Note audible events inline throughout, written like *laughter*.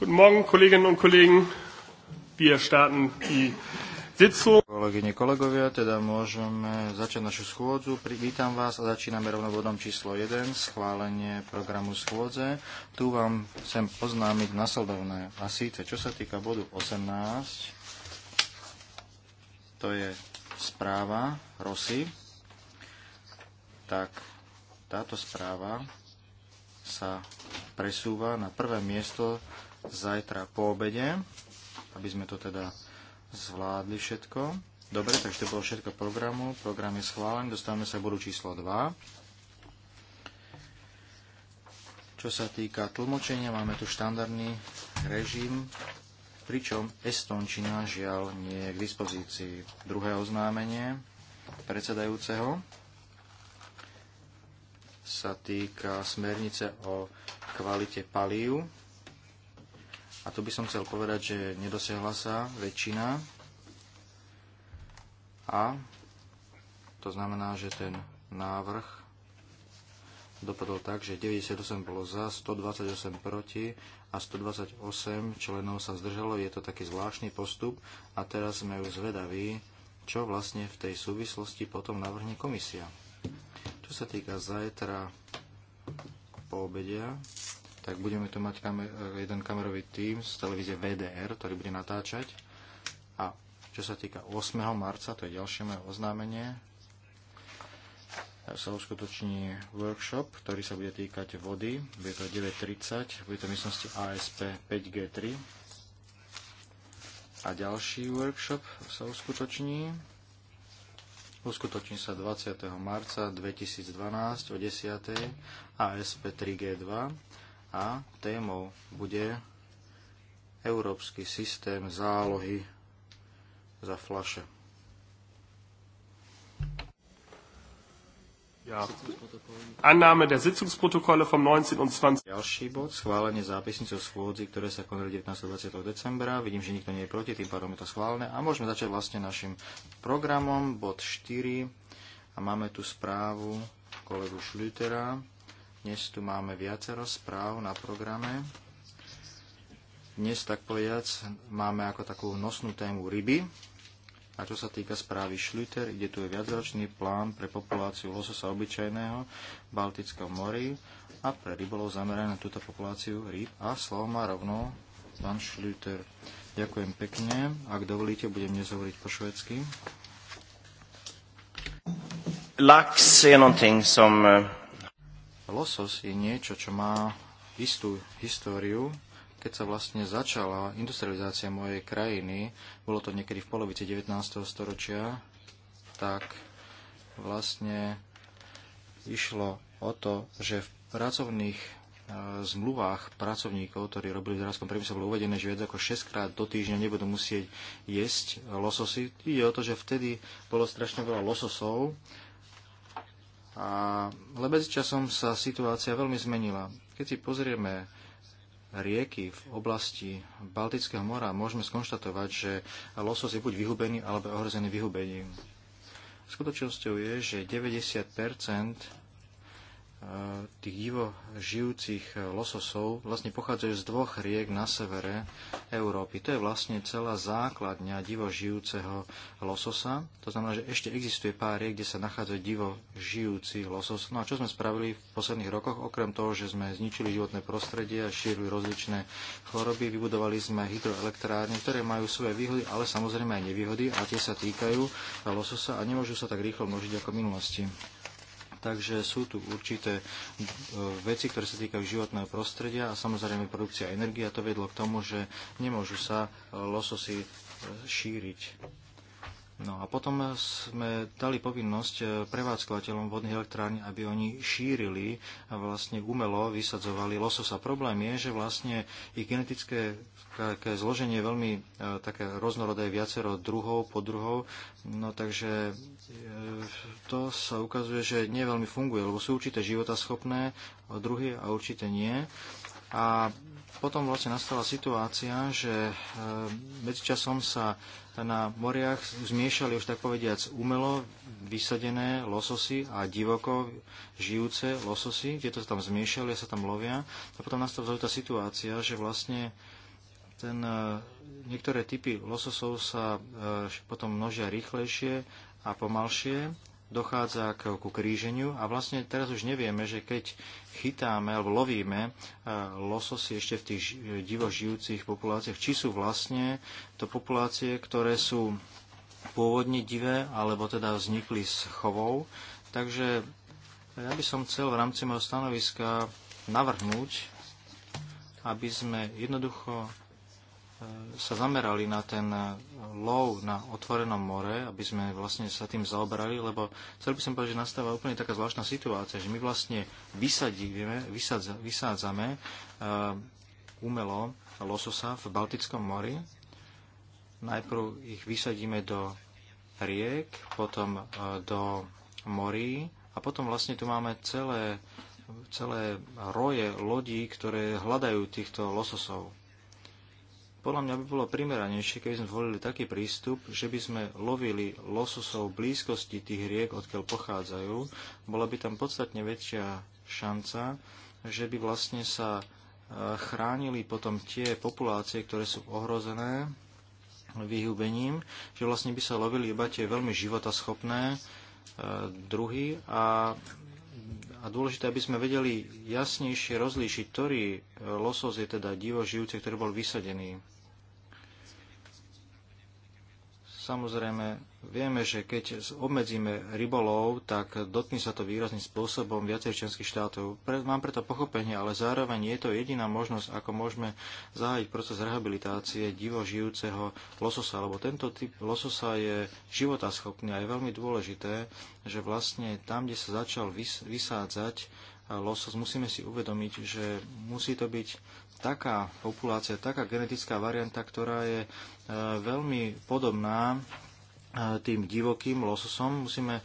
Guten Morgen, Kolleginnen und Kollegen. Wir starten die Sitzung. Kolegyne, kolegovia, teda môžeme začať našu schôdzu. Vítam vás a začíname rovno bodom číslo 1, schválenie programu schôdze. Tu vám chcem oznámiť nasledovné. A síce, čo sa týka bodu 18, to je správa Rosy, tak táto správa sa presúva na prvé miesto zajtra po obede, aby sme to teda zvládli všetko. Dobre, takže to bolo všetko programu. Program je schválený. Dostávame sa k bodu číslo 2. Čo sa týka tlmočenia, máme tu štandardný režim, pričom estončina žiaľ nie je k dispozícii. Druhé oznámenie predsedajúceho sa týka smernice o kvalite palív a tu by som chcel povedať, že nedosiahla sa väčšina. A to znamená, že ten návrh dopadol tak, že 98 bolo za, 128 proti a 128 členov sa zdržalo. Je to taký zvláštny postup a teraz sme už zvedaví, čo vlastne v tej súvislosti potom navrhne komisia. Čo sa týka zajtra po obedia, tak budeme tu mať kamer, jeden kamerový tím z televízie VDR, ktorý bude natáčať. A čo sa týka 8. marca, to je ďalšie moje oznámenie, sa uskutoční workshop, ktorý sa bude týkať vody. Bude to 9.30, bude to v miestnosti ASP 5G3. A ďalší workshop sa uskutoční. Uskutoční sa 20. marca 2012 o 10. ASP 3G2 a témou bude európsky systém zálohy za flaše. Ja. Annahme der Sitzungsprotokolle vom 19. und 20. Ďalší bod, schválenie zápisnice o schôdzi, ktoré sa konali 19. a 20. decembra. Vidím, že nikto nie je proti, tým pádom je to schválené. A môžeme začať vlastne našim programom, bod 4. A máme tu správu kolegu Šlütera dnes tu máme viacero správ na programe. Dnes, tak povediac, máme ako takú nosnú tému ryby. A čo sa týka správy Schlüter, ide tu je viacročný plán pre populáciu lososa obyčajného v Baltickom mori a pre rybolov zamerané na túto populáciu rýb. A slovo má rovno pán Schlüter. Ďakujem pekne. Ak dovolíte, budem dnes hovoriť po švedsky. Lax je någonting som eh, Losos je niečo, čo má istú históriu. Keď sa vlastne začala industrializácia mojej krajiny, bolo to niekedy v polovici 19. storočia, tak vlastne išlo o to, že v pracovných e, zmluvách pracovníkov, ktorí robili v zrádskom priemysle, bolo uvedené, že viac ako 6 krát do týždňa nebudú musieť jesť lososy. Ide o to, že vtedy bolo strašne veľa lososov a, ale časom sa situácia veľmi zmenila. Keď si pozrieme rieky v oblasti Baltického mora, môžeme skonštatovať, že losos je buď vyhubený alebo ohrozený vyhubením. Skutočnosťou je, že 90 tých divo žijúcich lososov vlastne pochádzajú z dvoch riek na severe Európy. To je vlastne celá základňa divo žijúceho lososa. To znamená, že ešte existuje pár riek, kde sa nachádzajú divo žijúci losos. No a čo sme spravili v posledných rokoch? Okrem toho, že sme zničili životné prostredie a šírili rozličné choroby, vybudovali sme hydroelektrárne, ktoré majú svoje výhody, ale samozrejme aj nevýhody a tie sa týkajú lososa a nemôžu sa tak rýchlo množiť ako v minulosti takže sú tu určité e, veci, ktoré sa týkajú životného prostredia a samozrejme produkcia energie a to vedlo k tomu, že nemôžu sa e, lososy e, šíriť. No a potom sme dali povinnosť e, prevádzkovateľom vodných elektrární, aby oni šírili a vlastne umelo vysadzovali lososa. Problém je, že vlastne ich genetické také zloženie je veľmi e, také roznorodé, viacero druhov, podruhov, no takže e, to sa ukazuje, že nie veľmi funguje, lebo sú určité životaschopné druhy a určité nie. A potom vlastne nastala situácia, že medzičasom sa na moriach zmiešali už tak povediac umelo vysadené lososy a divoko žijúce lososy, kde to sa tam zmiešali a sa tam lovia. A potom nastala tá situácia, že vlastne ten, e, niektoré typy lososov sa e, potom množia rýchlejšie a pomalšie dochádza k, ku kríženiu a vlastne teraz už nevieme, že keď chytáme alebo lovíme e, lososy ešte v tých divo žijúcich populáciách, či sú vlastne to populácie, ktoré sú pôvodne divé alebo teda vznikli z chovou. Takže ja by som chcel v rámci môjho stanoviska navrhnúť, aby sme jednoducho sa zamerali na ten lov na otvorenom more, aby sme vlastne sa tým zaoberali, lebo chcel by som povedať, že nastáva úplne taká zvláštna situácia, že my vlastne vysadíme, vysádzame uh, umelo lososa v Baltickom mori. Najprv ich vysadíme do riek, potom uh, do morí a potom vlastne tu máme celé, celé roje lodí, ktoré hľadajú týchto lososov podľa mňa by bolo primeranejšie, keby sme volili taký prístup, že by sme lovili lososov v blízkosti tých riek, odkiaľ pochádzajú. Bola by tam podstatne väčšia šanca, že by vlastne sa e, chránili potom tie populácie, ktoré sú ohrozené vyhubením, že vlastne by sa lovili iba tie veľmi životaschopné e, druhy a a dôležité, aby sme vedeli jasnejšie rozlíšiť, ktorý losos je teda divo žijúci, ktorý bol vysadený. Samozrejme, vieme, že keď obmedzíme rybolov, tak dotkne sa to výrazným spôsobom viacerých členských štátov. Mám preto pochopenie, ale zároveň je to jediná možnosť, ako môžeme zahájiť proces rehabilitácie divo žijúceho lososa, lebo tento typ lososa je životaschopný a je veľmi dôležité, že vlastne tam, kde sa začal vysádzať losos, musíme si uvedomiť, že musí to byť taká populácia, taká genetická varianta, ktorá je e, veľmi podobná e, tým divokým lososom. Musíme e,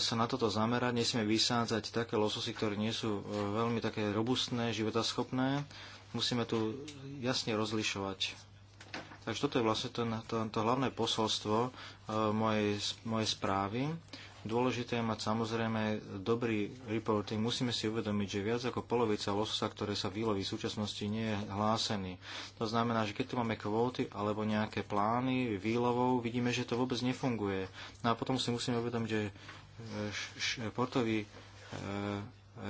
sa na toto zamerať, nesmieme vysádzať také lososy, ktoré nie sú veľmi také robustné, životaschopné. Musíme tu jasne rozlišovať. Takže toto je vlastne to, to, to hlavné posolstvo mojej, mojej správy. Dôležité je mať samozrejme dobrý reporting. Musíme si uvedomiť, že viac ako polovica lososa, ktoré sa výloví v súčasnosti, nie je hlásený. To znamená, že keď tu máme kvóty alebo nejaké plány výlovou, vidíme, že to vôbec nefunguje. No a potom si musíme uvedomiť, že e, športový e,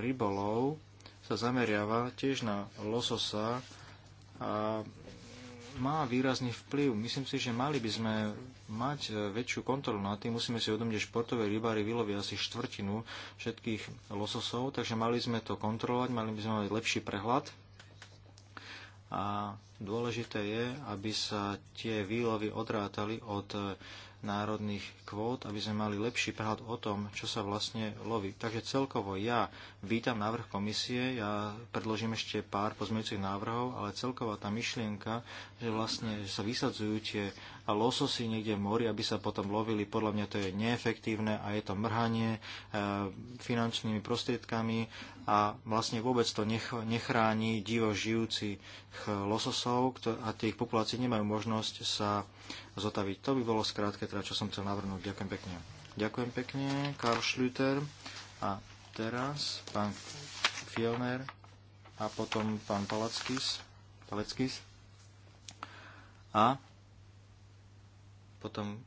rybolov sa zameriava tiež na lososa a má výrazný vplyv. Myslím si, že mali by sme mať e, väčšiu kontrolu nad tým. Musíme si uvedomiť, že športové rybári vylovia asi štvrtinu všetkých lososov, takže mali sme to kontrolovať, mali by sme mať lepší prehľad. A dôležité je, aby sa tie výlovy odrátali od e, národných kvót, aby sme mali lepší prehľad o tom, čo sa vlastne loví. Takže celkovo ja vítam návrh komisie, ja predložím ešte pár pozmeňujúcich návrhov, ale celková tá myšlienka, že vlastne že sa vysadzujú tie a lososy niekde v mori, aby sa potom lovili. Podľa mňa to je neefektívne a je to mrhanie eh, finančnými prostriedkami a vlastne vôbec to nechráni divo žijúcich lososov a tých populácií nemajú možnosť sa zotaviť. To by bolo skrátke, teda čo som chcel navrhnúť. Ďakujem pekne. Ďakujem pekne, Karl Schlüter. A teraz pán Fielner a potom pán Palackis. Paleckis. A potom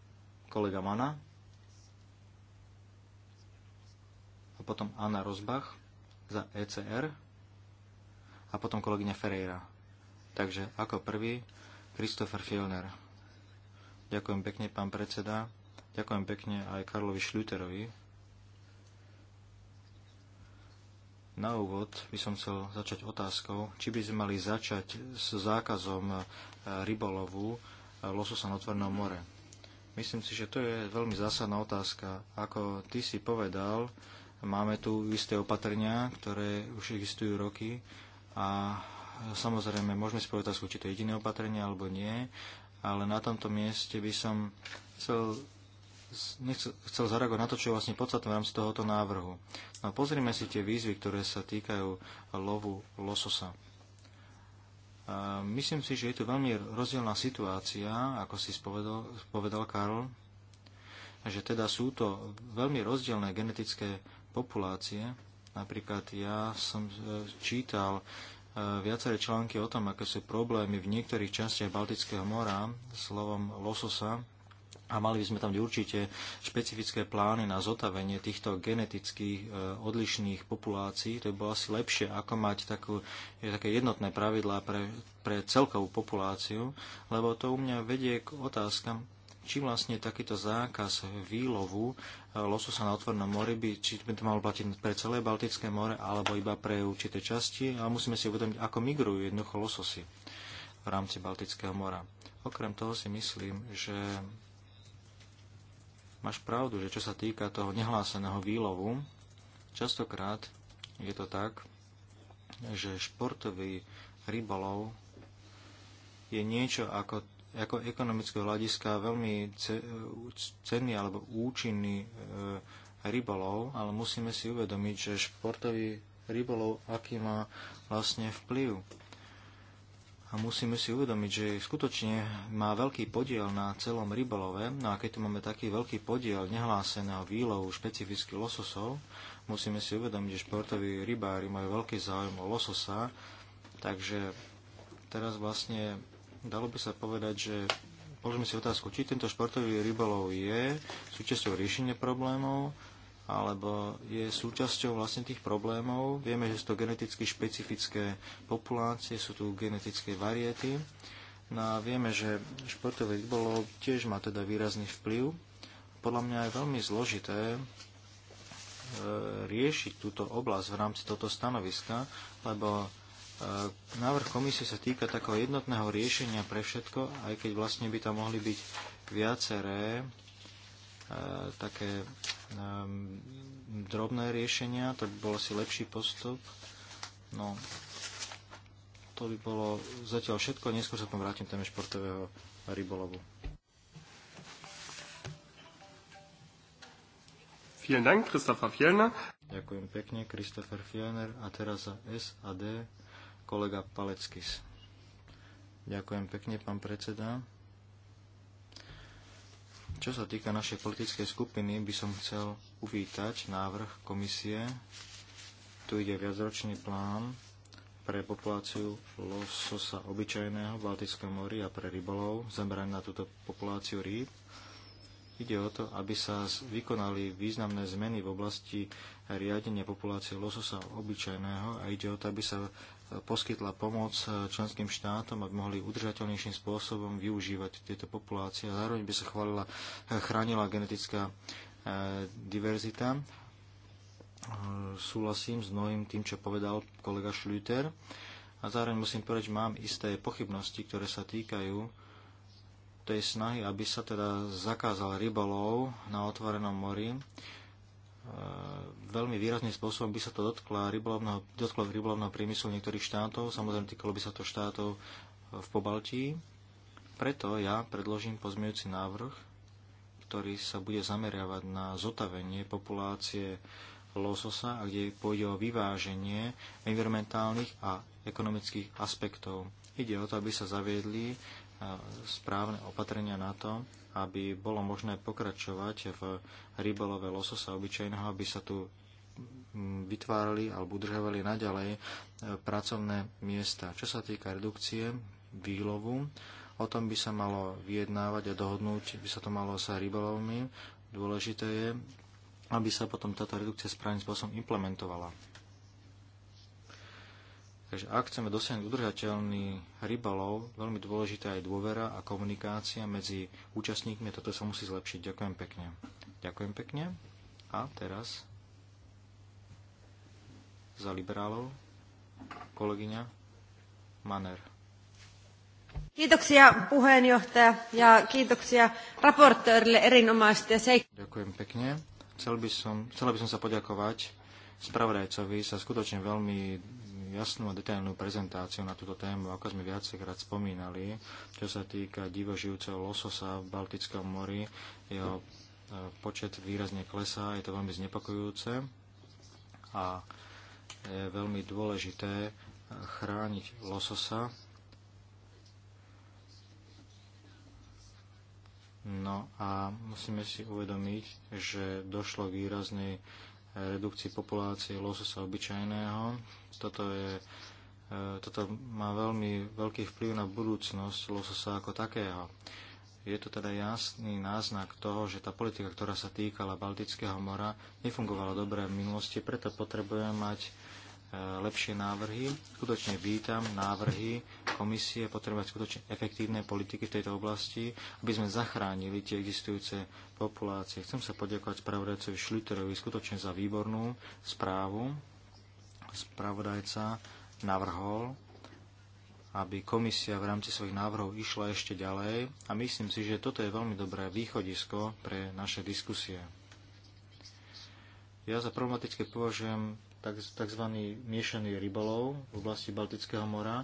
kolega Mana a potom Anna Rozbach za ECR a potom kolegyňa Ferreira. Takže ako prvý Christopher Fielner. Ďakujem pekne, pán predseda. Ďakujem pekne aj Karlovi Šľuterovi. Na úvod by som chcel začať otázkou, či by sme mali začať s zákazom eh, rybolovu eh, lososa na otvornom more. Myslím si, že to je veľmi zásadná otázka. Ako ty si povedal, máme tu isté opatrenia, ktoré už existujú roky a samozrejme môžeme si povedať, či to je jediné opatrenie alebo nie, ale na tomto mieste by som chcel, nechcel, chcel zareagovať na to, čo je vlastne podstatné v rámci tohoto návrhu. No pozrime si tie výzvy, ktoré sa týkajú lovu lososa. Myslím si, že je tu veľmi rozdielna situácia, ako si spovedal, povedal Karol, že teda sú to veľmi rozdielne genetické populácie. Napríklad ja som e, čítal e, viaceré články o tom, aké sú problémy v niektorých častiach Baltického mora slovom lososa, a mali by sme tam určite špecifické plány na zotavenie týchto genetických e, odlišných populácií. To by bolo asi lepšie, ako mať takú, také jednotné pravidlá pre, pre celkovú populáciu, lebo to u mňa vedie k otázkam, či vlastne takýto zákaz výlovu e, lososa na otvorenom mori by, či by to malo platiť pre celé Baltické more alebo iba pre určité časti a musíme si uvedomiť, ako migrujú jednoducho lososy v rámci Baltického mora. Okrem toho si myslím, že Máš pravdu, že čo sa týka toho nehláseného výlovu, častokrát je to tak, že športový rybolov je niečo ako, ako ekonomické hľadiska veľmi cenný alebo účinný e, rybolov, ale musíme si uvedomiť, že športový rybolov aký má vlastne vplyv a musíme si uvedomiť, že skutočne má veľký podiel na celom rybolove. No a keď tu máme taký veľký podiel nehláseného výlovu špecificky lososov, musíme si uvedomiť, že športoví rybári majú veľký záujem o lososa, takže teraz vlastne dalo by sa povedať, že položme si otázku, či tento športový rybolov je súčasťou riešenia problémov, alebo je súčasťou vlastne tých problémov. Vieme, že sú to geneticky špecifické populácie, sú tu genetické variety. No a vieme, že športový rybolov tiež má teda výrazný vplyv. Podľa mňa je veľmi zložité e, riešiť túto oblasť v rámci tohto stanoviska, lebo e, návrh komisie sa týka takého jednotného riešenia pre všetko, aj keď vlastne by tam mohli byť viaceré také ehm, drobné riešenia, to by bol asi lepší postup. No, to by bolo zatiaľ všetko, neskôr sa potom vrátim téme športového rybolovu. Vielen Dank, Christopher Fjellner. Ďakujem pekne, Christopher Fjellner. A teraz za SAD kolega Paleckis. Ďakujem pekne, pán predseda. Čo sa týka našej politickej skupiny, by som chcel uvítať návrh komisie. Tu ide viacročný plán pre populáciu lososa obyčajného v Baltickom mori a pre rybolov zameraný na túto populáciu rýb. Ide o to, aby sa vykonali významné zmeny v oblasti riadenia populácie lososa obyčajného a ide o to, aby sa poskytla pomoc e, členským štátom, aby mohli udržateľnejším spôsobom využívať tieto populácie. A zároveň by sa chválila, e, chránila genetická e, diverzita. Súhlasím s mnohým tým, čo povedal kolega Schlüter. A zároveň musím povedať, že mám isté pochybnosti, ktoré sa týkajú tej snahy, aby sa teda zakázal rybolov na otvorenom mori. E, veľmi výrazným spôsobom by sa to dotkla rybolovného, dotklo rybolovného priemyslu niektorých štátov, samozrejme týkalo by sa to štátov e, v Pobaltí. Preto ja predložím pozmejúci návrh, ktorý sa bude zameriavať na zotavenie populácie lososa a kde pôjde o vyváženie environmentálnych a ekonomických aspektov. Ide o to, aby sa zaviedli správne opatrenia na to, aby bolo možné pokračovať v rybolove lososa obyčajného, aby sa tu vytvárali alebo udržovali naďalej e, pracovné miesta. Čo sa týka redukcie výlovu, o tom by sa malo vyjednávať a dohodnúť, by sa to malo sa rybolovmi. Dôležité je, aby sa potom táto redukcia správnym spôsobom implementovala. Takže ak chceme dosiahnuť udržateľný rybalov, veľmi dôležitá je dôvera a komunikácia medzi účastníkmi. Toto sa musí zlepšiť. Ďakujem pekne. Ďakujem pekne. A teraz za liberálov kolegyňa Maner. Kiitoksia puheenjohtaja ja kiitoksia raportöörille erinomaisesti ja seik- Ďakujem pekne. Chcel by som, chcela by som sa poďakovať spravodajcovi za skutočne veľmi jasnú a detailnú prezentáciu na túto tému, ako sme viacejkrát spomínali, čo sa týka divožijúceho lososa v Baltickom mori. Jeho e, počet výrazne klesá, je to veľmi znepokojujúce a je veľmi dôležité e, chrániť lososa. No a musíme si uvedomiť, že došlo k výraznej redukcii populácie lososa obyčajného. Toto, je, e, toto má veľmi veľký vplyv na budúcnosť lososa ako takého. Je to teda jasný náznak toho, že tá politika, ktorá sa týkala Baltického mora, nefungovala dobre v minulosti, preto potrebujeme mať E, lepšie návrhy. Skutočne vítam návrhy komisie potrebovať skutočne efektívne politiky v tejto oblasti, aby sme zachránili tie existujúce populácie. Chcem sa poďakovať spravodajcovi Šliterovi skutočne za výbornú správu. Spravodajca navrhol, aby komisia v rámci svojich návrhov išla ešte ďalej a myslím si, že toto je veľmi dobré východisko pre naše diskusie. Ja za problematické považujem tzv. miešaný rybolov v oblasti Baltického mora,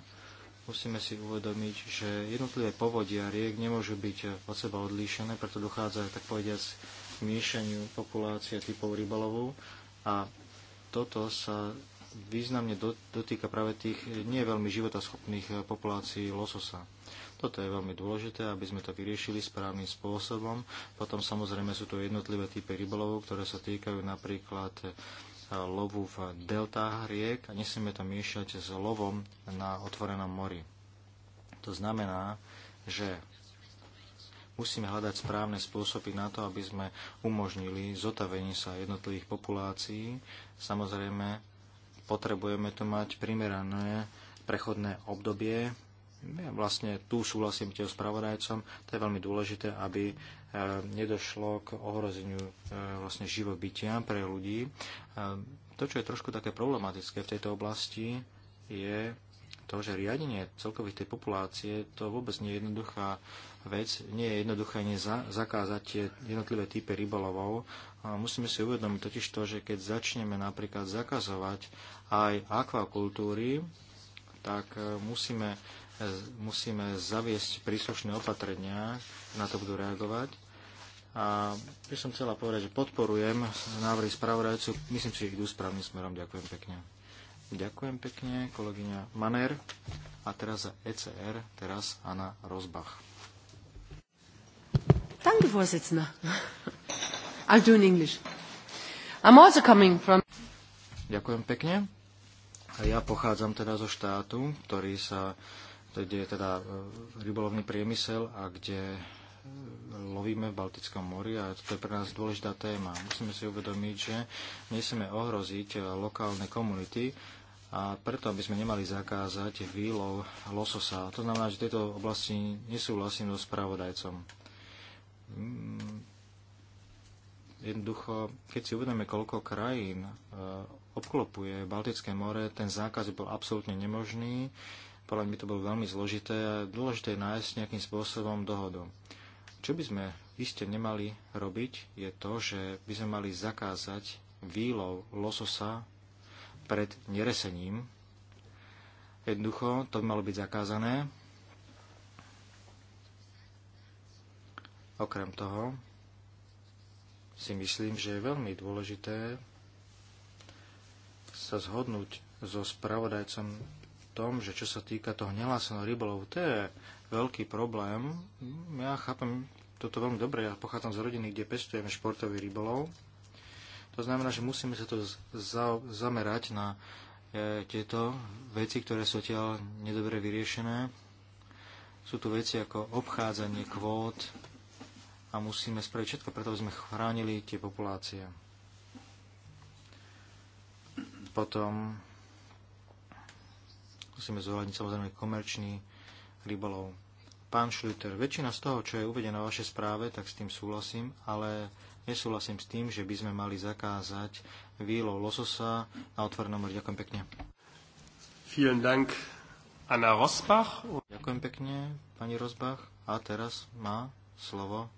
musíme si uvedomiť, že jednotlivé povodia riek nemôžu byť od seba odlíšené, preto dochádza, tak povediať, k miešaniu populácie typov rybolovu. a toto sa významne dotýka práve tých nie veľmi životaschopných eh, populácií lososa. Toto je veľmi dôležité, aby sme to vyriešili správnym spôsobom. Potom samozrejme sú tu jednotlivé typy rybolovov, ktoré sa týkajú napríklad eh, lovu v deltách riek a nesmieme to miešať s lovom na otvorenom mori. To znamená, že musíme hľadať správne spôsoby na to, aby sme umožnili zotavenie sa jednotlivých populácií. Samozrejme, potrebujeme tu mať primerané prechodné obdobie, ja vlastne tu súhlasím tiež spravodajcom, to je veľmi dôležité, aby e, nedošlo k ohrozeniu e, vlastne živobytia pre ľudí. E, to, čo je trošku také problematické v tejto oblasti, je to, že riadenie celkových tej populácie to vôbec nie je jednoduchá vec. Nie je jednoduché ani za, zakázať tie jednotlivé typy rybolovov. A musíme si uvedomiť totiž to, že keď začneme napríklad zakazovať aj akvakultúry, tak musíme musíme zaviesť príslušné opatrenia, na to budú reagovať. A by som chcela povedať, že podporujem návrhy spravodajcu, myslím si, že idú správnym smerom. Ďakujem pekne. Ďakujem pekne, kolegyňa Maner. A teraz za ECR, teraz Anna Rozbach. Danke, Vorsitzender. I'll do in English. I'm also coming from... Ďakujem pekne. A ja pochádzam teda zo štátu, ktorý sa kde je teda e, rybolovný priemysel a kde e, lovíme v Baltickom mori a to je pre nás dôležitá téma. Musíme si uvedomiť, že nesieme ohroziť e, lokálne komunity a preto, aby sme nemali zakázať výlov lososa. To znamená, že tieto oblasti nesúhlasím so spravodajcom. Mm, jednoducho, keď si uvedeme, koľko krajín obklopuje Baltické more, ten zákaz bol absolútne nemožný podľa by to bolo veľmi zložité a dôležité je nájsť nejakým spôsobom dohodu. Čo by sme iste nemali robiť, je to, že by sme mali zakázať výlov lososa pred neresením. Jednoducho, to by malo byť zakázané. Okrem toho si myslím, že je veľmi dôležité sa zhodnúť so spravodajcom tom, že čo sa týka toho nehláseného rybolovu, to je veľký problém. Ja chápem toto veľmi dobre. Ja pochádzam z rodiny, kde pestujeme športový rybolov. To znamená, že musíme sa to za- zamerať na e, tieto veci, ktoré sú tiaľ nedobre vyriešené. Sú tu veci ako obchádzanie kvót a musíme spraviť všetko, preto sme chránili tie populácie. Potom musíme zohľadniť samozrejme komerčný rybolov. Pán Šluter, väčšina z toho, čo je uvedené v vašej správe, tak s tým súhlasím, ale nesúhlasím s tým, že by sme mali zakázať výlov lososa na otvorenom mori. Ďakujem pekne. Vielen Dank, Anna Rosbach. Ďakujem pekne, pani Rosbach. A teraz má slovo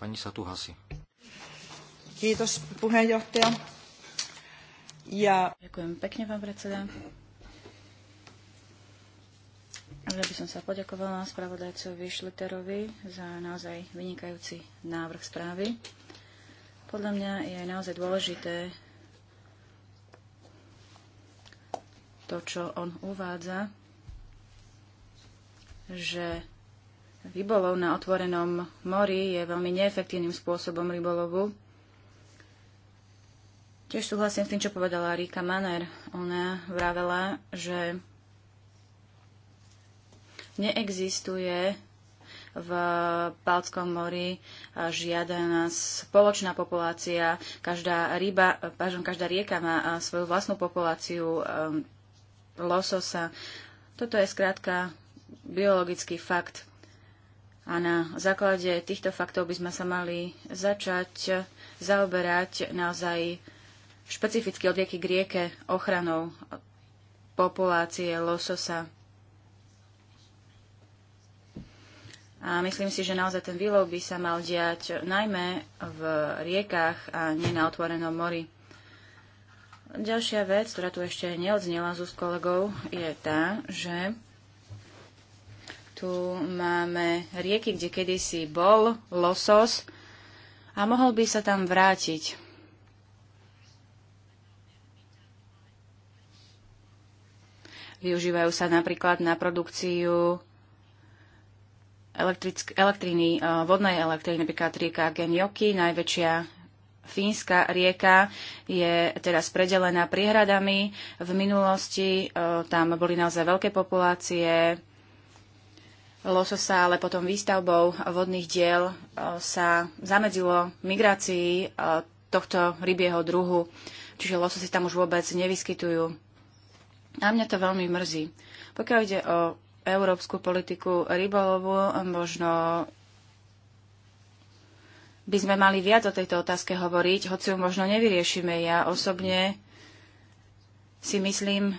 pani Satuhasi. Kiitos, puheenjohtaja. Ja... Ďakujem pekne, pán predseda. Ja by som sa poďakovala spravodajcovi Šliterovi za naozaj vynikajúci návrh správy. Podľa mňa je naozaj dôležité to, čo on uvádza, že rybolov na otvorenom mori je veľmi neefektívnym spôsobom rybolovu Tiež súhlasím s tým, čo povedala Rika Maner. Ona vravela, že neexistuje v Balckom mori žiadna spoločná populácia. Každá, ryba, e, pardon, každá rieka má e, svoju vlastnú populáciu e, lososa. Toto je skrátka biologický fakt. A na základe týchto faktov by sme sa mali začať zaoberať naozaj špecificky od rieky k rieke ochranou populácie lososa. A myslím si, že naozaj ten výlov by sa mal diať najmä v riekach a nie na otvorenom mori. Ďalšia vec, ktorá tu ešte neodznela z úst kolegov, je tá, že tu máme rieky, kde kedysi bol losos a mohol by sa tam vrátiť. Využívajú sa napríklad na produkciu elektriny, e, vodnej elektriny, napríklad rieka Genjoki, najväčšia Fínska rieka je teraz predelená priehradami. V minulosti e, tam boli naozaj veľké populácie lososa, ale potom výstavbou vodných diel e, sa zamedzilo migrácii tohto rybieho druhu, čiže lososy tam už vôbec nevyskytujú. A mňa to veľmi mrzí. Pokiaľ ide o európsku politiku rybolovu, možno by sme mali viac o tejto otázke hovoriť, hoci ju možno nevyriešime. Ja osobne si myslím,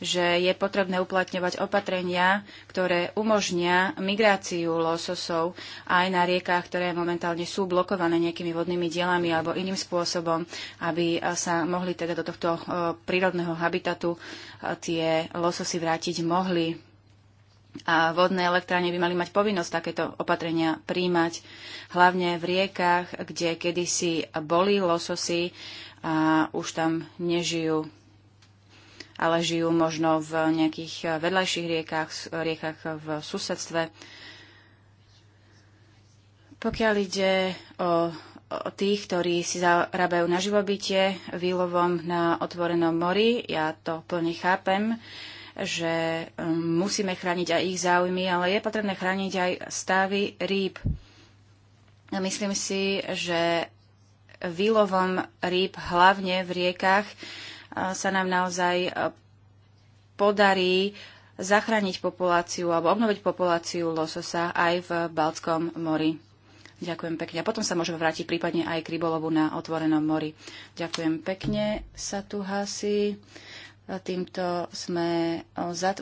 že je potrebné uplatňovať opatrenia, ktoré umožnia migráciu lososov aj na riekách, ktoré momentálne sú blokované nejakými vodnými dielami alebo iným spôsobom, aby sa mohli teda do tohto eh, prírodného habitatu eh, tie lososy vrátiť mohli. A vodné elektráne by mali mať povinnosť takéto opatrenia príjmať, hlavne v riekach, kde kedysi boli lososy a už tam nežijú ale žijú možno v nejakých eh, vedľajších riekach, riekach eh, v susedstve. Pokiaľ ide o, o tých, ktorí si zarábajú na živobytie výlovom na otvorenom mori, ja to plne chápem, že eh, musíme chrániť aj ich záujmy, ale je potrebné chrániť aj stavy rýb. Myslím si, že výlovom rýb hlavne v riekach sa nám naozaj e, podarí zachrániť populáciu alebo obnoviť populáciu lososa aj v Baltskom mori. Ďakujem pekne. A potom sa môžeme vrátiť prípadne aj k rybolovu na otvorenom mori. Ďakujem pekne, sa tu hasi. Týmto sme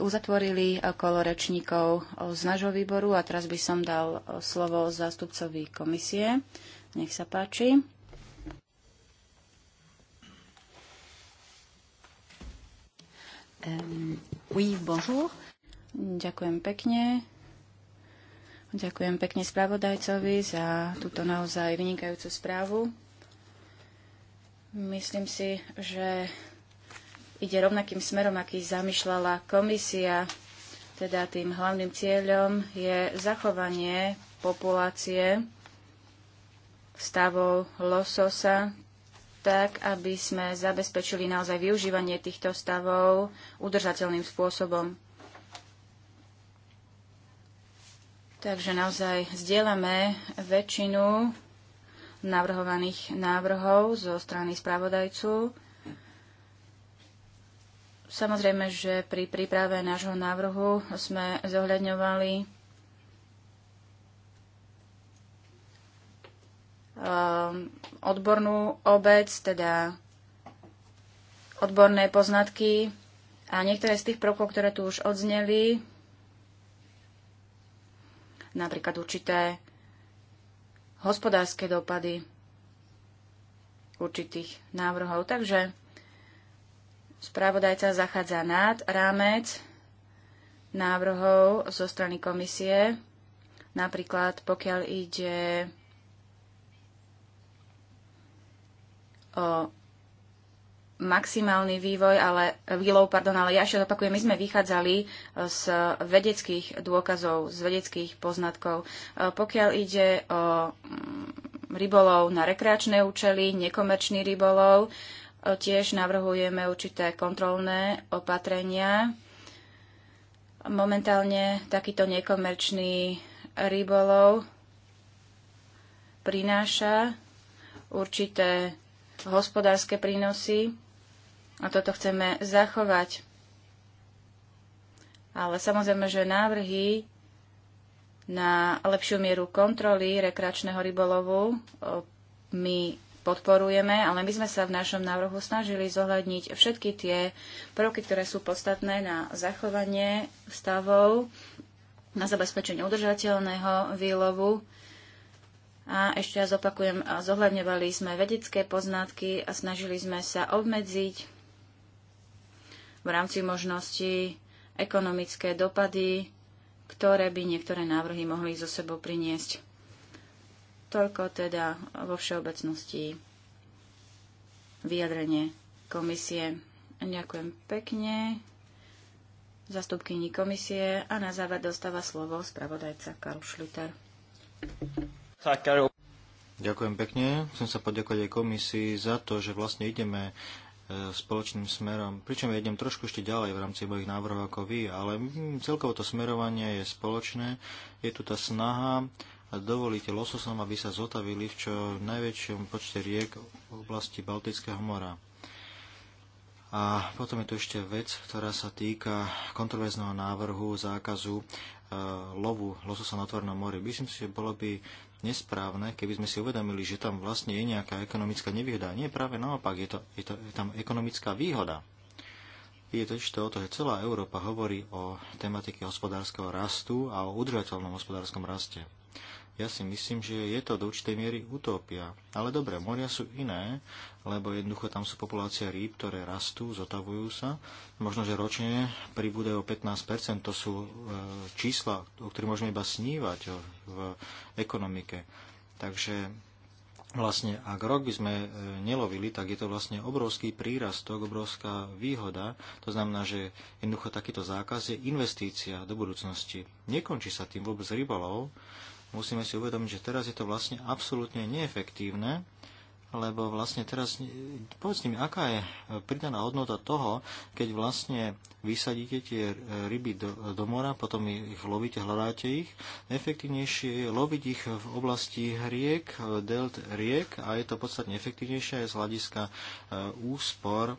uzatvorili e, kolo rečníkov e, z nášho výboru a teraz by som dal slovo zástupcovi komisie. Nech sa páči. oui, bonjour. Ďakujem pekne. Ďakujem pekne spravodajcovi za túto naozaj vynikajúcu správu. Myslím si, že ide rovnakým smerom, aký zamýšľala komisia. Teda tým hlavným cieľom je zachovanie populácie stavov lososa, tak, aby sme zabezpečili naozaj využívanie týchto stavov udržateľným spôsobom. Takže naozaj zdieľame väčšinu navrhovaných návrhov zo strany spravodajcu. Samozrejme, že pri príprave nášho návrhu sme zohľadňovali Um, odbornú obec, teda odborné poznatky a niektoré z tých prvkov, ktoré tu už odzneli, napríklad určité hospodárske dopady určitých návrhov. Takže správodajca zachádza nad rámec návrhov zo strany komisie, napríklad pokiaľ ide o maximálny vývoj, ale výlov, pardon, ale ja ešte opakujem, my sme vychádzali e, z vedeckých dôkazov, z vedeckých poznatkov. E, pokiaľ ide o mm, rybolov na rekreačné účely, nekomerčný rybolov, e, tiež navrhujeme určité kontrolné opatrenia. Momentálne takýto nekomerčný rybolov prináša určité hospodárske prínosy a toto chceme zachovať. Ale samozrejme, že návrhy na lepšiu mieru kontroly rekreačného rybolovu my podporujeme, ale my sme sa v našom návrhu snažili zohľadniť všetky tie prvky, ktoré sú podstatné na zachovanie stavov, na zabezpečenie udržateľného výlovu a ešte raz opakujem, zohľadňovali sme vedecké poznatky a snažili sme sa obmedziť v rámci možností ekonomické dopady, ktoré by niektoré návrhy mohli zo sebou priniesť. Toľko teda vo všeobecnosti vyjadrenie komisie. Ďakujem pekne zastupkyni komisie a na záver dostáva slovo spravodajca Karl Schlitter. Ďakujem pekne. Chcem sa poďakovať aj komisii za to, že vlastne ideme e, spoločným smerom. Pričom ja idem trošku ešte ďalej v rámci mojich návrhov ako vy, ale mm, celkovo to smerovanie je spoločné. Je tu tá snaha a dovolíte lososom, aby sa zotavili v čo najväčšom počte riek v oblasti Baltického mora. A potom je tu ešte vec, ktorá sa týka kontroverzného návrhu zákazu e, lovu lososa na otvornom mori. Myslím si, že bolo by nesprávne, keby sme si uvedomili, že tam vlastne je nejaká ekonomická nevýhoda. Nie, práve naopak, je, to, je, to, je tam ekonomická výhoda. Je to ešte o to, že celá Európa hovorí o tematike hospodárskeho rastu a o udržateľnom hospodárskom raste ja si myslím, že je to do určitej miery utópia. Ale dobre, moria sú iné, lebo jednoducho tam sú populácie rýb, ktoré rastú, zotavujú sa. Možno, že ročne pribúdajú o 15%, to sú e, čísla, o ktorých môžeme iba snívať o, v ekonomike. Takže vlastne, ak rok by sme e, nelovili, tak je to vlastne obrovský prírastok, obrovská výhoda. To znamená, že jednoducho takýto zákaz je investícia do budúcnosti. Nekončí sa tým vôbec rybolov, musíme si uvedomiť, že teraz je to vlastne absolútne neefektívne, lebo vlastne teraz, povedz mi, aká je pridaná hodnota toho, keď vlastne vysadíte tie ryby do, do mora, potom ich lovíte, hľadáte ich. Efektívnejšie je loviť ich v oblasti riek, delt riek a je to podstatne efektívnejšie aj z hľadiska e, úspor e,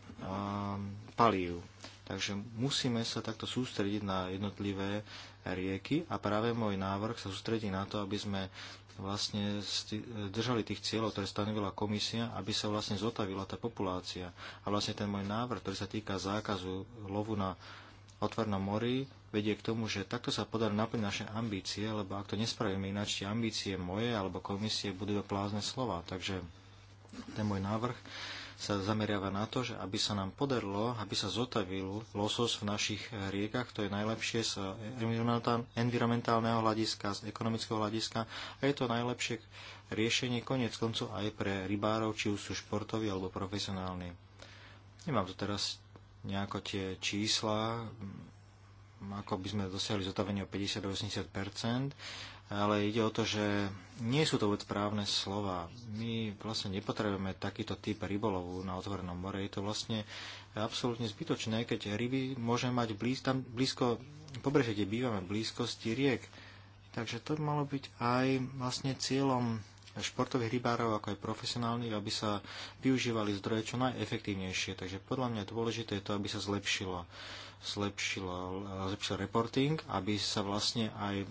palív. Takže musíme sa takto sústrediť na jednotlivé rieky a práve môj návrh sa sústredí na to, aby sme vlastne držali tých cieľov, ktoré stanovila komisia, aby sa vlastne zotavila tá populácia. A vlastne ten môj návrh, ktorý sa týka zákazu lovu na otvornom mori, vedie k tomu, že takto sa podarí naplniť naše ambície, lebo ak to nespravíme ináč, tie ambície moje alebo komisie budú do plázne slova. Takže ten môj návrh sa zameriava na to, že aby sa nám podarilo, aby sa zotavil losos v našich eh, riekach, to je najlepšie z eh, environmentálneho hľadiska, z ekonomického hľadiska a je to najlepšie riešenie konec koncu aj pre rybárov, či už sú športoví alebo profesionálni. Nemám tu teraz nejako tie čísla, ako by sme dosiahli zotavenie o 50-80%, ale ide o to, že nie sú to vôbec právne slova. My vlastne nepotrebujeme takýto typ rybolovu na otvorenom more. Je to vlastne absolútne zbytočné, keď ryby môžeme mať blíz, tam blízko, pobrežie, kde bývame, blízkosti riek. Takže to malo byť aj vlastne cieľom športových rybárov, ako aj profesionálnych, aby sa využívali zdroje čo najefektívnejšie. Takže podľa mňa dôležité je to, aby sa zlepšilo, zlepšilo, zlepšil reporting, aby sa vlastne aj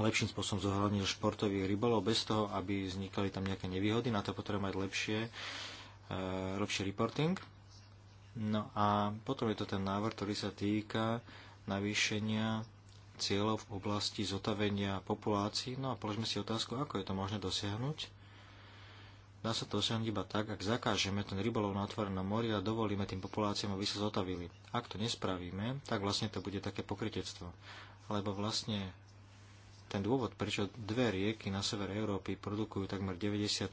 lepším spôsobom zohľadnil športový rybolov bez toho, aby vznikali tam nejaké nevýhody. Na to potrebujeme mať lepšie, e, lepšie reporting. No a potom je to ten návrh, ktorý sa týka navýšenia cieľov v oblasti zotavenia populácií. No a položme si otázku, ako je to možné dosiahnuť. Dá sa to dosiahnuť iba tak, ak zakážeme ten rybolov na otvorenom mori a dovolíme tým populáciám, aby sa zotavili. Ak to nespravíme, tak vlastne to bude také pokrytectvo. Lebo vlastne ten dôvod, prečo dve rieky na severe Európy produkujú takmer 90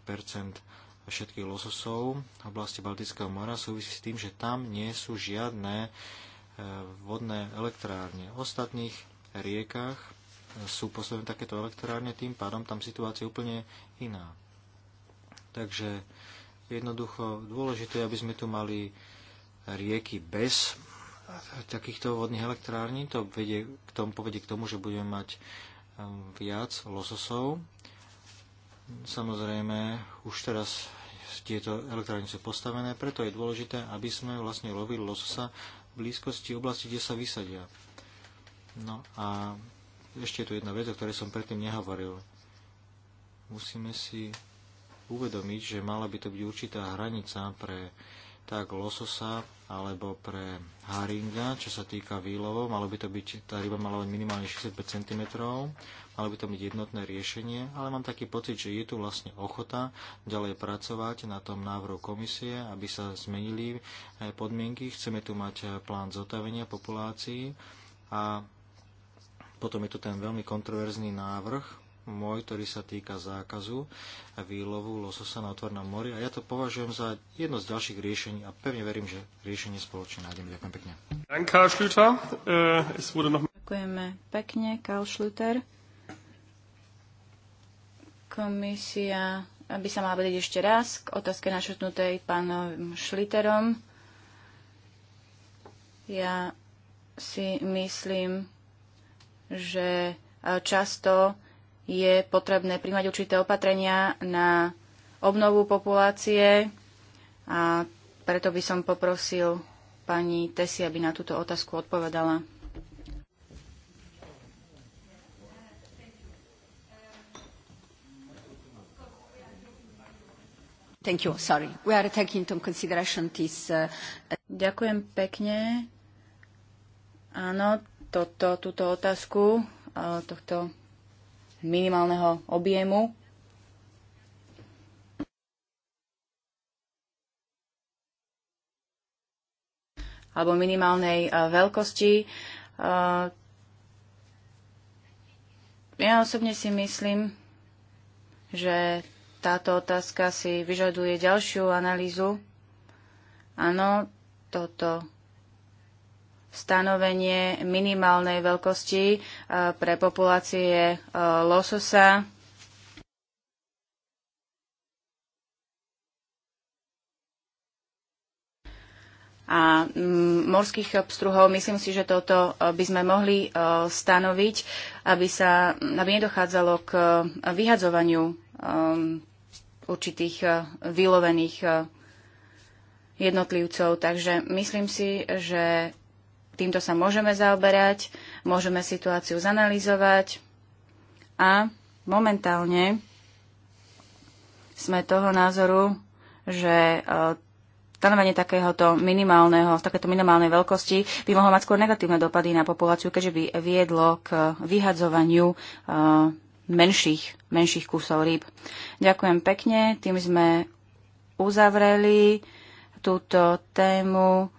všetkých lososov v oblasti Baltického mora súvisí s tým, že tam nie sú žiadne e, vodné elektrárne. V ostatných riekach e, sú posledné takéto elektrárne, tým pádom tam situácia je úplne iná. Takže jednoducho dôležité, aby sme tu mali rieky bez takýchto vodných elektrární. To vedie k tomu, povedie k tomu, že budeme mať viac lososov. Samozrejme, už teraz tieto elektrárne sú postavené, preto je dôležité, aby sme vlastne lovili lososa v blízkosti oblasti, kde sa vysadia. No a ešte je tu jedna vec, o ktorej som predtým nehovoril. Musíme si uvedomiť, že mala by to byť určitá hranica pre tak lososa alebo pre haringa, čo sa týka výlovov. Malo by to byť, tá ryba mala byť minimálne 65 cm, malo by to byť jednotné riešenie, ale mám taký pocit, že je tu vlastne ochota ďalej pracovať na tom návrhu komisie, aby sa zmenili eh, podmienky. Chceme tu mať eh, plán zotavenia populácií a potom je tu ten veľmi kontroverzný návrh, môj, ktorý sa týka zákazu a výlovu lososa na otvornom mori a ja to považujem za jedno z ďalších riešení a pevne verím, že riešenie spoločne nájdeme. Ďakujem pekne. Eh, Ďakujeme pekne, Karl Schlüter. Komisia by sa mala vedieť ešte raz k otázke našutnutej pánom Šliterom. Ja si myslím, že eh, často je potrebné príjmať určité opatrenia na obnovu populácie a preto by som poprosil pani Tesi, aby na túto otázku odpovedala. Thank you. Sorry. We are taking into consideration this. Uh... Ďakujem pekne. Áno, toto, túto otázku uh, tohto minimálneho objemu. alebo minimálnej eh, veľkosti. Eh, ja osobne si myslím, že táto otázka si vyžaduje ďalšiu analýzu. Áno, toto stanovenie minimálnej veľkosti eh, pre populácie eh, lososa. a mm, morských pstruhov. Myslím si, že toto eh, by sme mohli stanoviť, aby, sa, aby nedochádzalo k vyhadzovaniu určitých vylovených jednotlivcov. Takže myslím si, že Týmto sa môžeme zaoberať, môžeme situáciu zanalizovať a momentálne sme toho názoru, že e, stanovenie takéhoto minimálneho, takéto minimálnej veľkosti by mohlo mať skôr negatívne dopady na populáciu, keďže by viedlo k vyhadzovaniu e, menších, menších kusov rýb. Ďakujem pekne, tým sme uzavreli túto tému.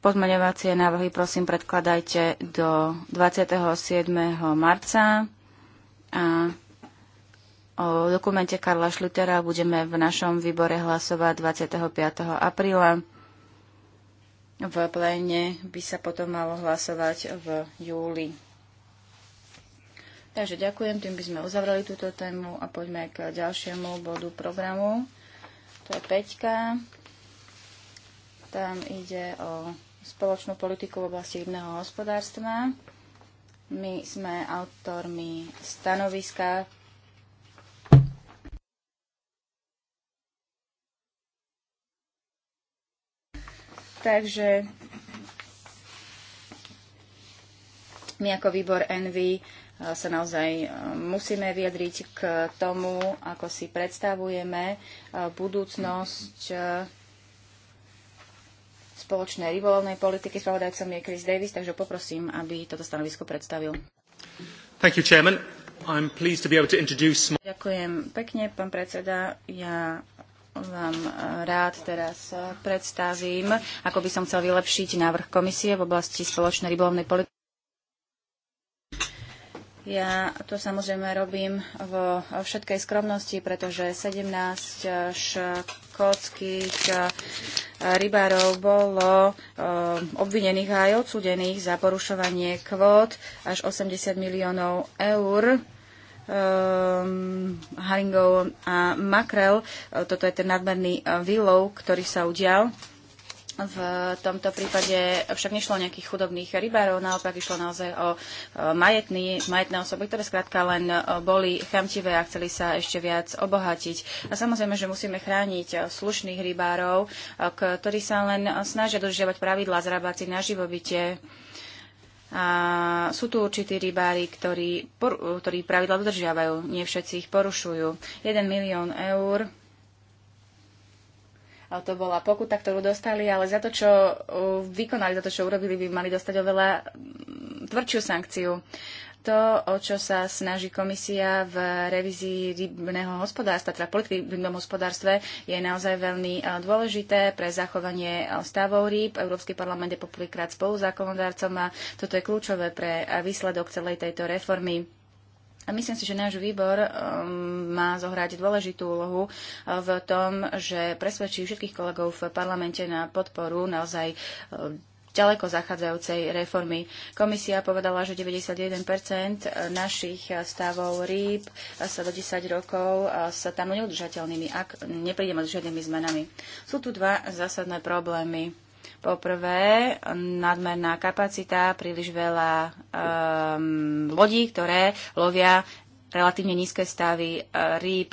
Pozmeňovacie návrhy prosím predkladajte do 27. marca a o dokumente Karla Šlutera budeme v našom výbore hlasovať 25. apríla. V pléne by sa potom malo hlasovať v júli. Takže ďakujem, tým by sme uzavreli túto tému a poďme k ďalšiemu bodu programu. To je Peťka. Tam ide o spoločnú politiku v oblasti rybného hospodárstva. My sme autormi stanoviska Takže my ako výbor Envy eh, sa naozaj eh, musíme vyjadriť k tomu, ako si predstavujeme eh, budúcnosť spoločnej rybolovnej politiky. Spravodajcom je Chris Davis, takže poprosím, aby toto stanovisko predstavil. Thank you, Chairman. I'm pleased to be able to introduce... Ďakujem pekne, pán predseda. Ja vám rád teraz predstavím, ako by som chcel vylepšiť návrh komisie v oblasti spoločnej rybolovnej politiky. Ja to samozrejme robím vo všetkej skromnosti, pretože 17 škótskych rybárov bolo eh, obvinených aj odsudených za porušovanie kvót až 80 miliónov eur um, haringov a makrel. Eh, toto je ten nadmerný eh, výlov, ktorý sa udial. V tomto prípade však nešlo o nejakých chudobných rybárov, naopak išlo naozaj o majetný, majetné osoby, ktoré skrátka len boli chamtivé a chceli sa ešte viac obohatiť. A samozrejme, že musíme chrániť slušných rybárov, ktorí sa len snažia dodržiavať pravidlá zarábacích na živobytie. A sú tu určití rybári, ktorí, ktorí pravidla dodržiavajú, nie všetci ich porušujú. 1 milión eur to bola pokuta, ktorú dostali, ale za to, čo vykonali, za to, čo urobili, by mali dostať oveľa mm, tvrdšiu sankciu. To, o čo sa snaží komisia v revízii rybného hospodárstva, teda politiky v rybnom hospodárstve, je naozaj veľmi dôležité pre zachovanie stavov rýb. Európsky parlament je poprvýkrát spoluzákonodárcom a toto je kľúčové pre výsledok celej tejto reformy a myslím si, že náš výbor um, má zohrať dôležitú úlohu uh, v tom, že presvedčí všetkých kolegov v parlamente na podporu naozaj uh, ďaleko zachádzajúcej reformy. Komisia povedala, že 91 uh, našich stavov rýb sa do 10 rokov sa tam neudržateľnými, ak neprídeme s žiadnymi zmenami. Sú tu dva zásadné problémy Poprvé, nadmerná kapacita, príliš veľa um, lodí, ktoré lovia relatívne nízke stavy uh, rýb.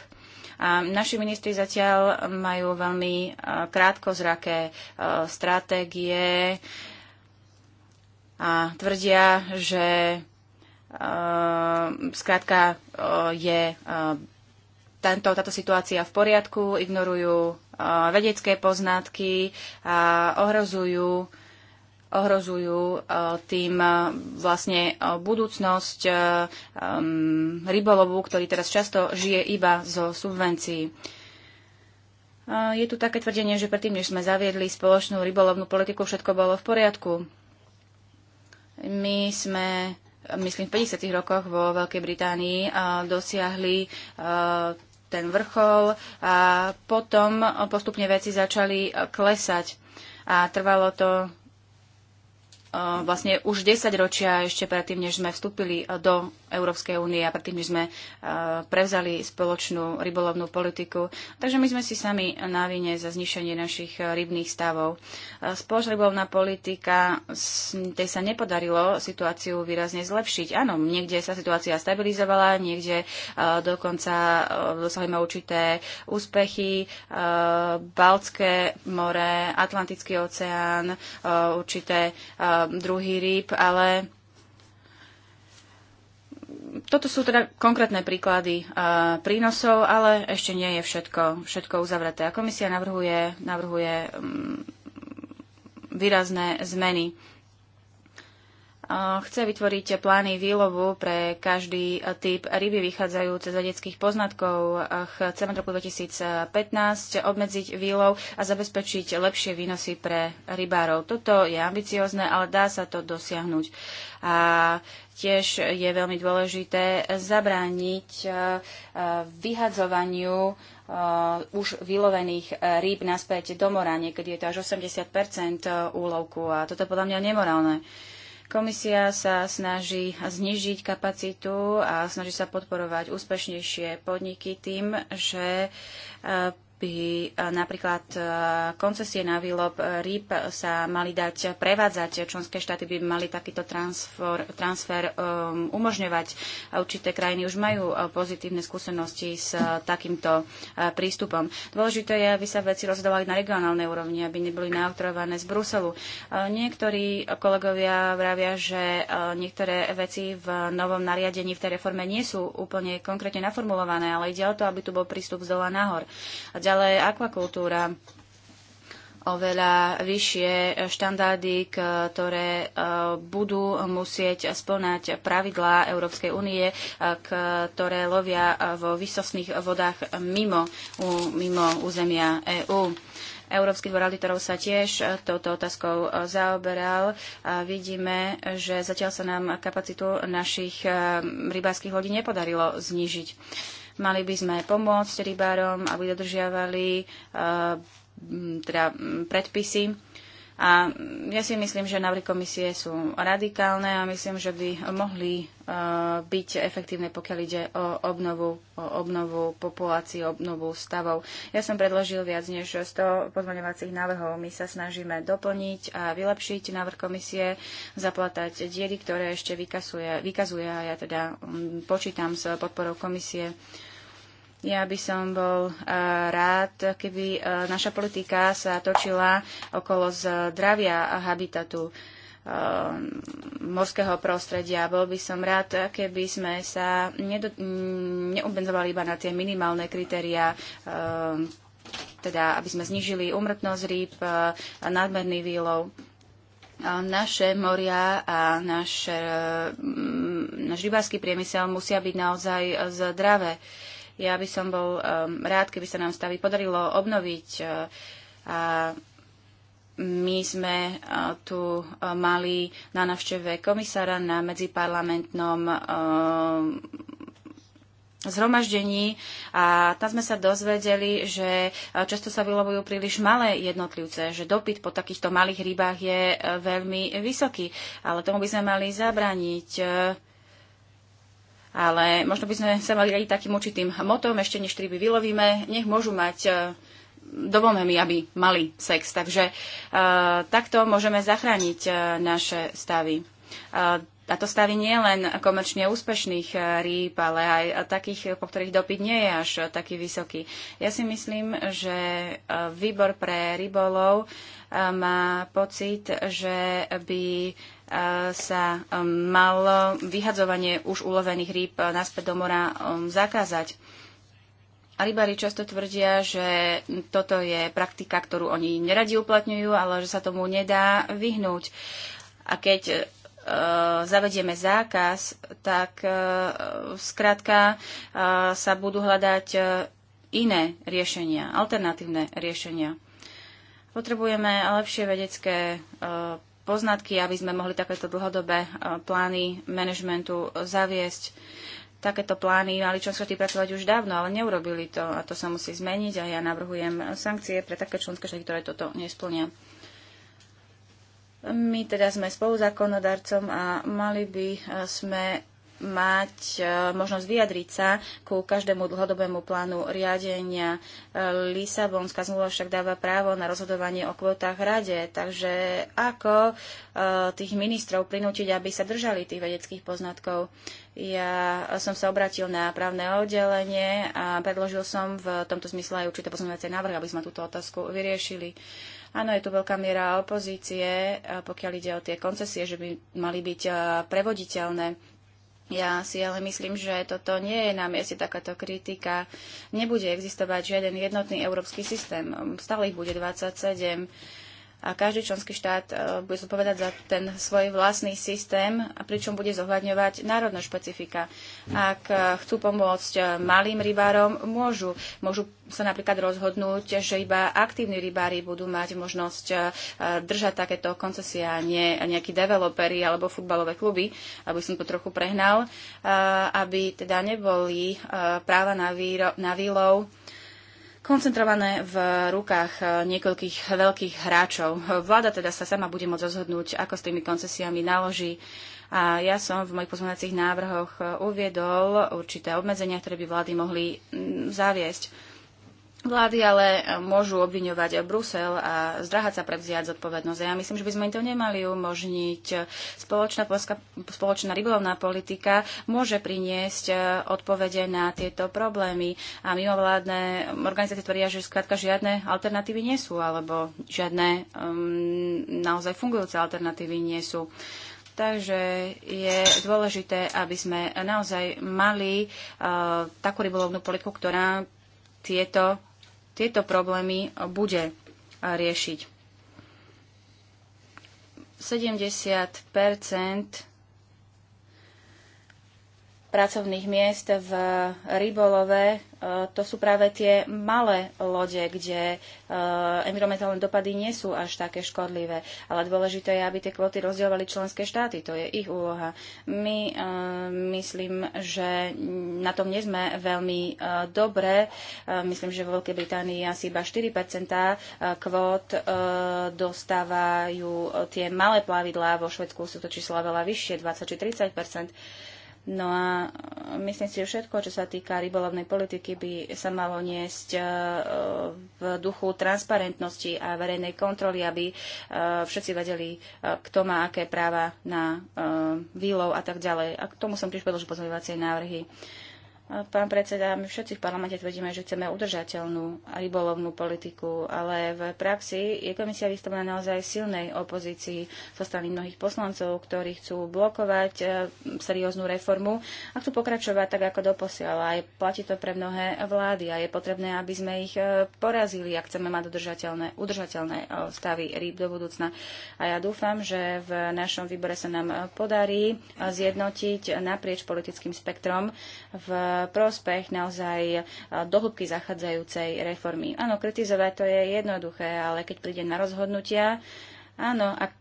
A naši ministri zatiaľ majú veľmi uh, krátkozraké uh, stratégie a tvrdia, že uh, skrátka uh, je uh, tento, táto situácia v poriadku, ignorujú vedecké poznatky a ohrozujú ohrozujú tým vlastne budúcnosť um, rybolovu, ktorý teraz často žije iba zo subvencií. Je tu také tvrdenie, že predtým, než sme zaviedli spoločnú rybolovnú politiku, všetko bolo v poriadku. My sme, myslím, v 50. rokoch vo Veľkej Británii dosiahli ten vrchol a potom postupne veci začali e, klesať. A trvalo to e, vlastne už 10 ročia ešte predtým, než sme vstúpili e, do Európskej únie a predtým, že sme e, prevzali spoločnú rybolovnú politiku. Takže my sme si sami na vine za znišenie našich e, rybných stavov. E, Spoločná rybolovná politika, tej sa nepodarilo situáciu výrazne zlepšiť. Áno, niekde sa situácia stabilizovala, niekde dokonca dosahujeme určité úspechy. Baltské more, Atlantický oceán, určité druhý rýb, ale toto sú teda konkrétne príklady e, prínosov, ale ešte nie je všetko, všetko uzavreté. A komisia navrhuje, navrhuje um, výrazné zmeny. A, e, chce vytvoriť plány výlovu pre každý typ ryby vychádzajúce z vedeckých poznatkov. A e, chce od roku 2015 obmedziť výlov a zabezpečiť lepšie výnosy pre rybárov. Toto je ambiciozne, ale dá sa to dosiahnuť. A Tiež je veľmi dôležité zabrániť e, e, vyhadzovaniu e, už vylovených rýb naspäť do mora. Niekedy je to až 80 úlovku a toto podľa mňa nemorálne. Komisia sa snaží znižiť kapacitu a snaží sa podporovať úspešnejšie podniky tým, že by e, napríklad e, koncesie na výlob e, rýb sa mali dať prevádzať. Členské štáty by mali takýto transfer, transfer um, umožňovať. Určité krajiny už majú pozitívne skúsenosti s takýmto prístupom. Dôležité je, aby sa veci rozhodovali na regionálnej úrovni, aby neboli naoktorované z Bruselu. Niektorí kolegovia vravia, že niektoré veci v novom nariadení v tej reforme nie sú úplne konkrétne naformulované, ale ide o to, aby tu bol prístup z dola nahor. A Ďalej akvakultúra oveľa vyššie štandardy, ktoré e, budú musieť splnať pravidlá Európskej únie, e, ktoré lovia e, vo vysosných vodách mimo, mimo územia EÚ. Európsky dvor auditorov sa tiež touto otázkou zaoberal. A vidíme, že zatiaľ sa nám kapacitu našich rybárskych lodí nepodarilo znížiť. Mali by sme pomôcť rybárom, aby dodržiavali eh, teda predpisy. A ja si myslím, že návrhy komisie sú radikálne a myslím, že by mohli uh, byť efektívne, pokiaľ ide o obnovu, o obnovu populácií, obnovu stavov. Ja som predložil viac než 100 pozmeňovacích návrhov. My sa snažíme doplniť a vylepšiť návrh komisie, zaplatať diery, ktoré ešte vykazuje, vykazuje a ja teda mm, počítam s podporou komisie. Uh, ja by som bol eh, rád, keby eh, naša politika sa točila okolo zdravia a habitatu eh, morského prostredia. Bol by som rád, keby sme sa nedo, neobmedzovali iba na tie minimálne kritériá, teda aby sme znižili umrtnosť rýb, nadmerný výlov. Naše moria a naš, náš rybársky priemysel musia byť naozaj zdravé. Ja by som bol um, rád, keby sa nám stavy podarilo obnoviť uh, a my sme uh, tu uh, mali na navšteve komisára na medziparlamentnom zhromaždení a tam sme sa dozvedeli, že často sa vylovujú príliš malé jednotlivce, že dopyt po takýchto malých rybách je veľmi vysoký, ale tomu by sme mali zabrániť ale možno by sme sa mali radiť takým určitým motom, ešte než ryby vylovíme, nech môžu mať e, dovolme mi, aby mali sex. Takže uh, takto môžeme zachrániť uh, naše stavy. Uh, a to stavy nie len komerčne úspešných rýb, ale aj takých, po ktorých dopyt nie je až taký vysoký. Ja si myslím, že výbor pre rybolov má pocit, že by sa um, malo vyhadzovanie už ulovených rýb uh, naspäť do mora um, zakázať. A rybári často tvrdia, že toto je praktika, ktorú oni neradi uplatňujú, ale že sa tomu nedá vyhnúť. A keď uh, zavedieme zákaz, tak uh, skrátka sa budú hľadať iné riešenia, alternatívne riešenia. Potrebujeme lepšie vedecké poznatky, aby sme mohli takéto dlhodobé e, plány manažmentu zaviesť. Takéto plány mali členské štáty pracovať už dávno, ale neurobili to a to sa musí zmeniť a ja navrhujem sankcie pre také členské štáty, ktoré toto nesplnia. My teda sme spoluzákonodarcom a mali by e, sme mať e, možnosť vyjadriť sa ku každému dlhodobému plánu riadenia. E, Lisabonská zmluva však dáva právo na rozhodovanie o kvotách rade, takže ako e, tých ministrov prinútiť, aby sa držali tých vedeckých poznatkov. Ja som sa obratil na právne oddelenie a predložil som v tomto zmysle aj určité pozmeňovacie návrh, aby sme túto otázku vyriešili. Áno, je tu veľká miera opozície, pokiaľ ide o tie koncesie, že by mali byť prevoditeľné ja si ale myslím, že toto nie je na mieste takáto kritika. Nebude existovať žiaden jednotný európsky systém. Stále ich bude 27 a každý členský štát e, bude zodpovedať za ten svoj vlastný systém, pričom bude zohľadňovať národné špecifika. Ak e, chcú pomôcť e, malým rybárom, môžu. Môžu sa napríklad rozhodnúť, že iba aktívni rybári budú mať možnosť držať takéto koncesie a nie nejakí developery alebo futbalové kluby, aby som to trochu prehnal, aby teda neboli práva na, výro- na výlov koncentrované v rukách eh, niekoľkých veľkých hráčov. Vláda teda sa sama bude môcť rozhodnúť, ako s tými koncesiami naloží. A ja som v mojich pozmeňovacích návrhoch eh, uviedol určité obmedzenia, ktoré by vlády mohli mm, zaviesť. Vlády ale eh, môžu obviňovať eh, Brusel a zdráhať sa prevziať zodpovednosť. Ja myslím, že by sme im to nemali umožniť. Spoločná, polska, spoločná rybolovná politika môže priniesť eh, odpovede na tieto problémy. A mimovládne organizácie tvrdia, že skrátka žiadne alternatívy nie sú, alebo žiadne um, naozaj fungujúce alternatívy nie sú. Takže je dôležité, aby sme naozaj mali uh, takú rybolovnú politiku, ktorá tieto tieto problémy bude riešiť. 70 pracovných miest v rybolove, e, to sú práve tie malé lode, kde e, environmentálne dopady nie sú až také škodlivé. Ale dôležité je, aby tie kvóty rozdielovali členské štáty. To je ich úloha. My e, myslím, že na tom nie sme veľmi dobre. Myslím, že vo Veľkej Británii asi iba 4 kvót dostávajú tie malé plavidlá. Vo Švedsku sú to čísla veľa vyššie, 20 či 30 No a myslím si, že všetko, čo sa týka rybolovnej politiky, by sa malo niesť e, v duchu transparentnosti a verejnej kontroly, aby e, všetci vedeli, e, kto má aké práva na výlov a tak ďalej. A k tomu som tiež predložil pozmeňovacie návrhy. Pán predseda, my všetci v parlamente tvrdíme, že chceme udržateľnú rybolovnú politiku, ale v praxi je komisia vystavená naozaj silnej opozícii zo strany mnohých poslancov, ktorí chcú blokovať eh, serióznu reformu a chcú pokračovať tak, ako doposiaľ. Aj platí to pre mnohé vlády a je potrebné, aby sme ich eh, porazili, ak chceme mať udržateľné, udržateľné eh, stavy rýb do budúcna. A ja dúfam, že v našom výbore sa nám podarí zjednotiť naprieč politickým spektrom v prospech naozaj e, dohlbky zachádzajúcej reformy. Áno, kritizovať to je jednoduché, ale keď príde na rozhodnutia, áno, ak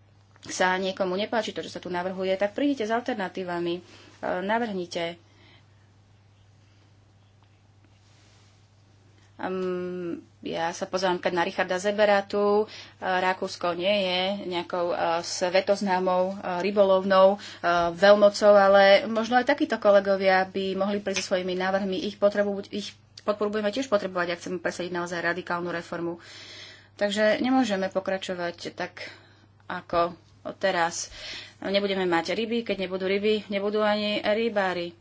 sa niekomu nepáči to, čo sa tu navrhuje, tak prídite s alternatívami, e, navrhnite Um, ja sa pozerám keď na Richarda Zeberatu. E, Rakúsko nie je nejakou uh, svetoznámou uh, rybolovnou uh, veľmocou, ale možno aj takíto kolegovia by mohli prísť so svojimi návrhmi. Ich, potrebu, ich podporu budeme tiež potrebovať, ak chceme presadiť naozaj radikálnu reformu. Takže nemôžeme pokračovať tak ako teraz. Nebudeme mať ryby, keď nebudú ryby, nebudú ani rybári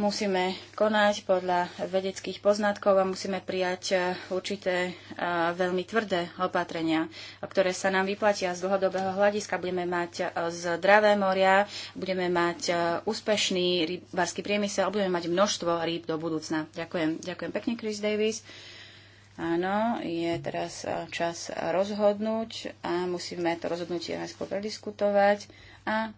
musíme konať podľa vedeckých poznatkov a musíme prijať eh, určité eh, veľmi tvrdé opatrenia, ktoré sa nám vyplatia z dlhodobého hľadiska. Budeme mať eh, zdravé moria, budeme mať úspešný rybársky priemysel, budeme mať množstvo rýb do budúcna. Ďakujem, ďakujem pekne, Chris Davis. Áno, je teraz čas rozhodnúť a musíme to rozhodnutie najskôr prediskutovať. A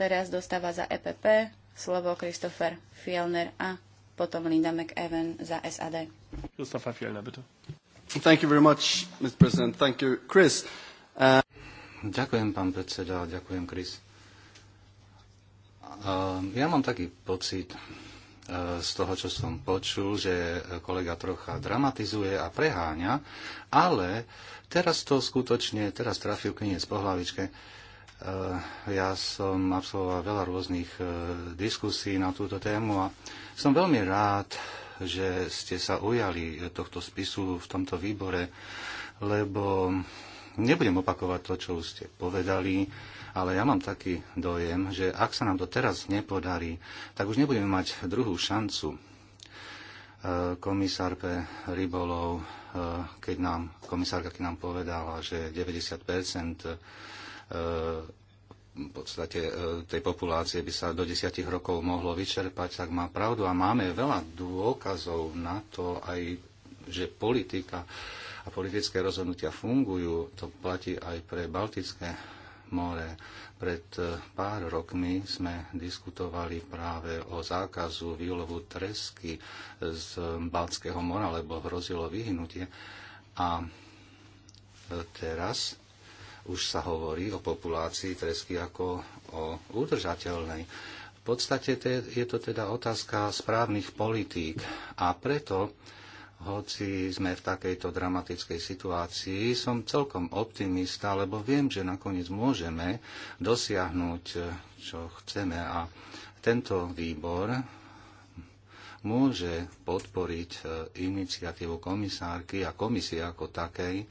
teraz dostáva za EPP slovo Christopher Fielner a potom Linda McEwen za SAD. Christopher Fielner, bitte. Thank you very much, Mr. President. Thank you, Chris. Uh... Ďakujem, pán predseda, ďakujem, Chris. Uh, ja mám taký pocit uh, z toho, čo som počul, že kolega trocha dramatizuje a preháňa, ale teraz to skutočne, teraz trafil kniec po hlavičke. Eh, ja som absolvoval veľa rôznych eh, diskusí na túto tému a som veľmi rád, že ste sa ujali tohto spisu v tomto výbore, lebo nebudem opakovať to, čo už ste povedali, ale ja mám taký dojem, že ak sa nám to teraz nepodarí, tak už nebudeme mať druhú šancu. Eh, Komisár rybolov, keď nám, komisárka keď nám povedala, že 90 v podstate e, tej populácie by sa do desiatich rokov mohlo vyčerpať, tak má pravdu. A máme veľa dôkazov na to, aj, že politika a politické rozhodnutia fungujú. To platí aj pre Baltické more. Pred e, pár rokmi sme diskutovali práve o zákazu výlovu tresky z Baltského mora, lebo hrozilo vyhnutie. A e, teraz už sa hovorí o populácii tresky ako o udržateľnej. V podstate je to teda otázka správnych politík a preto hoci sme v takejto dramatickej situácii, som celkom optimista, lebo viem, že nakoniec môžeme dosiahnuť, eh, čo chceme. A tento výbor môže podporiť eh, iniciatívu komisárky a komisie ako takej,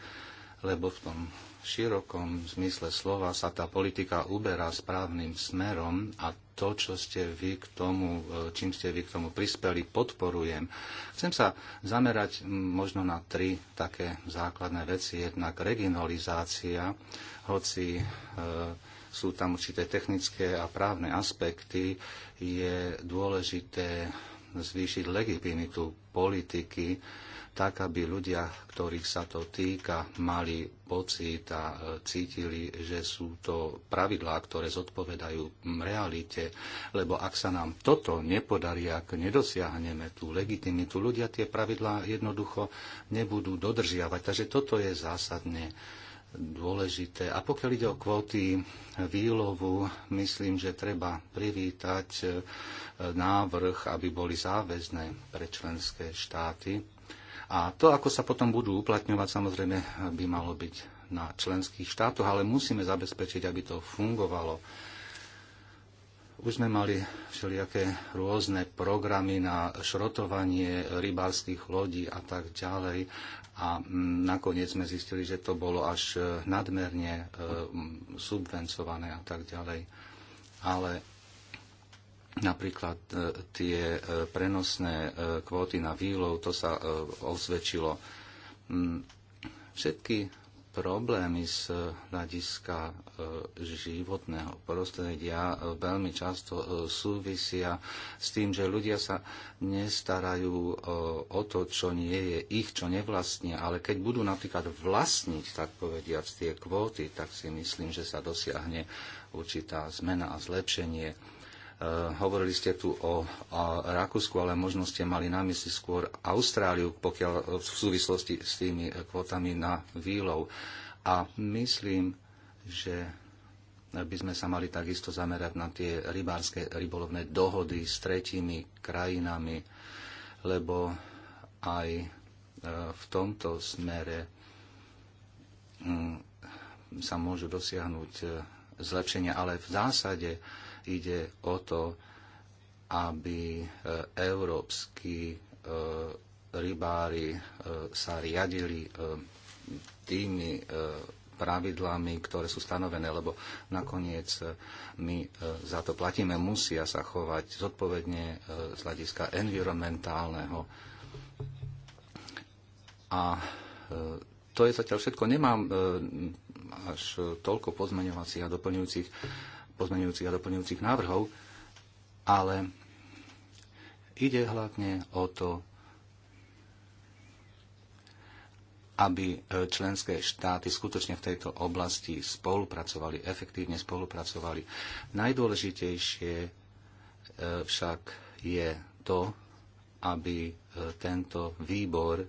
lebo v tom širokom zmysle slova sa tá politika uberá správnym smerom a to, čo ste vy k tomu, e, čím ste vy k tomu prispeli, podporujem. Chcem sa zamerať možno na tri také základné veci. Jednak regionalizácia, hoci e, sú tam určité technické a právne aspekty, je dôležité zvýšiť legitimitu politiky, tak aby ľudia, ktorých sa to týka, mali pocit a e, cítili, že sú to pravidlá, ktoré zodpovedajú realite, lebo ak sa nám toto nepodarí, ak nedosiahneme tú legitimitu, ľudia tie pravidlá jednoducho nebudú dodržiavať. Takže toto je zásadne dôležité. A pokiaľ ide o kvóty výlovu, myslím, že treba privítať e, návrh, aby boli záväzné pre členské štáty. A to, ako sa potom budú uplatňovať, samozrejme by malo byť na členských štátoch, ale musíme zabezpečiť, aby to fungovalo. Už sme mali všelijaké rôzne programy na šrotovanie rybárskych lodí a tak ďalej. A mm, nakoniec sme zistili, že to bolo až nadmerne e, subvencované a tak ďalej. Ale Napríklad e, tie e, prenosné e, kvóty na výlov, to sa osvedčilo. Mm, všetky problémy z hľadiska životného prostredia veľmi často súvisia s tým, že ľudia sa nestarajú o to, čo nie je ich, čo nevlastnia, ale keď budú napríklad vlastniť, tak povediať, tie kvóty, tak si myslím, že sa dosiahne určitá zmena a zlepšenie Eh, hovorili ste tu o, o Rakúsku, ale možno ste mali na mysli skôr Austráliu, pokiaľ eh, v súvislosti s tými eh, kvotami na výlov. A myslím, že by sme sa mali takisto zamerať na tie rybárske rybolovné dohody s tretími krajinami, lebo aj v tomto smere hm, sa môžu dosiahnuť zlepšenia, ale v zásade Ide o to, aby e, európsky e, rybári e, sa riadili tými pravidlami, ktoré sú stanovené, lebo nakoniec my za to platíme, musia sa chovať zodpovedne z hľadiska environmentálneho. A to je zatiaľ všetko. Nemám až toľko pozmeňovacích a doplňujúcich pozmeňujúcich a doplňujúcich návrhov, ale ide hlavne o to, aby e, členské štáty skutočne v tejto oblasti spolupracovali, efektívne spolupracovali. Najdôležitejšie e, však je to, aby e, tento výbor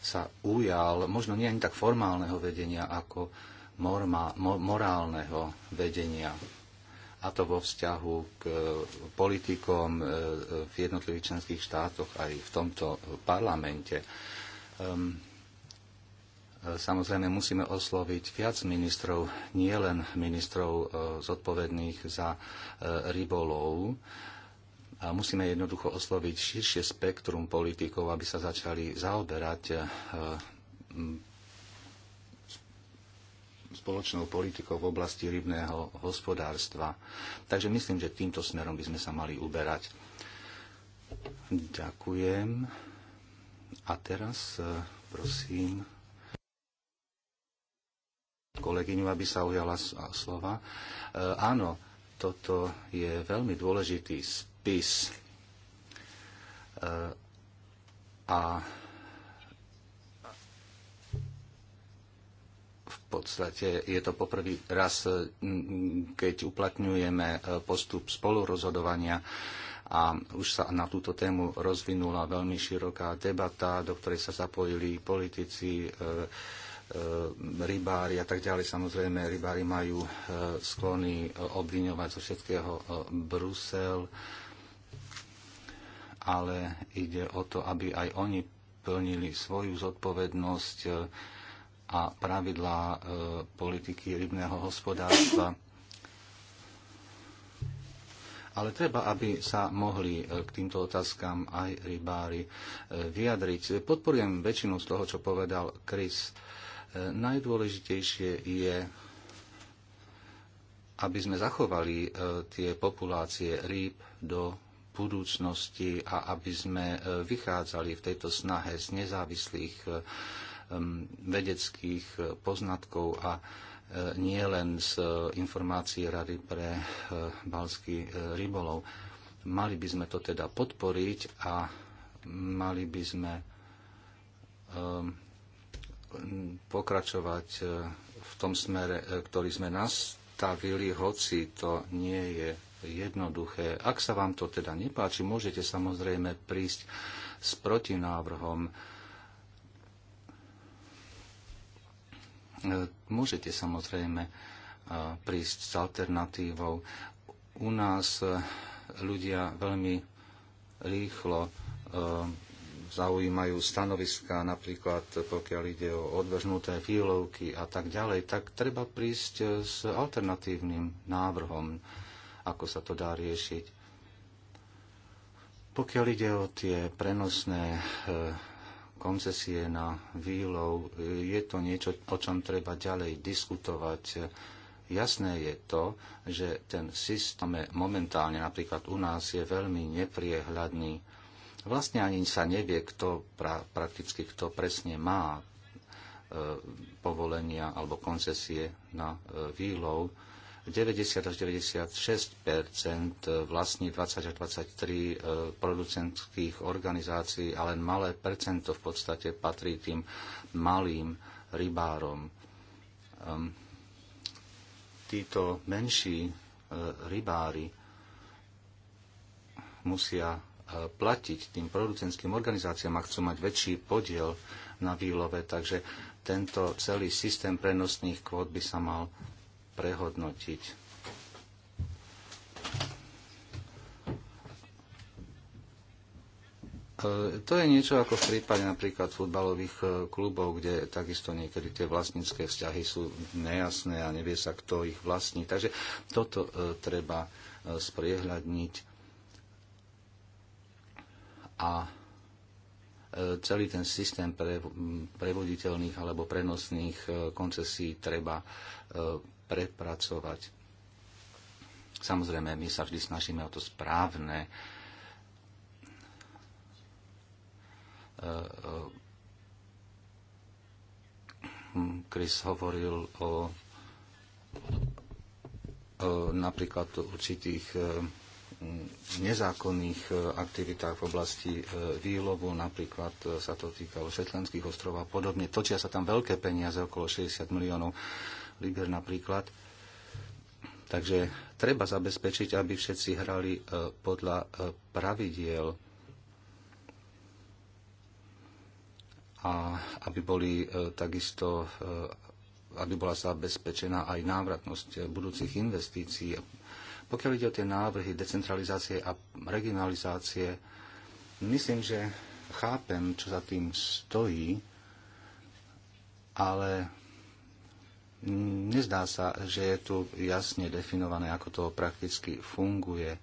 sa ujal možno nie ani tak formálneho vedenia, ako morma, morálneho vedenia. A to vo vzťahu k politikom e, v jednotlivých členských štátoch aj v tomto parlamente. Ehm, e, samozrejme, musíme osloviť viac ministrov, nielen ministrov e, zodpovedných za rybolov, a musíme jednoducho osloviť širšie spektrum politikov, aby sa začali zaoberať spoločnou politikou v oblasti rybného hospodárstva. Takže myslím, že týmto smerom by sme sa mali uberať. Ďakujem. A teraz e, prosím kolegyňu, aby sa ujala slova. E, áno, toto je veľmi dôležitý spis. E, a podstate je to poprvý raz, e, keď uplatňujeme e, postup spolurozhodovania a už sa na túto tému rozvinula veľmi široká debata, do ktorej sa zapojili politici, e, rybári a tak ďalej. Samozrejme, rybári majú sklony obviňovať zo všetkého Brusel, ale ide o to, aby aj oni plnili svoju zodpovednosť a pravidlá e, politiky rybného hospodárstva. Ale treba, aby sa mohli e, k týmto otázkam aj rybári e, vyjadriť. Podporujem väčšinu z toho, čo povedal Chris. E, najdôležitejšie je, aby sme zachovali tie populácie rýb do budúcnosti a aby sme vychádzali v tejto snahe z nezávislých vedeckých eh, poznatkov a eh, nie len z eh, informácií Rady pre balský rybolov. Mali by sme to teda podporiť a mali by sme pokračovať v tom smere, ktorý sme nastavili, hoci to nie je jednoduché. Ak sa vám to teda nepáči, môžete samozrejme prísť s protinávrhom E, môžete samozrejme e, prísť s alternatívou. U nás e, ľudia veľmi rýchlo zaujímajú stanoviska, napríklad pokiaľ ide o odvrhnuté výlovky a tak ďalej, tak treba prísť s alternatívnym návrhom, ako sa to dá riešiť. Pokiaľ ide o tie prenosné koncesie na výlov, je to niečo, o čom treba ďalej diskutovať. Jasné je to, že ten systém momentálne napríklad u nás je veľmi nepriehľadný. Vlastne ani sa nevie, kto pra, prakticky kto presne má e, povolenia alebo koncesie na e, výlov 90 až 96 vlastní 20 až 23 e, producentských organizácií a len malé percento v podstate patrí tým malým rybárom. Ehm, títo menší e, rybári musia e, platiť tým producentským organizáciám a chcú mať väčší podiel na výlove, takže tento celý systém prenosných kvót by sa mal prehodnotiť. E, to je niečo ako v prípade napríklad futbalových e, klubov, kde takisto niekedy tie vlastnícke vzťahy sú nejasné a nevie sa, kto ich vlastní. Takže toto e, treba spriehľadniť. A celý ten systém prevoditeľných alebo prenosných koncesí treba prepracovať. Samozrejme, my sa vždy snažíme o to správne e, e, hm, Chris hovoril o, o e, napríklad určitých hm, nezákonných aktivitách v oblasti výlovu, napríklad sa to týkalo Šetlenských ostrov a podobne. Točia sa tam veľké peniaze, okolo 60 miliónov Liger napríklad. Takže treba zabezpečiť, aby všetci hrali e, podľa e, pravidiel a aby boli e, takisto aby bola zabezpečená aj návratnosť budúcich investícií. Pokiaľ ide o tie návrhy decentralizácie a regionalizácie, myslím, že chápem, čo za tým stojí, ale Nezdá sa, že je tu jasne definované, ako to prakticky funguje.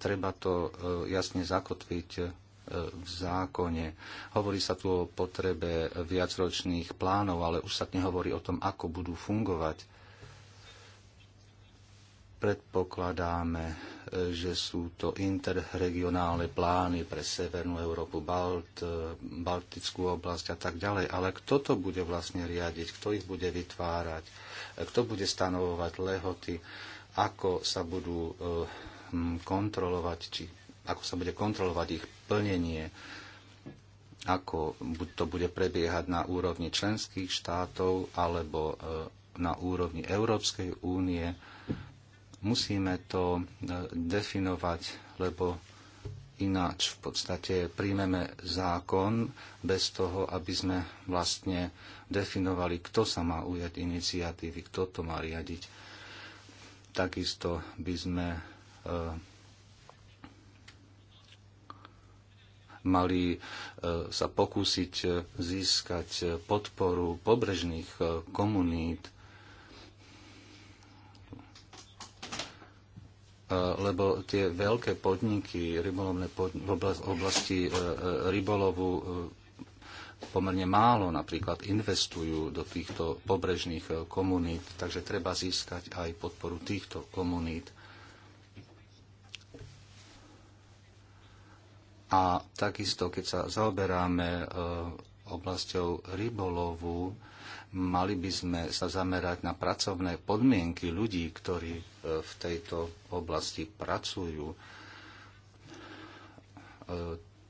Treba to e, jasne zakotviť e, v zákone. Hovorí sa tu o potrebe viacročných plánov, ale už sa nehovorí o tom, ako budú fungovať. Predpokladáme, že sú to interregionálne plány pre Severnú Európu, Balt, Baltickú oblasť a tak ďalej. Ale kto to bude vlastne riadiť? Kto ich bude vytvárať? Kto bude stanovovať lehoty? Ako sa budú eh, kontrolovať, či ako sa bude kontrolovať ich plnenie? Ako to bude prebiehať na úrovni členských štátov alebo eh, na úrovni Európskej únie? Musíme to e, definovať, lebo ináč v podstate príjmeme zákon bez toho, aby sme vlastne definovali, kto sa má ujať iniciatívy, kto to má riadiť. Takisto by sme e, mali e, sa pokúsiť e, získať e, podporu pobrežných komunít lebo tie veľké podniky rybolovné podniky, v oblasti e, e, rybolovu e, pomerne málo napríklad investujú do týchto pobrežných komunít, takže treba získať aj podporu týchto komunít. A takisto, keď sa zaoberáme oblasťou rybolovu, Mali by sme sa zamerať na pracovné podmienky ľudí, ktorí e, v tejto oblasti pracujú. E,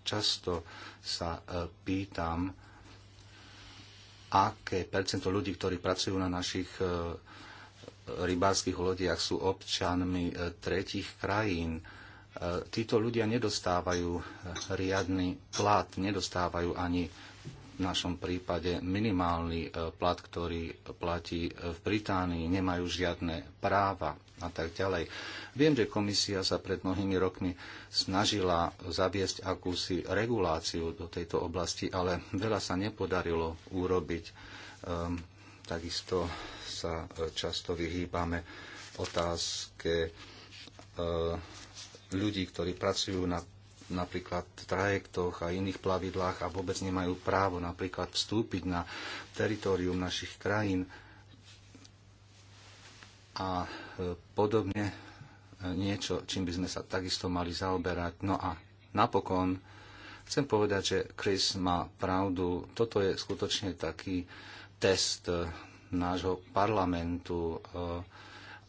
často sa e, pýtam, aké percento ľudí, ktorí pracujú na našich rybárskych lodiach, sú občanmi tretich krajín títo ľudia nedostávajú riadny plat, nedostávajú ani v našom prípade minimálny e, plat, ktorý platí v Británii, nemajú žiadne práva a tak ďalej. Viem, že komisia sa pred mnohými rokmi snažila zaviesť akúsi reguláciu do tejto oblasti, ale veľa sa nepodarilo urobiť. Um, takisto sa e, často vyhýbame otázke e, ľudí, ktorí pracujú na napríklad trajektoch a iných plavidlách a vôbec nemajú právo napríklad vstúpiť na teritorium našich krajín a e, podobne e, niečo, čím by sme sa takisto mali zaoberať. No a napokon chcem povedať, že Chris má pravdu. Toto je skutočne taký test e, nášho parlamentu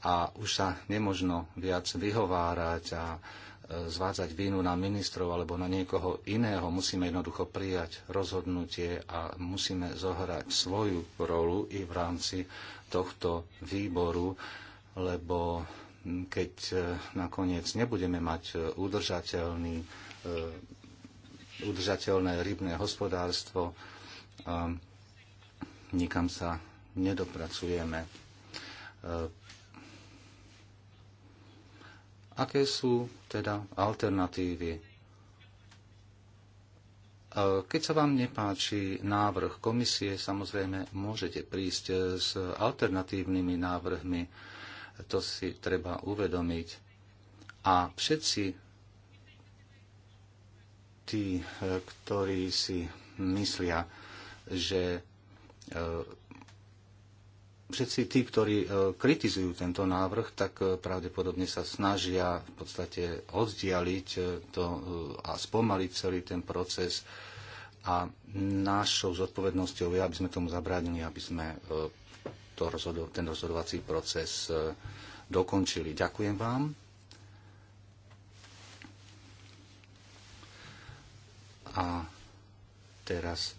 a už sa nemožno viac vyhovárať a zvádzať vínu na ministrov alebo na niekoho iného. Musíme jednoducho prijať rozhodnutie a musíme zohrať svoju rolu i v rámci tohto výboru, lebo keď e, nakoniec nebudeme mať e, udržateľný, e, udržateľné rybné hospodárstvo, nikam sa nedopracujeme Aké sú teda alternatívy? E, keď sa vám nepáči návrh komisie, samozrejme môžete prísť e, s alternatívnymi návrhmi. To si treba uvedomiť. A všetci tí, e, ktorí si myslia, že všetci tí, ktorí e, kritizujú tento návrh, tak e, pravdepodobne sa snažia v podstate oddialiť e, to a spomaliť celý ten proces. A našou zodpovednosťou je, aby sme tomu zabránili, aby sme to rozhodo- ten rozhodovací proces dokončili. Ďakujem vám. A teraz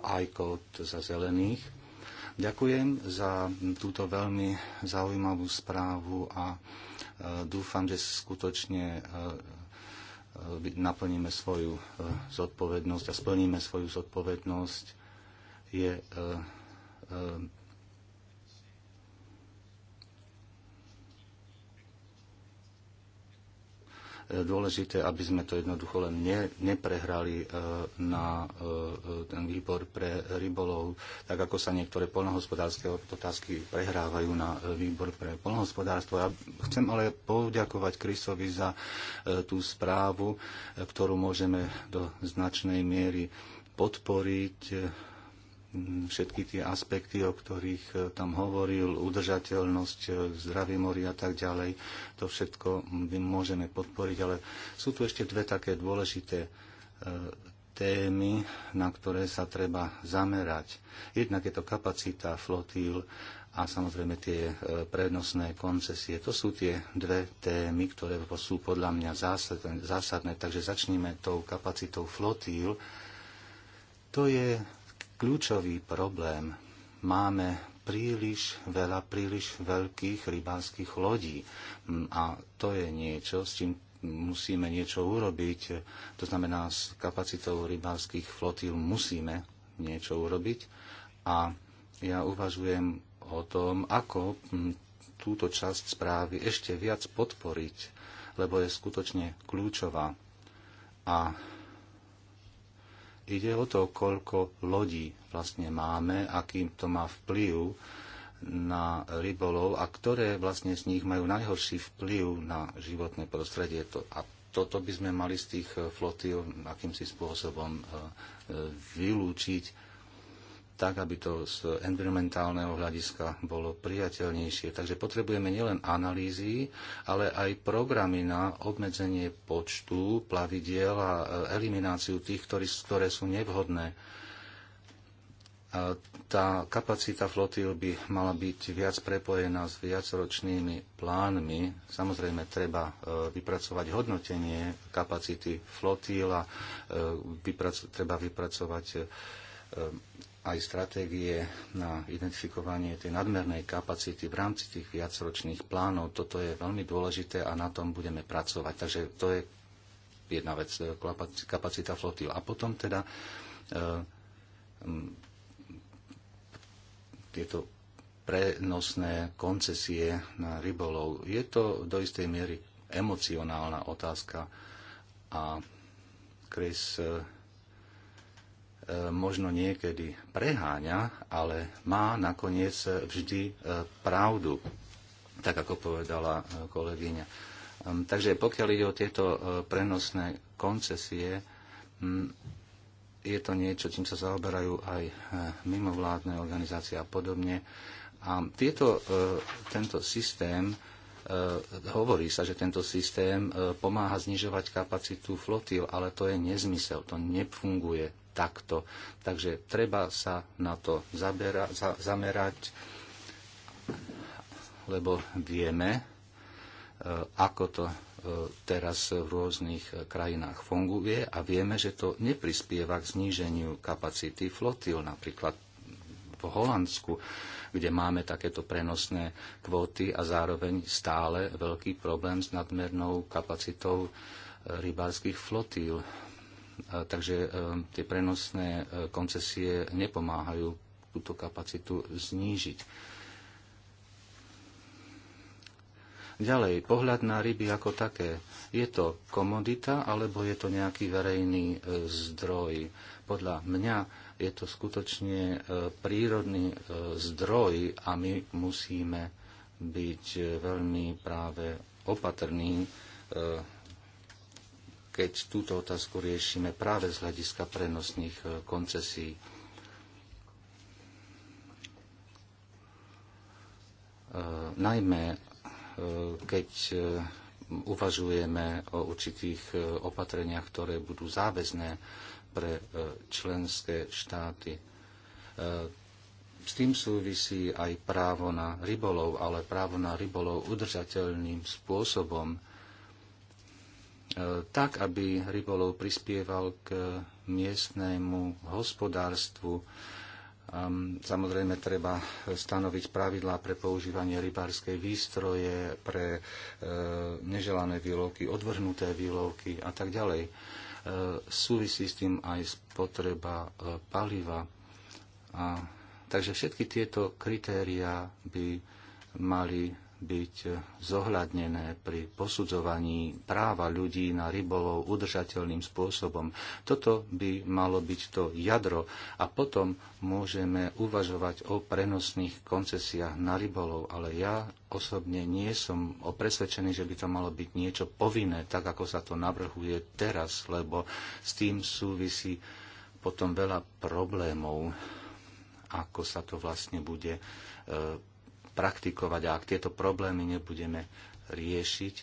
aj kód za zelených. Ďakujem za túto veľmi zaujímavú správu a e, dúfam, že skutočne e, e, naplníme svoju zodpovednosť a splníme svoju zodpovednosť. Je dôležité, aby sme to jednoducho len ne, neprehrali e, na e, e, ten výbor pre rybolov, tak ako sa niektoré polnohospodárske otázky prehrávajú na výbor pre polnohospodárstvo. Ja chcem ale poďakovať Krisovi za tú správu, ktorú môžeme do značnej miery podporiť Mm, všetky tie aspekty, o ktorých e, tam hovoril, udržateľnosť, e, zdravý mori a tak ďalej, to všetko mm, môžeme podporiť, ale sú tu ešte dve také dôležité e, témy, na ktoré sa treba zamerať. Jednak je to kapacita flotíl a samozrejme tie prednostné koncesie. To sú tie dve témy, ktoré sú podľa mňa zásadné, zásadné. takže začníme tou kapacitou flotíl. To je kľúčový problém. Máme príliš veľa, príliš veľkých rybárskych lodí mm, a to je niečo, s čím musíme niečo urobiť. To znamená, s kapacitou rybárskych flotíl musíme niečo urobiť a ja uvažujem o tom, ako mm, túto časť správy ešte viac podporiť, lebo je skutočne kľúčová. A Ide o to, koľko lodí vlastne máme, akým to má vplyv na rybolov a ktoré vlastne z nich majú najhorší vplyv na životné prostredie. A toto by sme mali z tých flotil akýmsi spôsobom e, e, vylúčiť tak, aby to z environmentálneho hľadiska bolo priateľnejšie. Takže potrebujeme nielen analýzy, ale aj programy na obmedzenie počtu plavidiel a e, elimináciu tých, ktorý, ktoré sú nevhodné. Tá kapacita flotil by mala byť viac prepojená s viacročnými plánmi. Samozrejme, treba e, vypracovať hodnotenie kapacity flotíl a e, vypraco- treba vypracovať aj stratégie na identifikovanie tej nadmernej kapacity v rámci tých viacročných plánov. Toto je veľmi dôležité a na tom budeme pracovať. Takže to je jedna vec, e, kapacita flotil. A potom teda e, tieto prenosné koncesie na rybolov. Je to do istej miery emocionálna otázka a Chris e, E, možno niekedy preháňa, ale má nakoniec vždy e, pravdu, tak ako povedala e, kolegyňa. Takže pokiaľ ide o tieto prenosné koncesie, je to niečo, čím sa zaoberajú aj mimovládne organizácie a podobne. A tieto, tento systém, hovorí sa, že tento systém pomáha znižovať kapacitu flotil, ale to je nezmysel, to nefunguje takto. Takže treba sa na to zabera, za, zamerať, lebo vieme, e, ako to e, teraz v rôznych e, krajinách funguje a vieme, že to neprispieva k zníženiu kapacity flotil, napríklad v Holandsku, kde máme takéto prenosné kvóty a zároveň stále veľký problém s nadmernou kapacitou rybárskych flotíl takže e, tie prenosné e, koncesie nepomáhajú túto kapacitu znížiť. Ďalej, pohľad na ryby ako také. Je to komodita alebo je to nejaký verejný e, zdroj? Podľa mňa je to skutočne prírodný zdroj a my musíme byť veľmi práve opatrní keď túto otázku riešime práve z hľadiska prenosných e, koncesí. E, najmä e, keď uvažujeme o určitých opatreniach, ktoré budú záväzné pre členské štáty. S tým súvisí aj právo na rybolov, ale právo na rybolov udržateľným spôsobom. E, tak, aby rybolov prispieval k miestnému hospodárstvu. Samozrejme, treba stanoviť pravidlá pre používanie rybárskej výstroje, pre e, neželané výlovky, odvrhnuté výlovky a tak ďalej. E, súvisí s tým aj spotreba paliva. A, takže všetky tieto kritériá by mali byť zohľadnené pri posudzovaní práva ľudí na rybolov udržateľným spôsobom. Toto by malo byť to jadro a potom môžeme uvažovať o prenosných koncesiách na rybolov, ale ja osobne nie som presvedčený, že by to malo byť niečo povinné, tak ako sa to navrhuje teraz, lebo s tým súvisí potom veľa problémov, ako sa to vlastne bude e, praktikovať a ak tieto problémy nebudeme riešiť,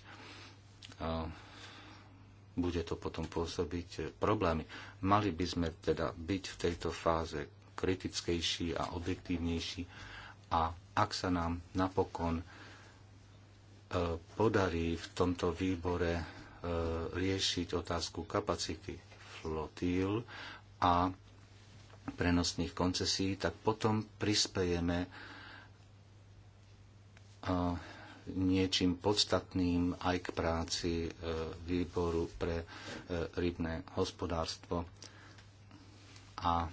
bude to potom pôsobiť problémy. Mali by sme teda byť v tejto fáze kritickejší a objektívnejší a ak sa nám napokon e, podarí v tomto výbore e, riešiť otázku kapacity flotíl a prenosných koncesí, tak potom prispejeme niečím podstatným aj k práci e, výboru pre e, rybné hospodárstvo. A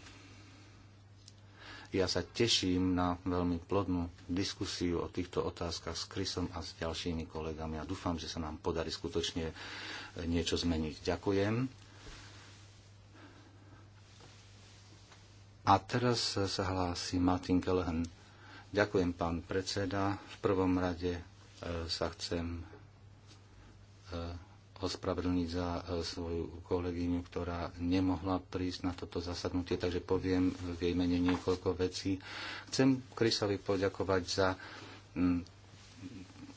ja sa teším na veľmi plodnú diskusiu o týchto otázkach s Krysom a s ďalšími kolegami a dúfam, že sa nám podarí skutočne e, niečo zmeniť. Ďakujem. A teraz sa hlási Martin Kelehen. Ďakujem, pán predseda. V prvom rade e, sa chcem e, ospravedlniť za e, svoju kolegyňu, ktorá nemohla prísť na toto zasadnutie, takže poviem v jej mene niekoľko vecí. Chcem Krysovi poďakovať za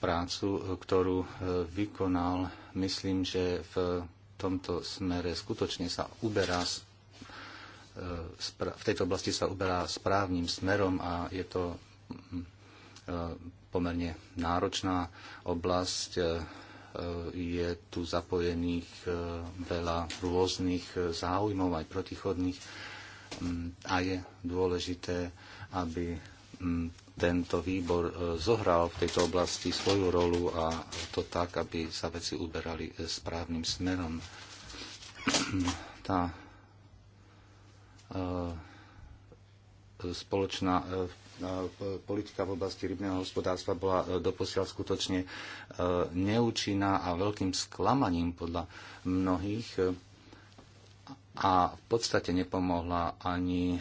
prácu, ktorú vykonal. Myslím, že v tomto smere skutočne sa uberá v tejto oblasti sa uberá správnym smerom a je to E, pomerne náročná oblasť. E, je tu zapojených e, veľa rôznych záujmov, aj protichodných. Mm, a je dôležité, aby mm, tento výbor zohral v tejto oblasti svoju rolu a to tak, aby sa veci uberali správnym smerom. *clears throat* Tá spoločná No, politika v oblasti rybného hospodárstva bola e, doposiaľ skutočne e, neúčinná a veľkým sklamaním podľa mnohých e, a v podstate nepomohla ani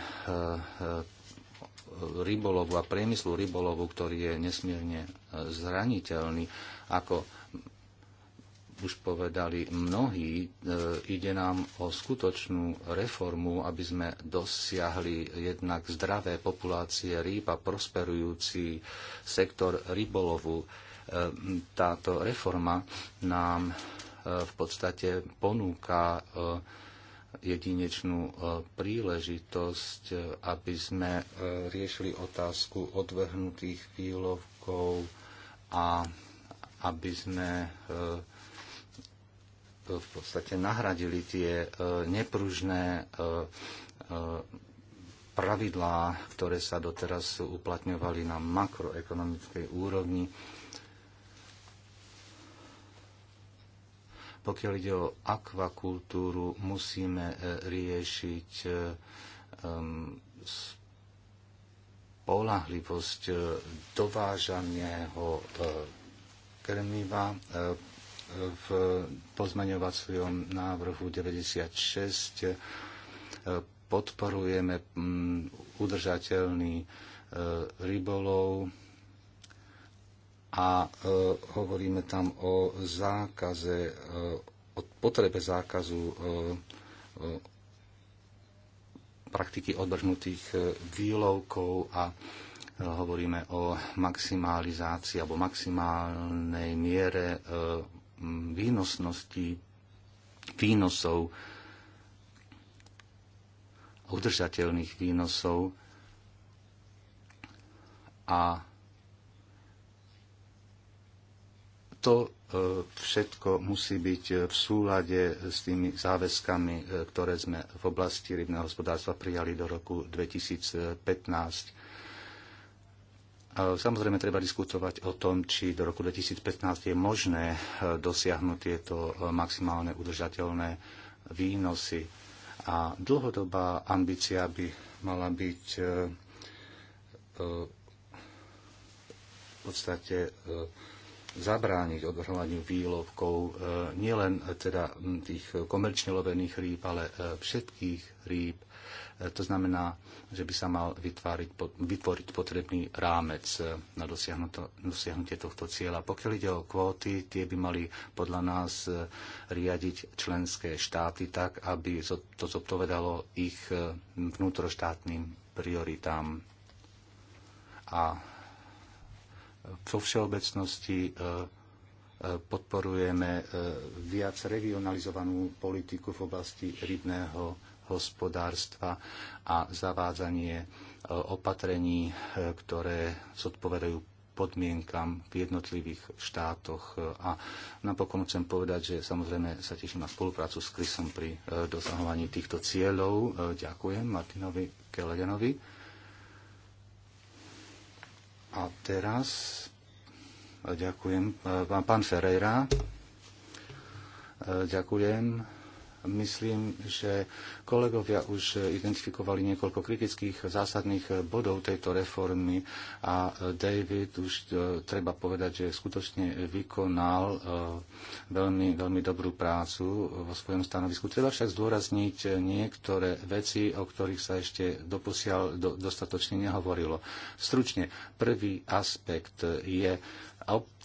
rybolovu a priemyslu rybolovu, ktorý je nesmierne zraniteľný ako už povedali mnohí, e, ide nám o skutočnú reformu, aby sme dosiahli jednak zdravé populácie rýb a prosperujúci sektor rybolovu. E, táto reforma nám e, v podstate ponúka jedinečnú príležitosť, aby sme riešili otázku odvrhnutých výlovkov a aby sme v podstate nahradili tie e, nepružné e, e, pravidlá, ktoré sa doteraz uplatňovali na makroekonomickej úrovni. Pokiaľ ide o akvakultúru, musíme riešiť spolahlivosť dovážaného krmiva v pozmeňovacom návrhu 96 e, podporujeme mm, udržateľný e, rybolov a e, hovoríme tam o zákaze, o potrebe zákazu praktiky odbrhnutých výlovkov a hovoríme o maximalizácii alebo maximálnej miere výnosnosti, výnosov, udržateľných výnosov a to e, všetko musí byť v súlade s tými záväzkami, e, ktoré sme v oblasti rybného hospodárstva prijali do roku 2015. Samozrejme, treba diskutovať o tom, či do roku 2015 je možné eh, dosiahnuť tieto eh, maximálne udržateľné výnosy. A dlhodobá ambícia by mala byť eh, v podstate zabrániť odvrhovaniu výlovkov nielen teda hm, tých komerčne lovených rýb, ale všetkých rýb. E, to znamená, že by sa mal vytvoriť, vytvoriť potrebný rámec e, na dosiahnutie tohto cieľa. Pokiaľ ide o kvóty, tie by mali podľa nás e, riadiť členské štáty tak, aby to zodpovedalo ich vnútroštátnym prioritám. A vo všeobecnosti podporujeme viac regionalizovanú politiku v oblasti rybného hospodárstva a zavádzanie e, opatrení, e, ktoré zodpovedajú podmienkam v jednotlivých štátoch. E, a napokon chcem povedať, že samozrejme sa teším na spoluprácu s krysom pri dosahovaní týchto cieľov. Ďakujem Martinovi Kelegenovi. A teraz ďakujem pán Ferreira. Ďakujem myslím, že kolegovia už identifikovali niekoľko kritických zásadných bodov tejto reformy a David už e, treba povedať, že skutočne vykonal e, veľmi, veľmi dobrú prácu vo svojom stanovisku. Treba však zdôrazniť niektoré veci, o ktorých sa ešte doposiaľ dostatočne nehovorilo. Stručne, prvý aspekt je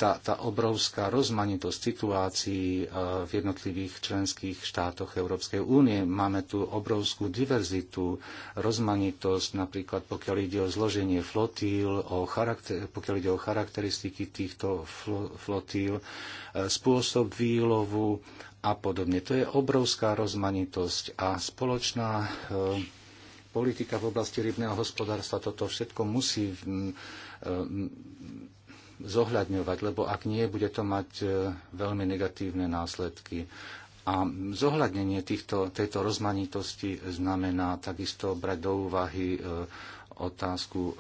tá, tá obrovská rozmanitosť situácií e, v jednotlivých členských štátoch Európskej únie. Máme tu obrovskú diverzitu, rozmanitosť, napríklad pokiaľ ide o zloženie flotíl, o charakter, pokiaľ ide o charakteristiky týchto flotíl, e, spôsob výlovu a podobne. To je obrovská rozmanitosť a spoločná e, politika v oblasti rybného hospodárstva toto všetko musí zohľadňovať, lebo ak nie, bude to mať e, veľmi negatívne následky. A zohľadnenie týchto, tejto rozmanitosti znamená takisto brať do úvahy e, otázku e,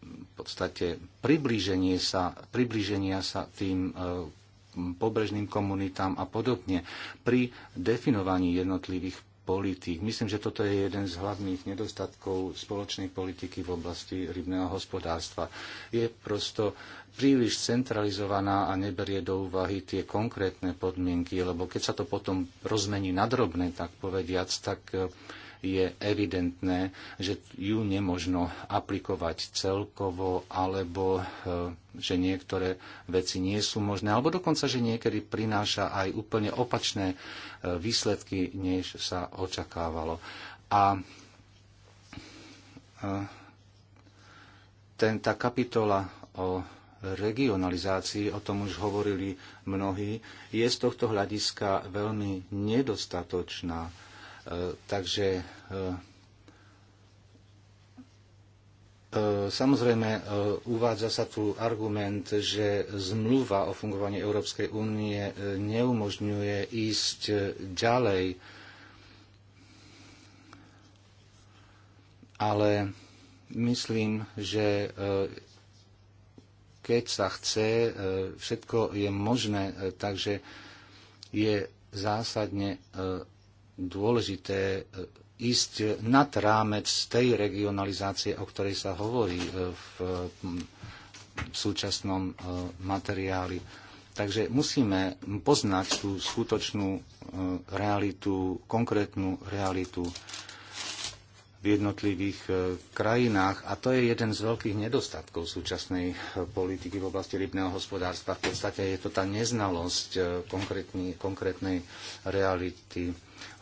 v podstate priblíženie sa, priblíženia sa tým pobrežným komunitám a podobne pri definovaní jednotlivých politík. Myslím, že toto je jeden z hlavných nedostatkov spoločnej politiky v oblasti rybného hospodárstva. Je prosto príliš centralizovaná a neberie do úvahy tie konkrétne podmienky, lebo keď sa to potom rozmení na drobné, tak povediac, tak eh, je evidentné, že ju nemožno aplikovať celkovo, alebo eh, že niektoré veci nie sú možné, alebo dokonca, že niekedy prináša aj úplne opačné eh, výsledky, než sa očakávalo. A eh, ten, tá kapitola o regionalizácii, o tom už hovorili mnohí, je z tohto hľadiska veľmi nedostatočná. E, takže e, e, Samozrejme, uvádza sa tu argument, že zmluva o fungovaní Európskej únie neumožňuje ísť ďalej, ale myslím, že keď sa chce, všetko je možné, takže je zásadne dôležité e, ísť nad rámec tej regionalizácie, o ktorej sa hovorí e, v súčasnom e, materiáli. Takže musíme poznať tú skutočnú realitu, konkrétnu realitu v jednotlivých krajinách. A to je jeden z veľkých nedostatkov súčasnej politiky v oblasti rybného hospodárstva. V podstate je to tá neznalosť konkrétnej reality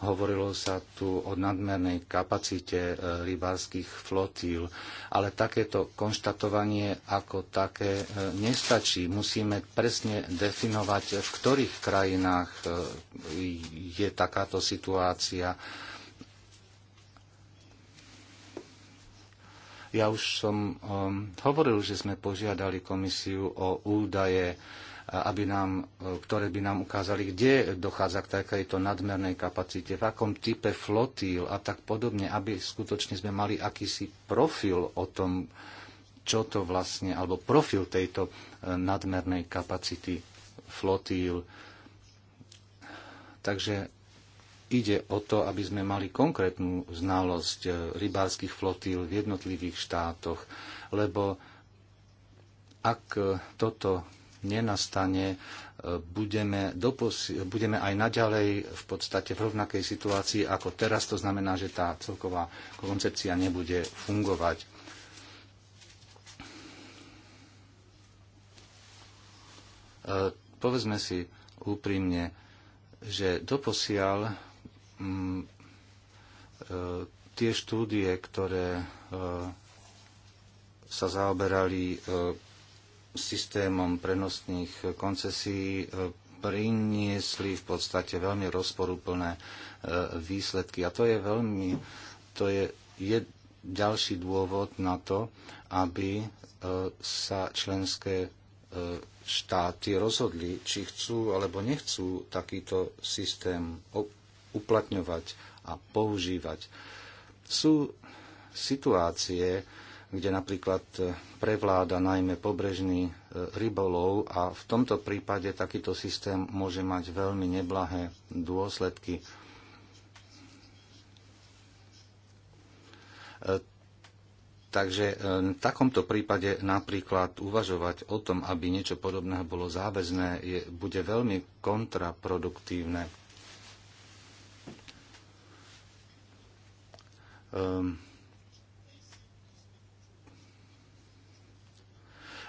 Hovorilo sa tu o nadmernej kapacite e, rybárskych flotíl, ale takéto konštatovanie ako také e, nestačí. Musíme presne definovať, v ktorých krajinách e, je takáto situácia. Ja už som um, hovoril, že sme požiadali komisiu o údaje aby nám, e, ktoré by nám ukázali, kde dochádza k takejto nadmernej kapacite, v akom type flotíl a tak podobne, aby skutočne sme mali akýsi profil o tom, čo to vlastne, alebo profil tejto e, nadmernej kapacity flotíl. Takže ide o to, aby sme mali konkrétnu znalosť e, rybárskych flotíl v jednotlivých štátoch, lebo ak toto nenastane, e, budeme, doposi- budeme aj naďalej v podstate v rovnakej situácii ako teraz. To znamená, že tá celková koncepcia nebude fungovať. E, povedzme si úprimne, že doposiaľ m, mm, e, tie štúdie, ktoré sa zaoberali systémom prenosných koncesí e, priniesli v podstate veľmi rozporúplné e, výsledky. A to je veľmi, to je, je ďalší dôvod na to, aby e, sa členské štáty rozhodli, či chcú alebo nechcú takýto systém uplatňovať a používať. Sú situácie, kde napríklad e, prevláda najmä pobrežný e, rybolov a v tomto prípade takýto systém môže mať veľmi neblahé dôsledky. E, takže v takomto prípade napríklad uvažovať o tom, aby niečo podobného bolo záväzné, je, bude veľmi kontraproduktívne. Um,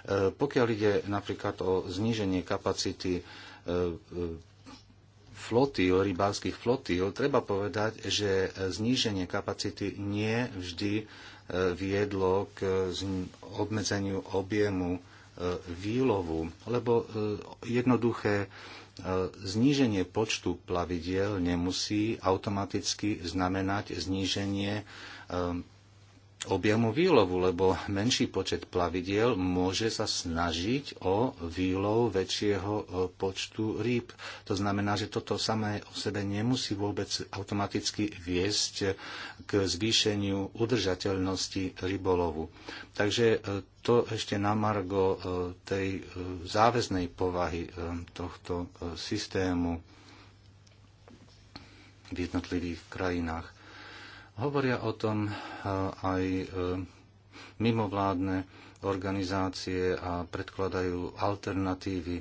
E, pokiaľ ide napríklad o zníženie kapacity e, e, flotil, rybárskych flotil, treba povedať, že zníženie kapacity nie vždy viedlo k obmedzeniu objemu výlovu, lebo jednoduché zníženie počtu plavidiel nemusí automaticky znamenať zníženie objemu výlovu, lebo menší počet plavidiel môže sa snažiť o výlov väčšieho e, počtu rýb. To znamená, že toto samé o sebe nemusí vôbec automaticky viesť e, k zvýšeniu udržateľnosti rybolovu. Takže e, to ešte na margo tej záväznej povahy tohto systému v jednotlivých krajinách. Hovoria o tom e, aj e, mimovládne organizácie a predkladajú alternatívy.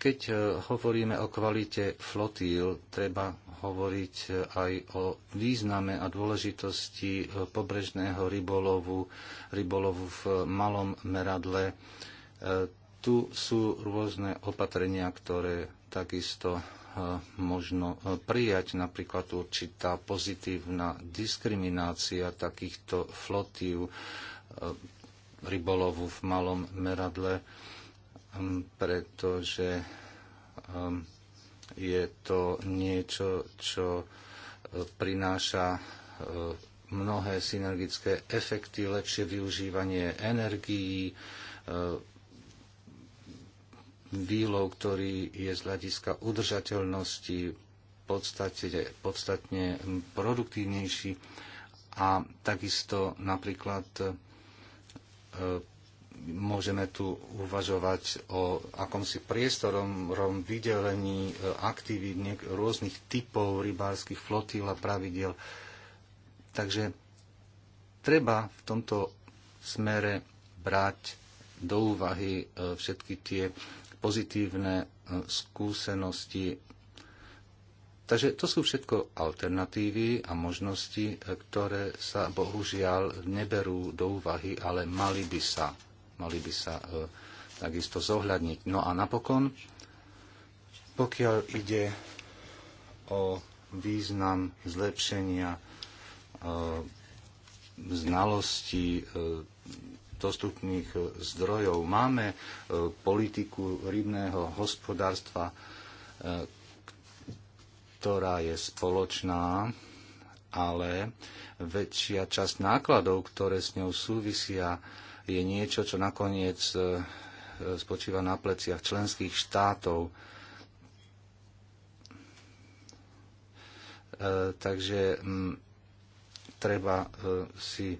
Keď e, hovoríme o kvalite flotíl, treba hovoriť aj o význame a dôležitosti pobrežného rybolovu, rybolovu v malom meradle. Tu sú rôzne opatrenia, ktoré takisto možno e, prijať, napríklad určitá pozitívna diskriminácia takýchto flotív e, rybolovu v malom meradle, e, pretože je to niečo, čo prináša mnohé synergické efekty, lepšie využívanie energií, výlov, ktorý je z hľadiska udržateľnosti podstate, podstatne produktívnejší a takisto napríklad e, môžeme tu uvažovať o akomsi priestorom vydelení e, aktivít rôznych typov rybárskych flotíl a pravidel. Takže treba v tomto smere brať do úvahy e, všetky tie pozitívne skúsenosti. Takže to sú všetko alternatívy a možnosti, e, ktoré sa bohužiaľ neberú do úvahy, ale mali by sa, mali by sa e, takisto zohľadniť. No a napokon, pokiaľ ide o význam zlepšenia e, znalosti e, dostupných e, zdrojov. Máme e, politiku rybného hospodárstva, e, ktorá je spoločná, ale väčšia časť nákladov, ktoré s ňou súvisia, je niečo, čo nakoniec spočíva na pleciach členských štátov. Takže treba si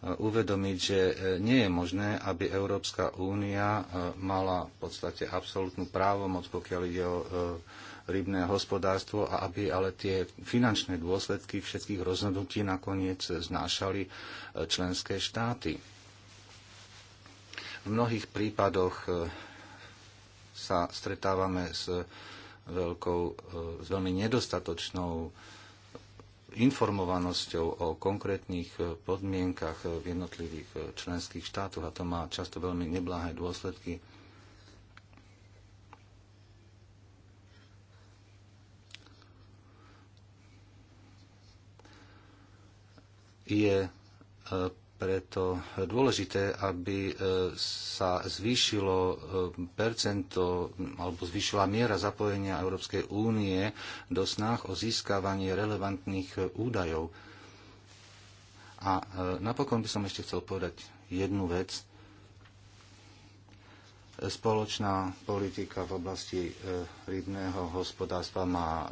uvedomiť, že e, nie je možné, aby Európska únia e, mala v podstate absolútnu právomoc, pokiaľ ide o e, rybné hospodárstvo a aby ale tie finančné dôsledky všetkých rozhodnutí nakoniec znášali členské štáty. V mnohých prípadoch sa stretávame s, veľkou, s veľmi nedostatočnou informovanosťou o konkrétnych e, podmienkach e, v jednotlivých e, členských štátoch a to má často veľmi nebláhé dôsledky. Je preto dôležité, aby e, sa zvýšilo e, percento alebo zvýšila miera zapojenia Európskej únie do snách o získavanie relevantných e, údajov. A napokon by som ešte chcel povedať jednu vec. Spoločná politika v oblasti e, rybného hospodárstva má e,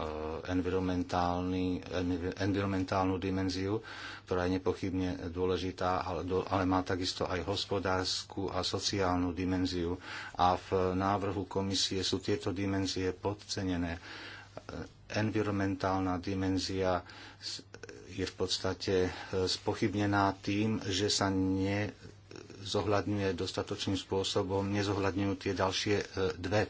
environmentálnu dimenziu, ktorá je nepochybne dôležitá, ale, ale má takisto aj hospodárskú a sociálnu dimenziu. A v návrhu komisie sú tieto dimenzie podcenené. E, environmentálna dimenzia je v podstate spochybnená tým, že sa ne zohľadňuje dostatočným spôsobom, nezohľadňujú tie ďalšie e, dve.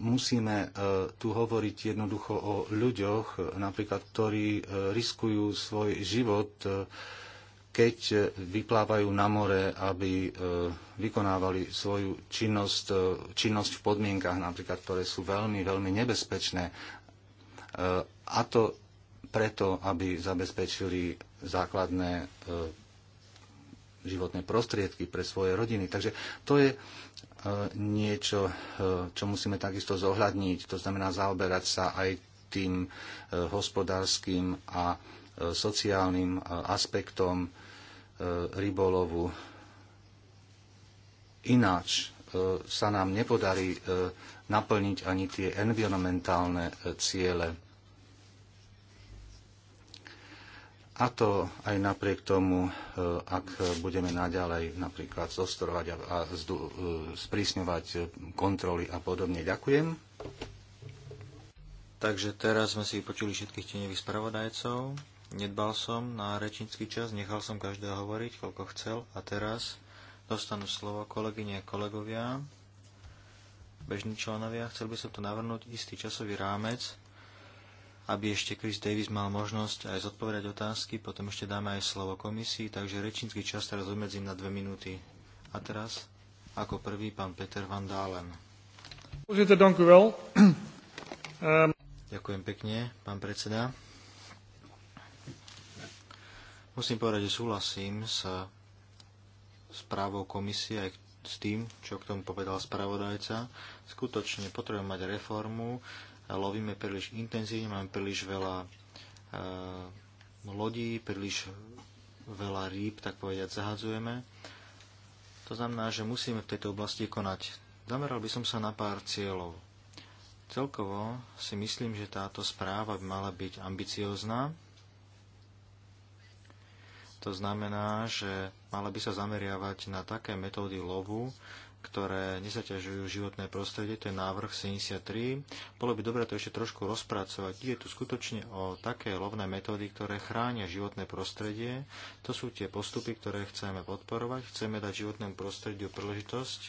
Musíme e, tu hovoriť jednoducho o ľuďoch, e, napríklad, ktorí riskujú svoj život, keď vyplávajú na more, aby vykonávali svoju činnosť, činnosť v podmienkach napríklad, ktoré sú veľmi, veľmi nebezpečné. A to preto, aby zabezpečili základné e, životné prostriedky pre svoje rodiny. Takže to je e, niečo, e, čo musíme takisto zohľadniť. To znamená zaoberať sa aj tým hospodárskym a sociálnym aspektom rybolovu. Ináč sa nám nepodarí naplniť ani tie environmentálne ciele A to aj napriek tomu, e, ak budeme naďalej napríklad zostorovať a e, sprísňovať kontroly a podobne. Ďakujem. Takže teraz sme si vypočuli všetkých tenevých spravodajcov. Nedbal som na rečnícky čas, nechal som každého hovoriť, koľko chcel. A teraz dostanú slovo kolegyne a kolegovia, bežní členovia. Chcel by som tu navrhnúť istý časový rámec, aby ešte Chris Davis mal možnosť aj zodpovedať otázky, potom ešte dáme aj slovo komisii, takže rečnícky čas teraz obmedzím na dve minúty. A teraz, ako prvý, pán Peter Van Dalen. *clears throat* Ehm, Ďakujem pekne, pán predseda. Musím povedať, že súhlasím s správou komisie aj s tým, čo k tomu povedal spravodajca. Skutočne potrebujeme mať reformu, lovíme príliš intenzívne, máme príliš veľa eh, lodí, príliš veľa rýb, tak povedať, zahadzujeme. To znamená, že musíme v tejto oblasti konať. Zameral by som sa na pár cieľov. Celkovo si myslím, že táto správa by mala byť ambiciozná. To znamená, že mala by sa zameriavať na také metódy lovu, ktoré nezaťažujú životné prostredie, to je návrh 73. Bolo by dobré to ešte trošku rozpracovať. Ide tu skutočne o také lovné metódy, ktoré chránia životné prostredie. To sú tie postupy, ktoré chceme podporovať. Chceme dať životnému prostrediu príležitosť,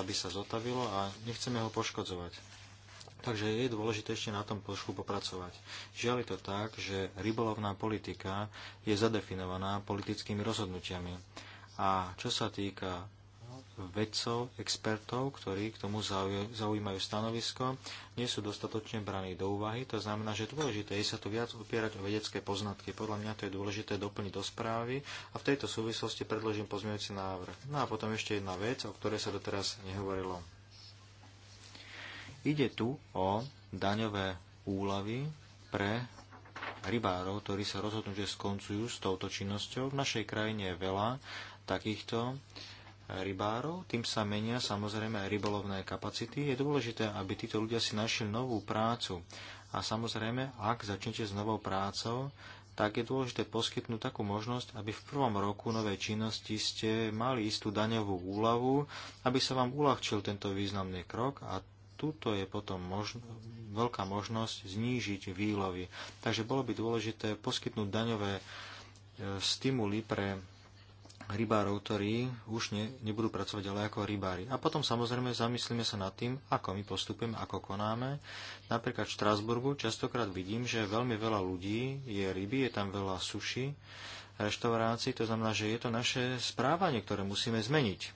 aby sa zotavilo a nechceme ho poškodzovať. Takže je dôležité ešte na tom trošku popracovať. Žiaľ je to tak, že rybolovná politika je zadefinovaná politickými rozhodnutiami. A čo sa týka vedcov, expertov, ktorí k tomu zaujímajú stanovisko, nie sú dostatočne braní do úvahy. To znamená, že dôležité je sa tu viac opierať o vedecké poznatky. Podľa mňa to je dôležité doplniť do správy a v tejto súvislosti predložím pozmeňujúci návrh. No a potom ešte jedna vec, o ktorej sa doteraz nehovorilo. Ide tu o daňové úlavy pre rybárov, ktorí sa rozhodnú, že skoncujú s touto činnosťou. V našej krajine je veľa takýchto rybárov, tým sa menia samozrejme aj rybolovné kapacity. Je dôležité, aby títo ľudia si našli novú prácu. A samozrejme, ak začnete s novou prácou, tak je dôležité poskytnúť takú možnosť, aby v prvom roku novej činnosti ste mali istú daňovú úľavu, aby sa vám uľahčil tento významný krok a tuto je potom možno, veľká možnosť znížiť výlovy. Takže bolo by dôležité poskytnúť daňové e, stimuly pre rybárov, ktorí už ne, nebudú pracovať ďalej ako rybári. A potom samozrejme zamyslíme sa nad tým, ako my postupujeme, ako konáme. Napríklad v Štrásburgu častokrát vidím, že veľmi veľa ľudí je ryby, je tam veľa suši, reštaurácií, to znamená, že je to naše správanie, ktoré musíme zmeniť.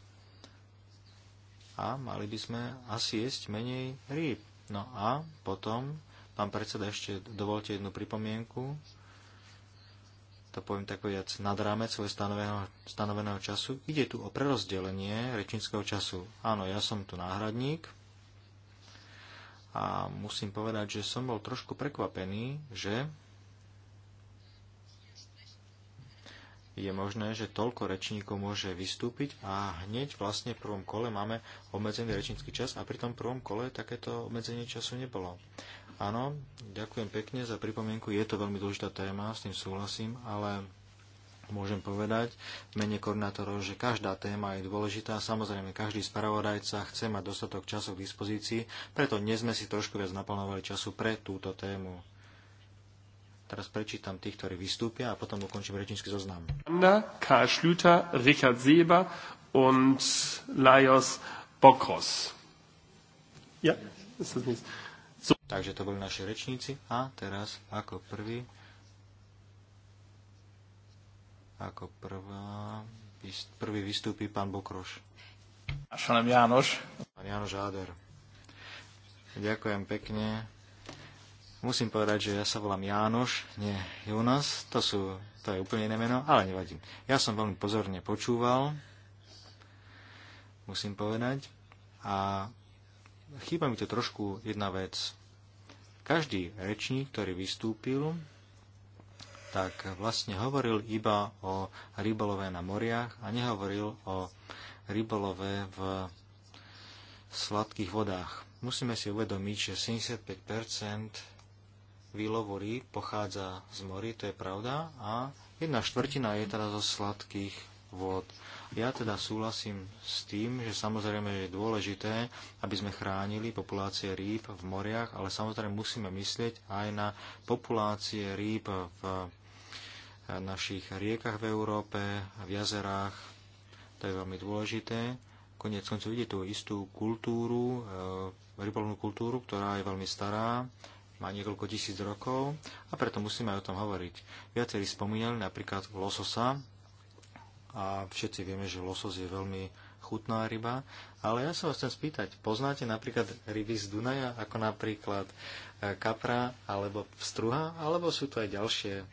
A mali by sme asi jesť menej rýb. No a potom, pán predseda, ešte dovolte jednu pripomienku to poviem tak povedať, nad rámec svojho stanoveného, stanoveného času. Ide tu o prerozdelenie rečníckého času. Áno, ja som tu náhradník a musím povedať, že som bol trošku prekvapený, že je možné, že toľko rečníkov môže vystúpiť a hneď vlastne v prvom kole máme obmedzený rečnícky čas a pri tom prvom kole takéto obmedzenie času nebolo. Áno, ďakujem pekne za pripomienku. Je to veľmi dôležitá téma, s tým súhlasím, ale môžem povedať mene koordinátorov, že každá téma je dôležitá. Samozrejme, každý spravodajca chce mať dostatok času k dispozícii, preto dnes sme si trošku viac naplánovali času pre túto tému. Teraz prečítam tých, ktorí vystúpia a potom ukončím rečnícky zoznam. Anna, Karl Schlüter, Richard Seber und Lajos Bokros. Ja, ist das Takže to boli naši rečníci. A teraz ako prvý ako prvá, prvý vystúpi pán Bokroš. Šanem Jánoš. Pán Jánoš Áder. Ďakujem pekne. Musím povedať, že ja sa volám Jánoš, nie Jonas. To, sú, to je úplne iné meno, ale nevadí. Ja som veľmi pozorne počúval, musím povedať. A chýba mi to trošku jedna vec. Každý rečník, ktorý vystúpil, tak vlastne hovoril iba o rybolove na moriach a nehovoril o rybolove v sladkých vodách. Musíme si uvedomiť, že 75 výlovu rýb pochádza z mori, to je pravda, a jedna štvrtina je teda zo sladkých vôd. Ja teda súhlasím s tým, že samozrejme je dôležité, aby sme chránili populácie rýb v moriach, ale samozrejme musíme myslieť aj na populácie rýb v eh, našich riekach v Európe, v jazerách. To je veľmi dôležité. Konec koncov ide tú istú kultúru, eh, rybolovnú kultúru, ktorá je veľmi stará, má niekoľko tisíc rokov a preto musíme aj o tom hovoriť. Viacerí spomínali napríklad lososa, a všetci vieme, že losos je veľmi chutná ryba, ale ja sa vás chcem spýtať, poznáte napríklad ryby z Dunaja, ako napríklad e, kapra alebo struha, alebo sú tu aj ďalšie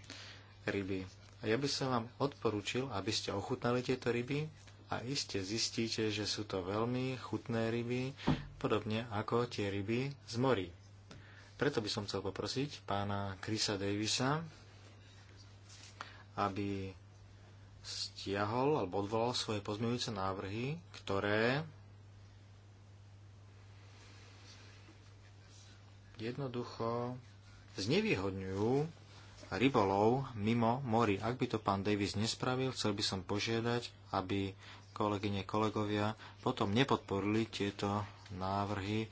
ryby? A ja by som vám odporúčil, aby ste ochutnali tieto ryby a iste zistíte, že sú to veľmi chutné ryby, podobne ako tie ryby z morí. Preto by som chcel poprosiť pána Krisa Davisa, aby stiahol alebo odvolal svoje pozmeňujúce návrhy, ktoré jednoducho znevýhodňujú rybolov mimo mori. Ak by to pán Davis nespravil, chcel by som požiadať, aby kolegyne, kolegovia potom nepodporili tieto návrhy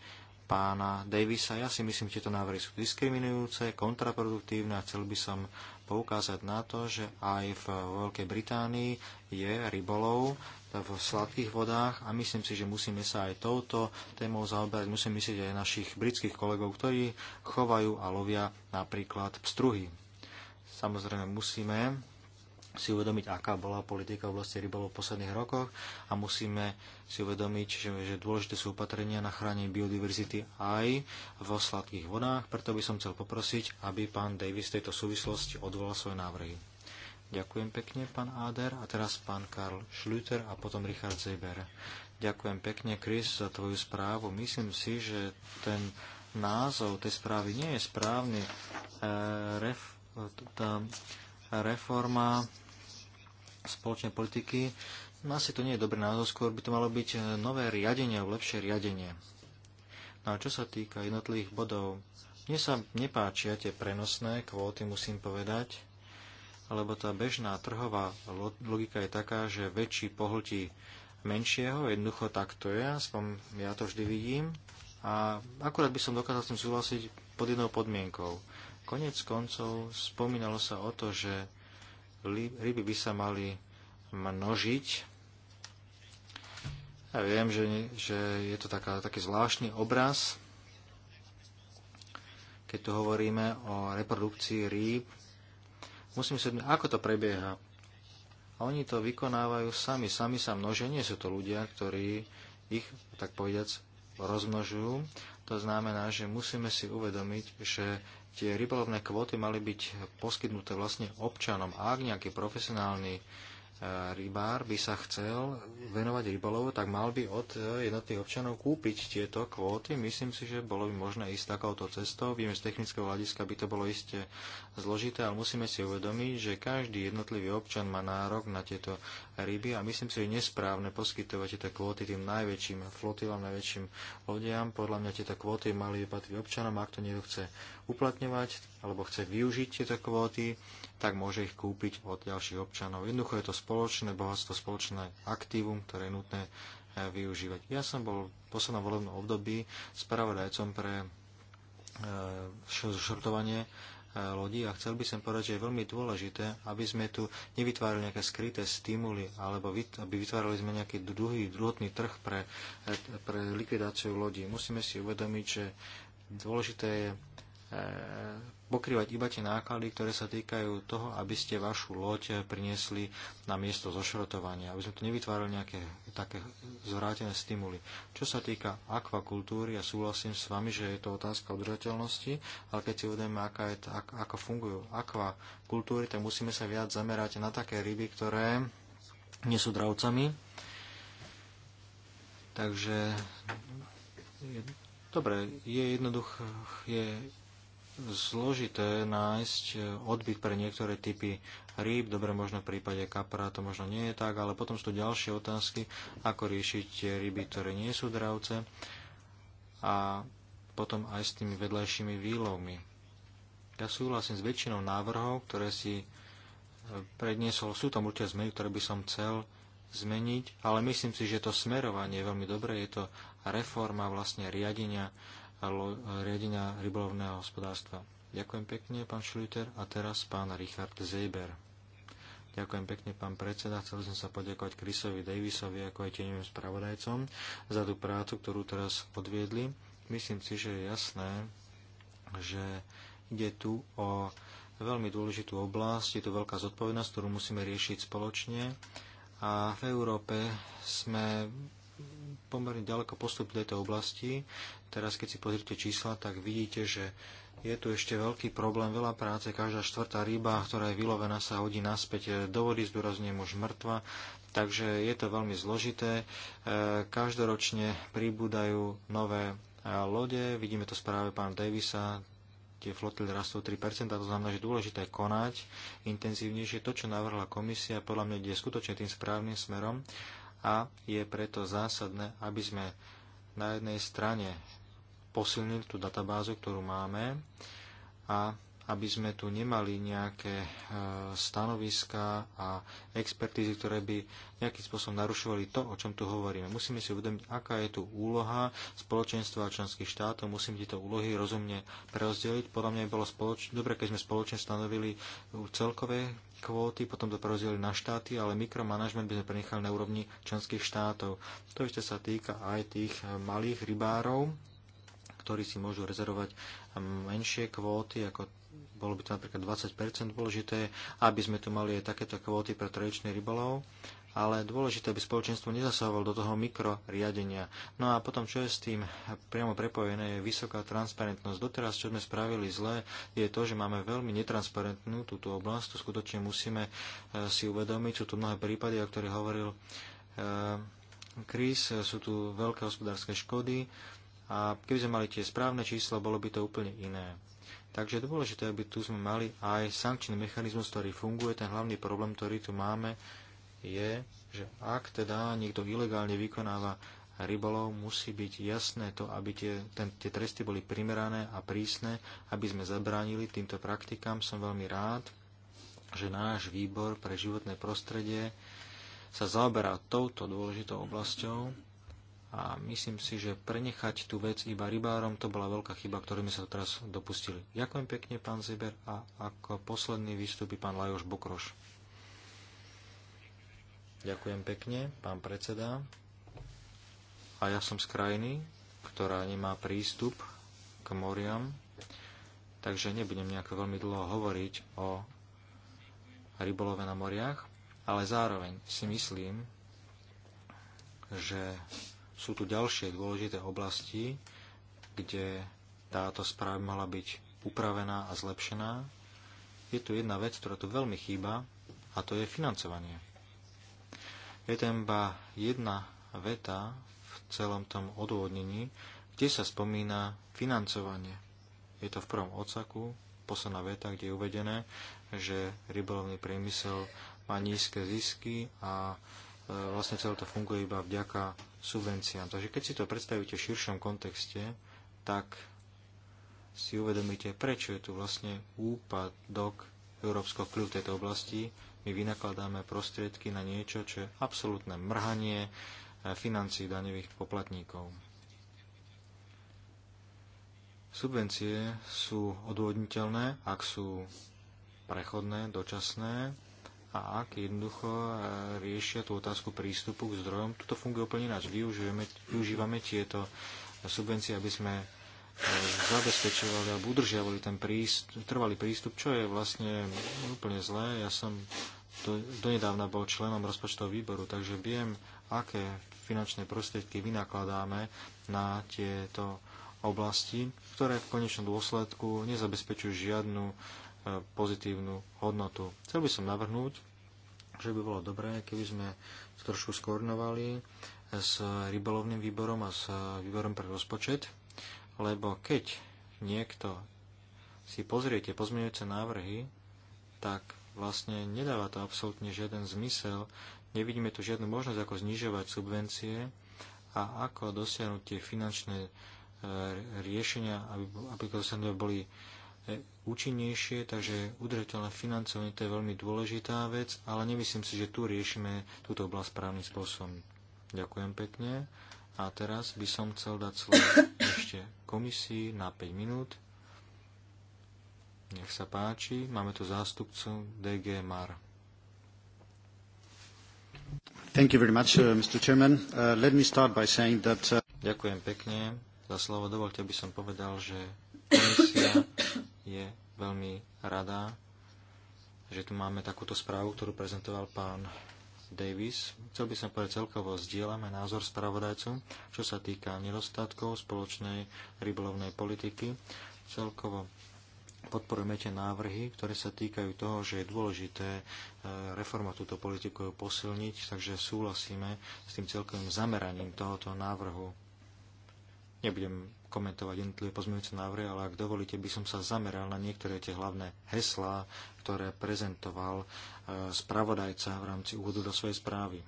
pána Davisa. Ja si myslím, že tieto návrhy sú diskriminujúce, kontraproduktívne a chcel by som poukázať na to, že aj v Veľkej Británii je rybolov v sladkých vodách a myslím si, že musíme sa aj touto témou zaoberať. Musíme myslieť aj našich britských kolegov, ktorí chovajú a lovia napríklad pstruhy. Samozrejme musíme si uvedomiť, aká bola politika v oblasti rybolov v posledných rokoch a musíme si uvedomiť, že, že dôležité sú opatrenia na chránenie biodiverzity aj vo sladkých vodách, preto by som chcel poprosiť, aby pán Davis v tejto súvislosti odvolal svoje návrhy. Ďakujem pekne, pán Áder, a teraz pán Karl Schlüter a potom Richard Zeber. Ďakujem pekne, Chris, za tvoju správu. Myslím si, že ten názov tej správy nie je správny. E, ref, e, tá reforma spoločnej politiky. No asi to nie je dobrý názor, skôr by to malo byť e, nové riadenie alebo lepšie riadenie. No a čo sa týka jednotlivých bodov, mne sa nepáčia tie prenosné kvóty, musím povedať, lebo tá bežná trhová logika je taká, že väčší pohltí menšieho, jednoducho tak to je, aspoň ja to vždy vidím. A akurát by som dokázal s tým súhlasiť pod jednou podmienkou. Konec koncov spomínalo sa o to, že ryby by sa mali množiť. Ja viem, že, že je to taká, taký zvláštny obraz, keď tu hovoríme o reprodukcii rýb. Musím si ako to prebieha. A oni to vykonávajú sami, sami sa množia. Nie sú to ľudia, ktorí ich, tak povediac, rozmnožujú. To znamená, že musíme si uvedomiť, že tie rybolovné kvóty mali byť poskytnuté vlastne občanom. A ak nejaký profesionálny e, rybár by sa chcel venovať rybolovu, tak mal by od e, jednotných občanov kúpiť tieto kvóty. Myslím si, že bolo by možné ísť takouto cestou. Viem, z technického hľadiska by to bolo iste zložité, ale musíme si uvedomiť, že každý jednotlivý občan má nárok na tieto ryby a myslím si, že je nesprávne poskytovať tieto kvóty tým najväčším flotilám, najväčším lodiam. Podľa mňa tieto kvóty mali patriť občanom, ak to niekto chce uplatňovať alebo chce využiť tieto kvóty, tak môže ich kúpiť od ďalších občanov. Jednoducho je to spoločné bohatstvo, spoločné aktívum, ktoré je nutné eh, využívať. Ja som bol v poslednom volebnom období spravodajcom pre eh, šortovanie eh, lodí a chcel by som povedať, že je veľmi dôležité, aby sme tu nevytvárali nejaké skryté stimuly alebo aby vytvárali sme nejaký druhý, druhotný trh pre, pre likvidáciu lodí. Musíme si uvedomiť, že dôležité je Eh, pokrývať iba tie náklady, ktoré sa týkajú toho, aby ste vašu loď priniesli na miesto zošrotovania, aby sme tu nevytvárali nejaké také zvrátené stimuly. Čo sa týka akvakultúry, ja súhlasím s vami, že je to otázka udržateľnosti, ale keď si uvedeme, aká je, ak, ako fungujú akvakultúry, tak musíme sa viac zamerať na také ryby, ktoré nie sú dravcami. Takže dobre, je jednoduché, je zložité nájsť e, odbyt pre niektoré typy rýb. Dobre, možno v prípade kapra to možno nie je tak, ale potom sú tu ďalšie otázky, ako riešiť ryby, ktoré nie sú dravce a potom aj s tými vedľajšími výlovmi. Ja súhlasím s väčšinou návrhov, ktoré si e, predniesol. Sú tam určite zmeny, ktoré by som chcel zmeniť, ale myslím si, že to smerovanie je veľmi dobré. Je to reforma vlastne riadenia a riadenia rybolovného hospodárstva. Ďakujem pekne, pán Šliter a teraz pán Richard Zeber. Ďakujem pekne, pán predseda. Chcel som sa poďakovať Chrisovi Davisovi, ako aj tieňovým spravodajcom, za tú prácu, ktorú teraz odviedli. Myslím si, že je jasné, že ide tu o veľmi dôležitú oblasť, je tu veľká zodpovednosť, ktorú musíme riešiť spoločne. A v Európe sme pomerne ďaleko postup do tejto oblasti. Teraz, keď si pozrite čísla, tak vidíte, že je tu ešte veľký problém, veľa práce. Každá štvrtá ryba, ktorá je vylovená, sa hodí naspäť do vody, zdôrazne už mŕtva. Takže je to veľmi zložité. E, každoročne pribúdajú nové e, lode. Vidíme to správe pán Davisa, tie flotily rastú 3%, a to znamená, že je dôležité konať intenzívnejšie. To, čo navrhla komisia, podľa mňa ide skutočne tým správnym smerom a je preto zásadné, aby sme na jednej strane posilnili tú databázu, ktorú máme a aby sme tu nemali nejaké e, stanoviská a expertízy, ktoré by nejakým spôsobom narušovali to, o čom tu hovoríme. Musíme si uvedomiť, aká je tu úloha spoločenstva a členských štátov. Musíme tieto úlohy rozumne prerozdeliť. Podľa mňa by bolo spoloč... dobre, keď sme spoločne stanovili celkové kvóty, potom to prerozdelili na štáty, ale mikromanagement by sme prenechali na úrovni členských štátov. To ešte sa týka aj tých eh, malých rybárov, ktorí si môžu rezervovať eh, menšie kvóty, ako bolo by to napríklad 20 dôležité, aby sme tu mali aj takéto kvóty pre tradičný rybolov ale dôležité, aby spoločenstvo nezasahovalo do toho mikroriadenia. No a potom, čo je s tým priamo prepojené, je vysoká transparentnosť. Doteraz, čo sme spravili zle, je to, že máme veľmi netransparentnú túto oblasť. Tu skutočne musíme e, si uvedomiť, sú tu mnohé prípady, o ktorých hovoril e, Chris, sú tu veľké hospodárske škody a keby sme mali tie správne čísla, bolo by to úplne iné. Takže dôležité, aby tu sme mali aj sankčný mechanizmus, ktorý funguje. Ten hlavný problém, ktorý tu máme, je, že ak teda niekto ilegálne vykonáva rybolov, musí byť jasné to, aby tie, ten, tie tresty boli primerané a prísne, aby sme zabránili týmto praktikám. Som veľmi rád, že náš výbor pre životné prostredie sa zaoberá touto dôležitou oblasťou a myslím si, že prenechať tú vec iba rybárom, to bola veľká chyba, ktorú sme sa teraz dopustili. Ďakujem pekne, pán Ziber, a ako posledný vystúpi pán Lajoš Bokroš. Ďakujem pekne, pán predseda. A ja som z krajiny, ktorá nemá prístup k moriam, takže nebudem nejako veľmi dlho hovoriť o rybolove na moriach, ale zároveň si myslím, že sú tu ďalšie dôležité oblasti, kde táto správa mala byť upravená a zlepšená. Je tu jedna vec, ktorá tu veľmi chýba, a to je financovanie. Je tam iba jedna veta v celom tom odôvodnení, kde sa spomína financovanie. Je to v prvom odsaku, posledná veta, kde je uvedené, že rybolovný priemysel má nízke zisky a e, vlastne celé to funguje iba vďaka subvenciám. Takže keď si to predstavíte v širšom kontexte, tak si uvedomíte, prečo je tu vlastne úpadok európskeho vplyvu v tejto oblasti, my vynakladáme prostriedky na niečo, čo je absolútne mrhanie e, financí daňových poplatníkov. Subvencie sú odvodniteľné, ak sú prechodné, dočasné a ak jednoducho e, riešia tú otázku prístupu k zdrojom. Tuto funguje úplne ináč. Využívame, využívame tieto subvencie, aby sme zabezpečovali alebo udržiavali ten prístup, trvalý prístup, čo je vlastne úplne zlé. Ja som do, donedávna bol členom rozpočtového výboru, takže viem, aké finančné prostriedky vynakladáme na tieto oblasti, ktoré v konečnom dôsledku nezabezpečujú žiadnu e, pozitívnu hodnotu. Chcel by som navrhnúť, že by bolo dobré, keby sme trošku skoordinovali s rybolovným výborom a s výborom pre rozpočet lebo keď niekto si pozrie tie pozmeňujúce návrhy, tak vlastne nedáva to absolútne žiaden zmysel, nevidíme tu žiadnu možnosť, ako znižovať subvencie a ako dosiahnuť tie finančné e, riešenia, aby, aby dosiahnuté boli e, účinnejšie, takže udržateľné financovanie to je veľmi dôležitá vec, ale nemyslím si, že tu riešime túto oblasť správnym spôsobom. Ďakujem pekne. A teraz by som chcel dať slovo ešte komisii na 5 minút. Nech sa páči, máme tu zástupcu DG MAR. Thank you very much, uh, Mr. Chairman. Uh, let me start by saying that... Uh... Ďakujem pekne za slovo. Dovolte, by som povedal, že komisia je veľmi rada, že tu máme takúto správu, ktorú prezentoval pán Davis. Chcel by som povedať celkovo zdieľame názor spravodajcu, čo sa týka nedostatkov spoločnej rybolovnej politiky. Celkovo podporujeme tie návrhy, ktoré sa týkajú toho, že je dôležité e, reforma túto politiku posilniť, takže súhlasíme s tým celkovým zameraním tohoto návrhu. Nebudem komentovať jednotlivé pozmeňujúce návrhy, ale ak dovolíte, by som sa zameral na niektoré tie hlavné heslá, ktoré prezentoval e, spravodajca v rámci úvodu do svojej správy.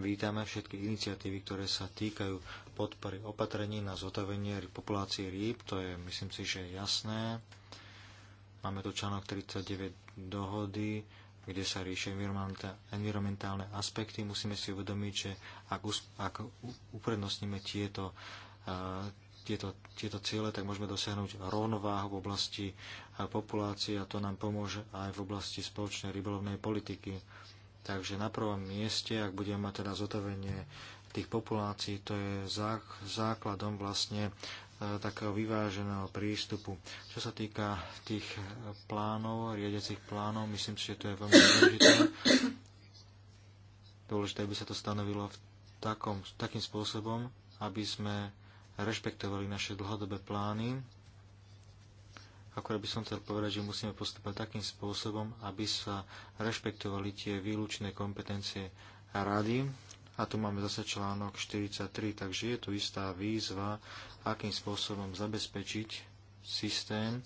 Vítame všetky iniciatívy, ktoré sa týkajú podpory opatrení na zotavenie populácie rýb. To je, myslím si, že jasné. Máme tu článok 39 dohody, kde sa riešia environmentálne aspekty. Musíme si uvedomiť, že ak, ak uprednostníme tieto, tieto, tieto ciele, tak môžeme dosiahnuť rovnováhu v oblasti populácie a to nám pomôže aj v oblasti spoločnej rybolovnej politiky. Takže na prvom mieste, ak budeme mať teda zotavenie tých populácií, to je základom vlastne E, takého vyváženého prístupu. Čo sa týka tých plánov, riadiacich plánov, myslím si, že to je veľmi dôležité. Dôležité, aby sa to stanovilo v takom, takým spôsobom, aby sme rešpektovali naše dlhodobé plány. Akorát by som chcel povedať, že musíme postupovať takým spôsobom, aby sa rešpektovali tie výlučné kompetencie rady a tu máme zase článok 43, takže je tu istá výzva, akým spôsobom zabezpečiť systém,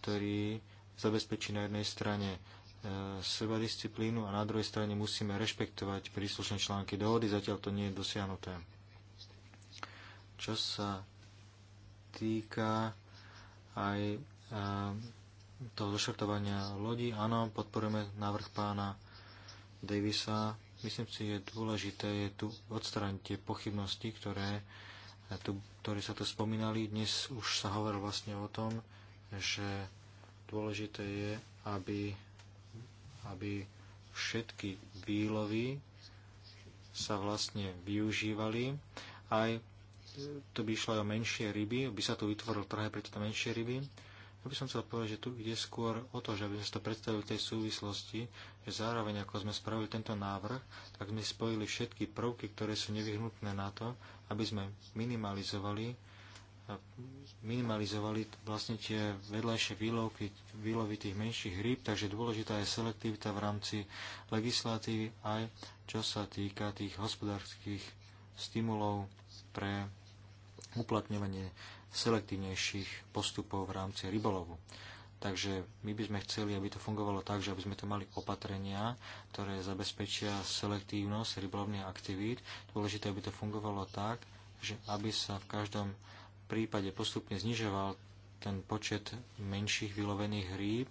ktorý zabezpečí na jednej strane e, seba disciplínu a na druhej strane musíme rešpektovať príslušné články dohody, zatiaľ to nie je dosiahnuté. Čo sa týka aj e, toho zošartovania lodi, áno, podporujeme návrh pána Davisa, Myslím si, je dôležité je tu odstrániť tie pochybnosti, ktoré, tu, ktoré sa tu spomínali. Dnes už sa hovoril vlastne o tom, že dôležité je, aby, aby všetky výlovy sa vlastne využívali. Aj to by išlo aj o menšie ryby, by sa tu vytvoril trh pre tieto menšie ryby. Ja by som chcel povedať, že tu ide skôr o to, že aby sme si to predstavili v tej súvislosti, že zároveň ako sme spravili tento návrh, tak sme spojili všetky prvky, ktoré sú nevyhnutné na to, aby sme minimalizovali minimalizovali vlastne tie vedľajšie výlovky, výlovy tých menších rýb, takže dôležitá je selektivita v rámci legislatívy aj čo sa týka tých hospodárskych stimulov pre uplatňovanie selektívnejších postupov v rámci rybolovu. Takže my by sme chceli, aby to fungovalo tak, že aby sme tu mali opatrenia, ktoré zabezpečia selektívnosť rybolovných aktivít. Dôležité, aby to fungovalo tak, že aby sa v každom prípade postupne znižoval ten počet menších vylovených rýb,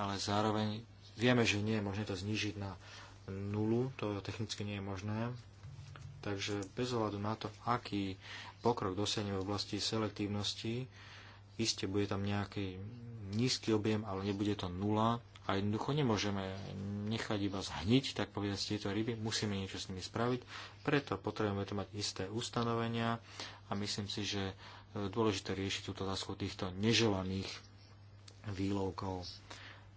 ale zároveň vieme, že nie je možné to znižiť na nulu, to technicky nie je možné. Takže bez ohľadu na to, aký pokrok dosiahneme v oblasti selektívnosti. Iste bude tam nejaký nízky objem, ale nebude to nula a jednoducho nemôžeme nechať iba zhniť, tak povedať, tieto ryby, musíme niečo s nimi spraviť, preto potrebujeme tu mať isté ustanovenia a myslím si, že e, dôležité riešiť túto otázku týchto neželaných výlovkov.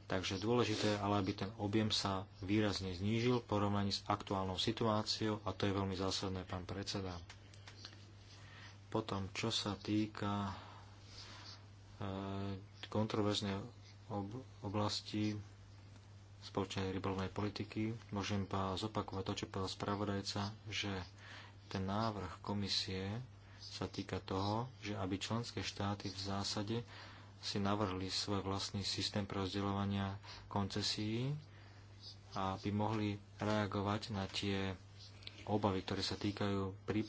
Takže dôležité ale, aby ten objem sa výrazne znížil v porovnaní s aktuálnou situáciou a to je veľmi zásadné, pán predseda. Potom, čo sa týka e, kontroverznej oblasti spoločnej rybolovnej politiky. Môžem pa zopakovať to, čo povedal spravodajca, že ten návrh komisie sa týka toho, že aby členské štáty v zásade si navrhli svoj vlastný systém pre rozdeľovania koncesií a aby mohli reagovať na tie obavy, ktoré sa týkajú pri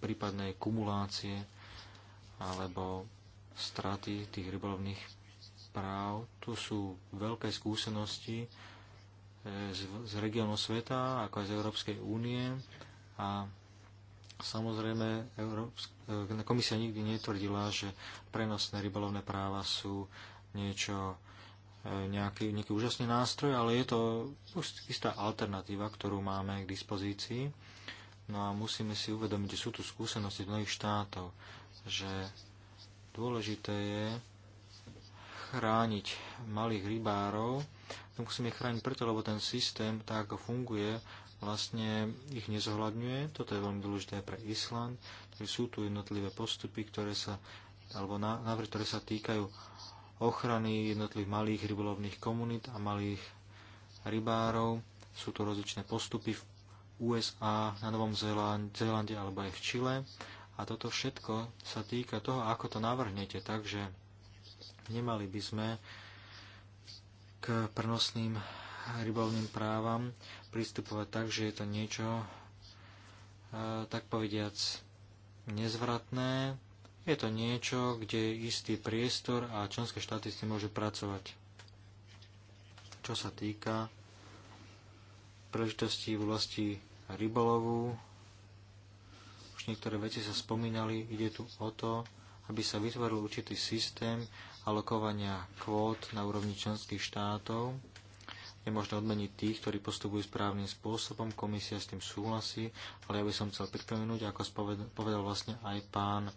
prípadnej kumulácie alebo straty tých rybolovných práv. Tu sú veľké skúsenosti eh, z, z regiónu sveta, ako aj z Európskej únie a samozrejme Európska eh, komisia nikdy netvrdila, že prenosné rybolovné práva sú niečo eh, nejaký, nejaký úžasný nástroj, ale je to istá alternatíva, ktorú máme k dispozícii. No a musíme si uvedomiť, že sú tu skúsenosti z mnohých štátov, že dôležité je chrániť malých rybárov. musíme ich chrániť preto, lebo ten systém, tak ako funguje, vlastne ich nezohľadňuje. Toto je veľmi dôležité pre Island. Takže sú tu jednotlivé postupy, ktoré sa, alebo návrhy, ktoré sa týkajú ochrany jednotlivých malých rybolovných komunít a malých rybárov. Sú tu rozličné postupy v USA, na Novom Zélande alebo aj v Čile. A toto všetko sa týka toho, ako to navrhnete. Takže nemali by sme k prenosným rybovným právam pristupovať tak, že je to niečo, e, tak povediac, nezvratné. Je to niečo, kde je istý priestor a členské štáty s tým môžu pracovať. Čo sa týka príležitosti v oblasti rybolovu. Už niektoré veci sa spomínali. Ide tu o to, aby sa vytvoril určitý systém alokovania kvót na úrovni členských štátov. Je možné odmeniť tých, ktorí postupujú správnym spôsobom, komisia s tým súhlasí, ale ja by som chcel pripomenúť, ako povedal vlastne aj pán e,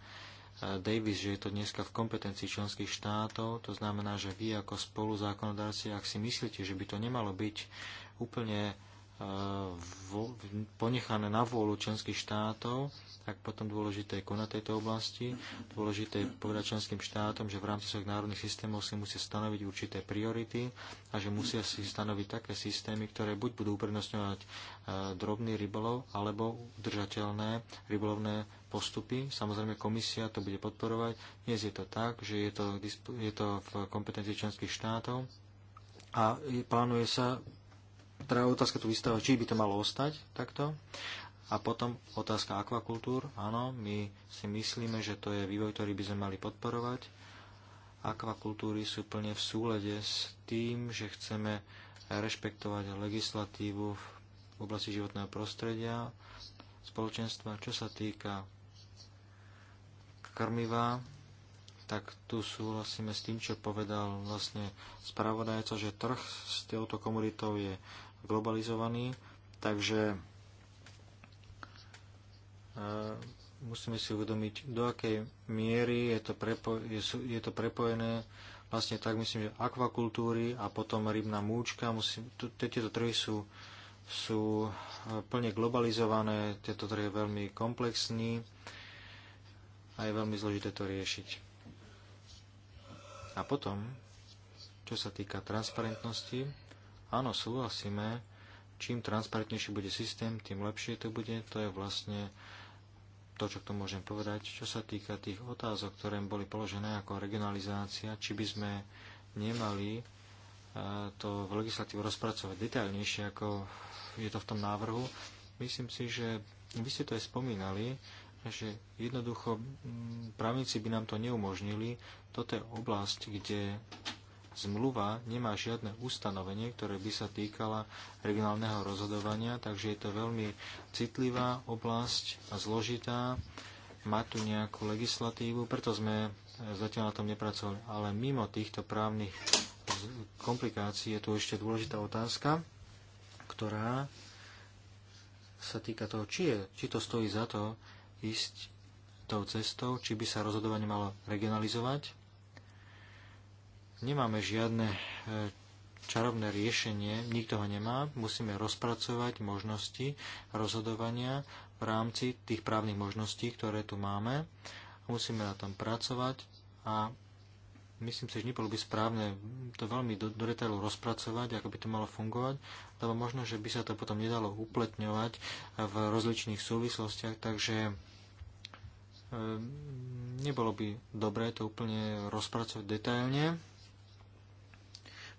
Davis, že je to dneska v kompetencii členských štátov, to znamená, že vy ako spoluzákonodárci, ak si myslíte, že by to nemalo byť úplne ponechané na vôľu členských štátov, tak potom dôležité je konať tejto oblasti. Dôležité je povedať členským štátom, že v rámci svojich národných systémov si musia stanoviť určité priority a že musia si stanoviť také systémy, ktoré buď budú uprednostňovať drobný rybolov alebo udržateľné rybolovné postupy. Samozrejme, komisia to bude podporovať. Dnes je to tak, že je to, je to v kompetencii členských štátov a plánuje sa teda otázka tu vystáva, či by to malo ostať takto. A potom otázka akvakultúr. Áno, my si myslíme, že to je vývoj, ktorý by sme mali podporovať. Akvakultúry sú plne v súlede s tým, že chceme rešpektovať legislatívu v oblasti životného prostredia, spoločenstva. Čo sa týka krmiva, tak tu súhlasíme s tým, čo povedal vlastne spravodajca, že trh s touto komunitou je globalizovaný, takže e, musíme si uvedomiť, do akej miery je to, prepo, je, je to prepojené vlastne tak, myslím, že akvakultúry a potom rybná múčka. Musím, tieto trhy sú, sú e, plne globalizované, tieto trhy je veľmi komplexný a je veľmi zložité to riešiť. A potom, čo sa týka transparentnosti, Áno, súhlasíme, čím transparentnejší bude systém, tým lepšie to bude. To je vlastne to, čo k tomu môžem povedať. Čo sa týka tých otázok, ktoré boli položené ako regionalizácia, či by sme nemali e, to v legislatíve rozpracovať detailnejšie, ako je to v tom návrhu. Myslím si, že vy ste to aj spomínali, že jednoducho právnici by nám to neumožnili. Toto je oblasť, kde zmluva nemá žiadne ustanovenie, ktoré by sa týkala regionálneho rozhodovania, takže je to veľmi citlivá oblasť a zložitá. Má tu nejakú legislatívu, preto sme zatiaľ na tom nepracovali. Ale mimo týchto právnych komplikácií je tu ešte dôležitá otázka, ktorá sa týka toho, či, je, či to stojí za to ísť tou cestou, či by sa rozhodovanie malo regionalizovať, Nemáme žiadne e, čarovné riešenie, nikto ho nemá. Musíme rozpracovať možnosti rozhodovania v rámci tých právnych možností, ktoré tu máme. Musíme na tom pracovať a myslím si, že nebolo by správne to veľmi do, do detailu rozpracovať, ako by to malo fungovať, lebo možno, že by sa to potom nedalo upletňovať v rozličných súvislostiach, takže e, nebolo by dobré to úplne rozpracovať detailne.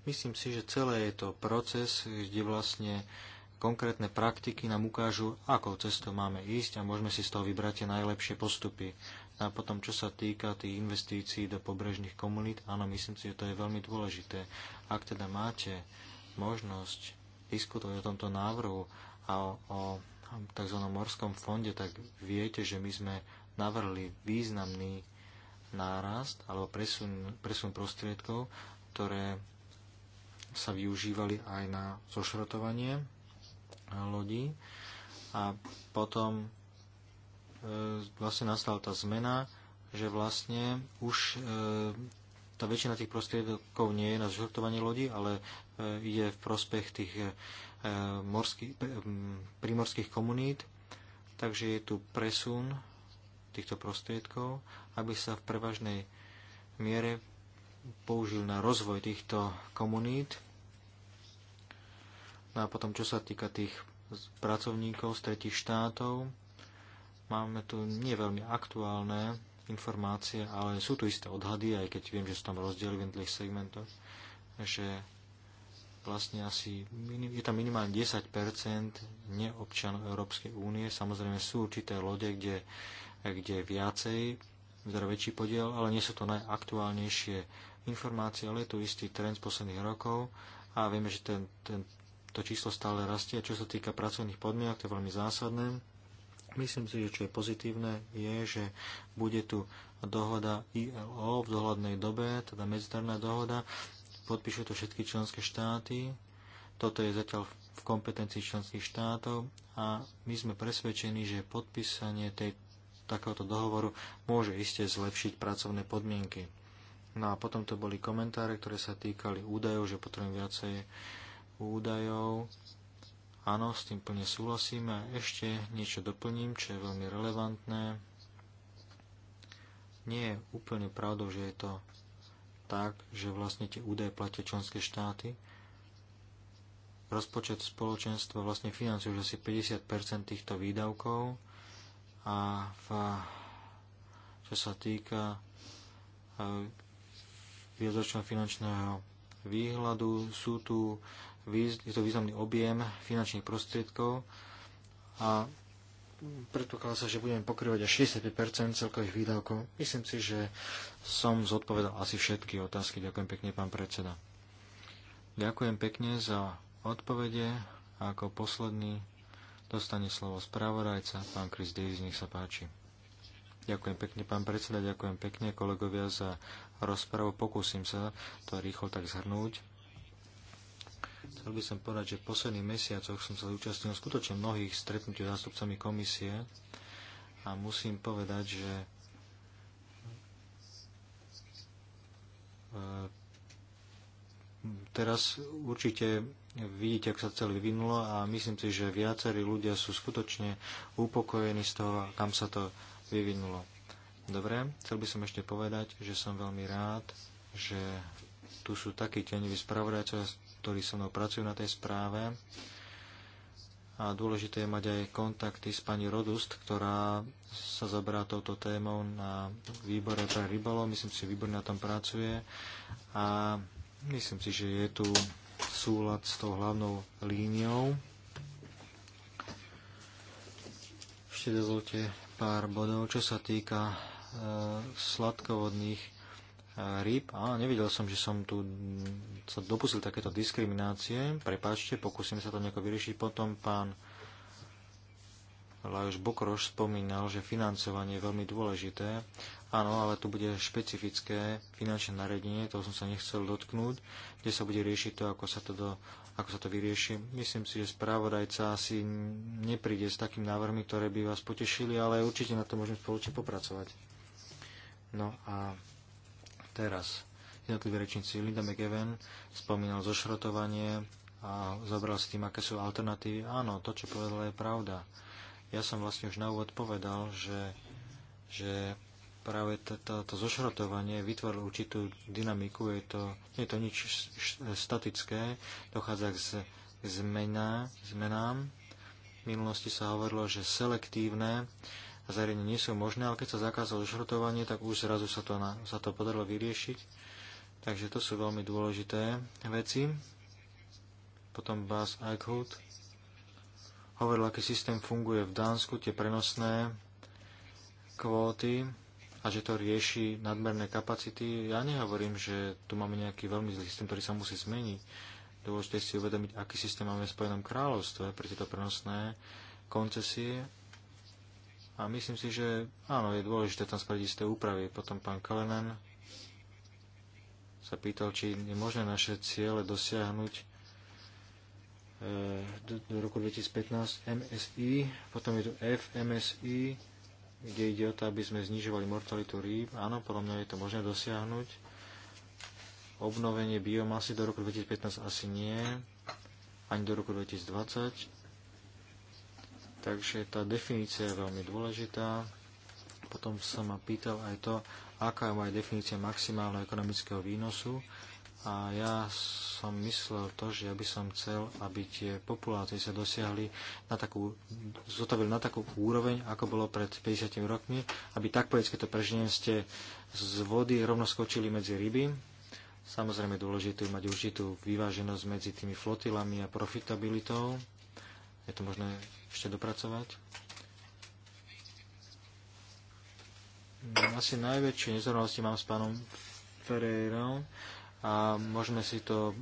Myslím si, že celé je to proces, kde vlastne konkrétne praktiky nám ukážu, akou cestou máme ísť a môžeme si z toho vybrať tie najlepšie postupy. A potom, čo sa týka tých investícií do pobrežných komunít, áno, myslím si, že to je veľmi dôležité. Ak teda máte možnosť diskutovať o tomto návrhu a o, o tzv. morskom fonde, tak viete, že my sme navrhli významný nárast alebo presun, presun prostriedkov, ktoré sa využívali aj na zošrotovanie e, lodí a potom e, vlastne nastala tá zmena, že vlastne už e, tá väčšina tých prostriedkov nie je na zošrotovanie lodí, ale ide v prospech tých morských, primorských komunít, takže je tu presun týchto prostriedkov, aby sa v prevažnej miere použil na rozvoj týchto komunít. No a potom, čo sa týka tých pracovníkov z tretich štátov, máme tu nie veľmi aktuálne informácie, ale sú tu isté odhady, aj keď viem, že sú tam rozdiely v jednotlivých segmentoch, že vlastne asi je tam minimálne 10 neobčanov Európskej únie. Samozrejme sú určité lode, kde, kde viacej, teda väčší podiel, ale nie sú to najaktuálnejšie informácií, ale je tu istý trend z posledných rokov a vieme, že ten, ten, to číslo stále rastie. Čo sa týka pracovných podmienok, to je veľmi zásadné. Myslím si, že čo je pozitívne, je, že bude tu dohoda ILO v dohľadnej dobe, teda medzinárodná dohoda. Podpíšu to všetky členské štáty. Toto je zatiaľ v kompetencii členských štátov a my sme presvedčení, že podpísanie tej, takéhoto dohovoru môže iste zlepšiť pracovné podmienky. No a potom to boli komentáre, ktoré sa týkali údajov, že potrebujem viacej údajov. Áno, s tým plne súhlasím a ešte niečo doplním, čo je veľmi relevantné. Nie je úplne pravdou, že je to tak, že vlastne tie údaje platia členské štáty. Rozpočet spoločenstva vlastne financuje už asi 50% týchto výdavkov a v, čo sa týka e, výročného finančného výhľadu. Sú tu, je to významný objem finančných prostriedkov a predpokladá sa, že budeme pokrývať až 65 celkových výdavkov. Myslím si, že som zodpovedal asi všetky otázky. Ďakujem pekne, pán predseda. Ďakujem pekne za odpovede. A ako posledný dostane slovo spravodajca, pán Chris Davis, nech sa páči. Ďakujem pekne, pán predseda, ďakujem pekne kolegovia za rozpravu. Pokúsim sa to rýchlo tak zhrnúť. Chcel by som povedať, že v posledných mesiacoch som sa zúčastnil skutočne mnohých stretnutí s zástupcami komisie a musím povedať, že e, teraz určite vidíte, ako sa celé vyvinulo a myslím si, že viacerí ľudia sú skutočne upokojení z toho, kam sa to vyvinulo. Dobre, chcel by som ešte povedať, že som veľmi rád, že tu sú takí tieňoví spravodajcovia, ktorí so mnou pracujú na tej správe. A dôležité je mať aj kontakty s pani Rodust, ktorá sa zaberá touto témou na výbore pre rybolov. Myslím si, že výbor na tom pracuje. A myslím si, že je tu súlad s tou hlavnou líniou. Ešte dozvolte pár bodov, čo sa týka e, sladkovodných e, rýb. A nevidel som, že som tu sa dopustil takéto diskriminácie. Prepáčte, pokúsim sa to nejako vyriešiť. Potom pán Lajos Bokroš spomínal, že financovanie je veľmi dôležité. Áno, ale tu bude špecifické finančné nariadenie, toho som sa nechcel dotknúť, kde sa bude riešiť to, ako sa to do ako sa to vyrieši. Myslím si, že správodajca asi nepríde s takým návrhmi, ktoré by vás potešili, ale určite na to môžeme spoločne popracovať. No a teraz jednotliví rečníci Linda McEwen spomínal zošrotovanie a zobral si tým, aké sú alternatívy. Áno, to, čo povedala, je pravda. Ja som vlastne už na úvod povedal, že, že práve toto zošrotovanie vytvorilo určitú dynamiku, je to, nie je to nič statické, dochádza k zmena, zmenám. V minulosti sa hovorilo, že selektívne zariadenia nie sú možné, ale keď sa zakázalo zošrotovanie, tak už zrazu sa to, na, sa to podarilo vyriešiť. Takže to sú veľmi dôležité veci. Potom Bas Eichhut hovoril, aký systém funguje v Dánsku, tie prenosné kvóty a že to rieši nadmerné kapacity. Ja nehovorím, že tu máme nejaký veľmi zlý systém, ktorý sa musí zmeniť. Dôležité si uvedomiť, aký systém máme v Spojenom kráľovstve pre tieto prenosné koncesie. A myslím si, že áno, je dôležité tam spraviť isté úpravy. Potom pán Kalenen sa pýtal, či je možné naše ciele dosiahnuť eh, do, do roku 2015 MSI, potom je tu FMSI, kde ide o to, aby sme znižovali mortalitu rýb. Áno, podľa mňa je to možné dosiahnuť. Obnovenie biomasy do roku 2015 asi nie, ani do roku 2020. Takže tá definícia je veľmi dôležitá. Potom sa ma pýtal aj to, aká je moja definícia maximálneho ekonomického výnosu a ja som myslel to, že ja by som chcel, aby tie populácie sa dosiahli na takú, zotavili na takú úroveň, ako bolo pred 50 rokmi, aby tak povedz, keď to preženiem, ste z vody rovno skočili medzi ryby. Samozrejme dôležité mať určitú vyváženosť medzi tými flotilami a profitabilitou. Je to možné ešte dopracovať? Asi najväčšie nezrovnalosti mám s pánom Ferreirom a môžeme si to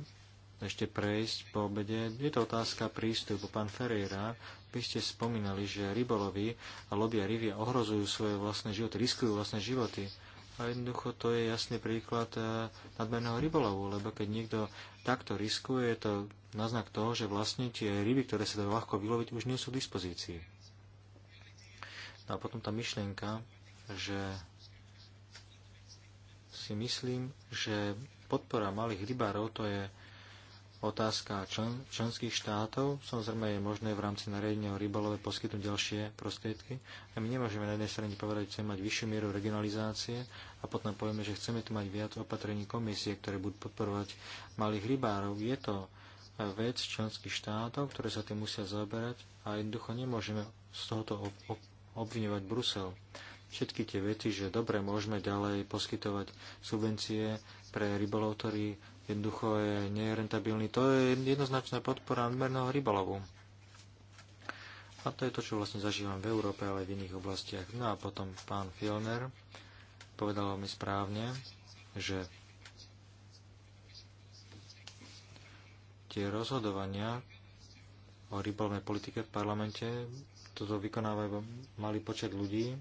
ešte prejsť po obede. Je to otázka prístupu. Pán Ferreira, vy ste spomínali, že rybolovi a lobia rivie ohrozujú svoje vlastné životy, riskujú vlastné životy. A jednoducho to je jasný príklad eh, nadmerného rybolovu, lebo keď niekto takto riskuje, je to naznak toho, že vlastne tie ryby, ktoré sa dajú ľahko vyloviť, už nie sú v dispozícii. No a potom tá myšlienka, že si myslím, že podpora malých rybárov to je otázka člen, členských štátov. Samozrejme je možné v rámci nariadenia o rybolove poskytnúť ďalšie prostriedky. A my nemôžeme na jednej strane povedať, že chceme mať vyššiu mieru regionalizácie a potom povieme, že chceme tu mať viac opatrení komisie, ktoré budú podporovať malých rybárov. Je to vec členských štátov, ktoré sa tým musia zaoberať a jednoducho nemôžeme z tohoto obviňovať Brusel. Všetky tie vety, že dobre môžeme ďalej poskytovať subvencie pre rybolov, ktorý jednoducho je nerentabilný. To je jednoznačná podpora nadmerného rybolovu. A to je to, čo vlastne zažívam v Európe, ale aj v iných oblastiach. No a potom pán Filner povedal mi správne, že tie rozhodovania o rybolovnej politike v parlamente toto vykonávajú malý počet ľudí,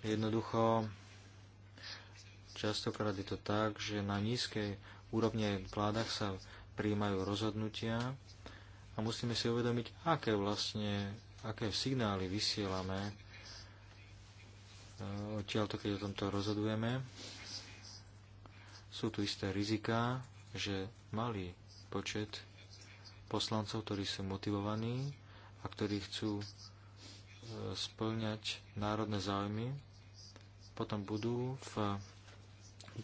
Jednoducho, častokrát je to tak, že na nízkej úrovni aj v vládach sa príjmajú rozhodnutia a musíme si uvedomiť, aké vlastne, aké signály vysielame e, odtiaľto, keď o tomto rozhodujeme. Sú tu isté rizika, že malý počet poslancov, ktorí sú motivovaní a ktorí chcú e, splňať národné záujmy, potom budú v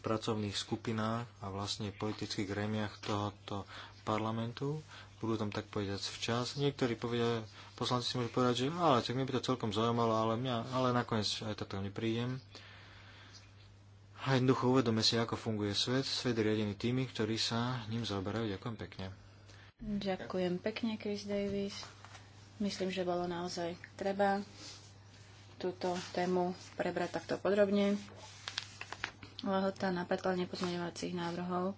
pracovných skupinách a vlastne politických gremiách tohoto parlamentu. Budú tam tak povedať včas. Niektorí povedia, poslanci si môžu povedať, že ale tak mi by to celkom zaujímalo, ale, mňa, ale nakoniec aj takto neprídem. A jednoducho uvedome si, ako funguje svet. Svet je riadený tými, ktorí sa ním zaoberajú. Ďakujem pekne. Ďakujem pekne, Chris Davis. Myslím, že bolo naozaj treba túto tému prebrať takto podrobne. Lehota na predkladne pozmeňovacích návrhov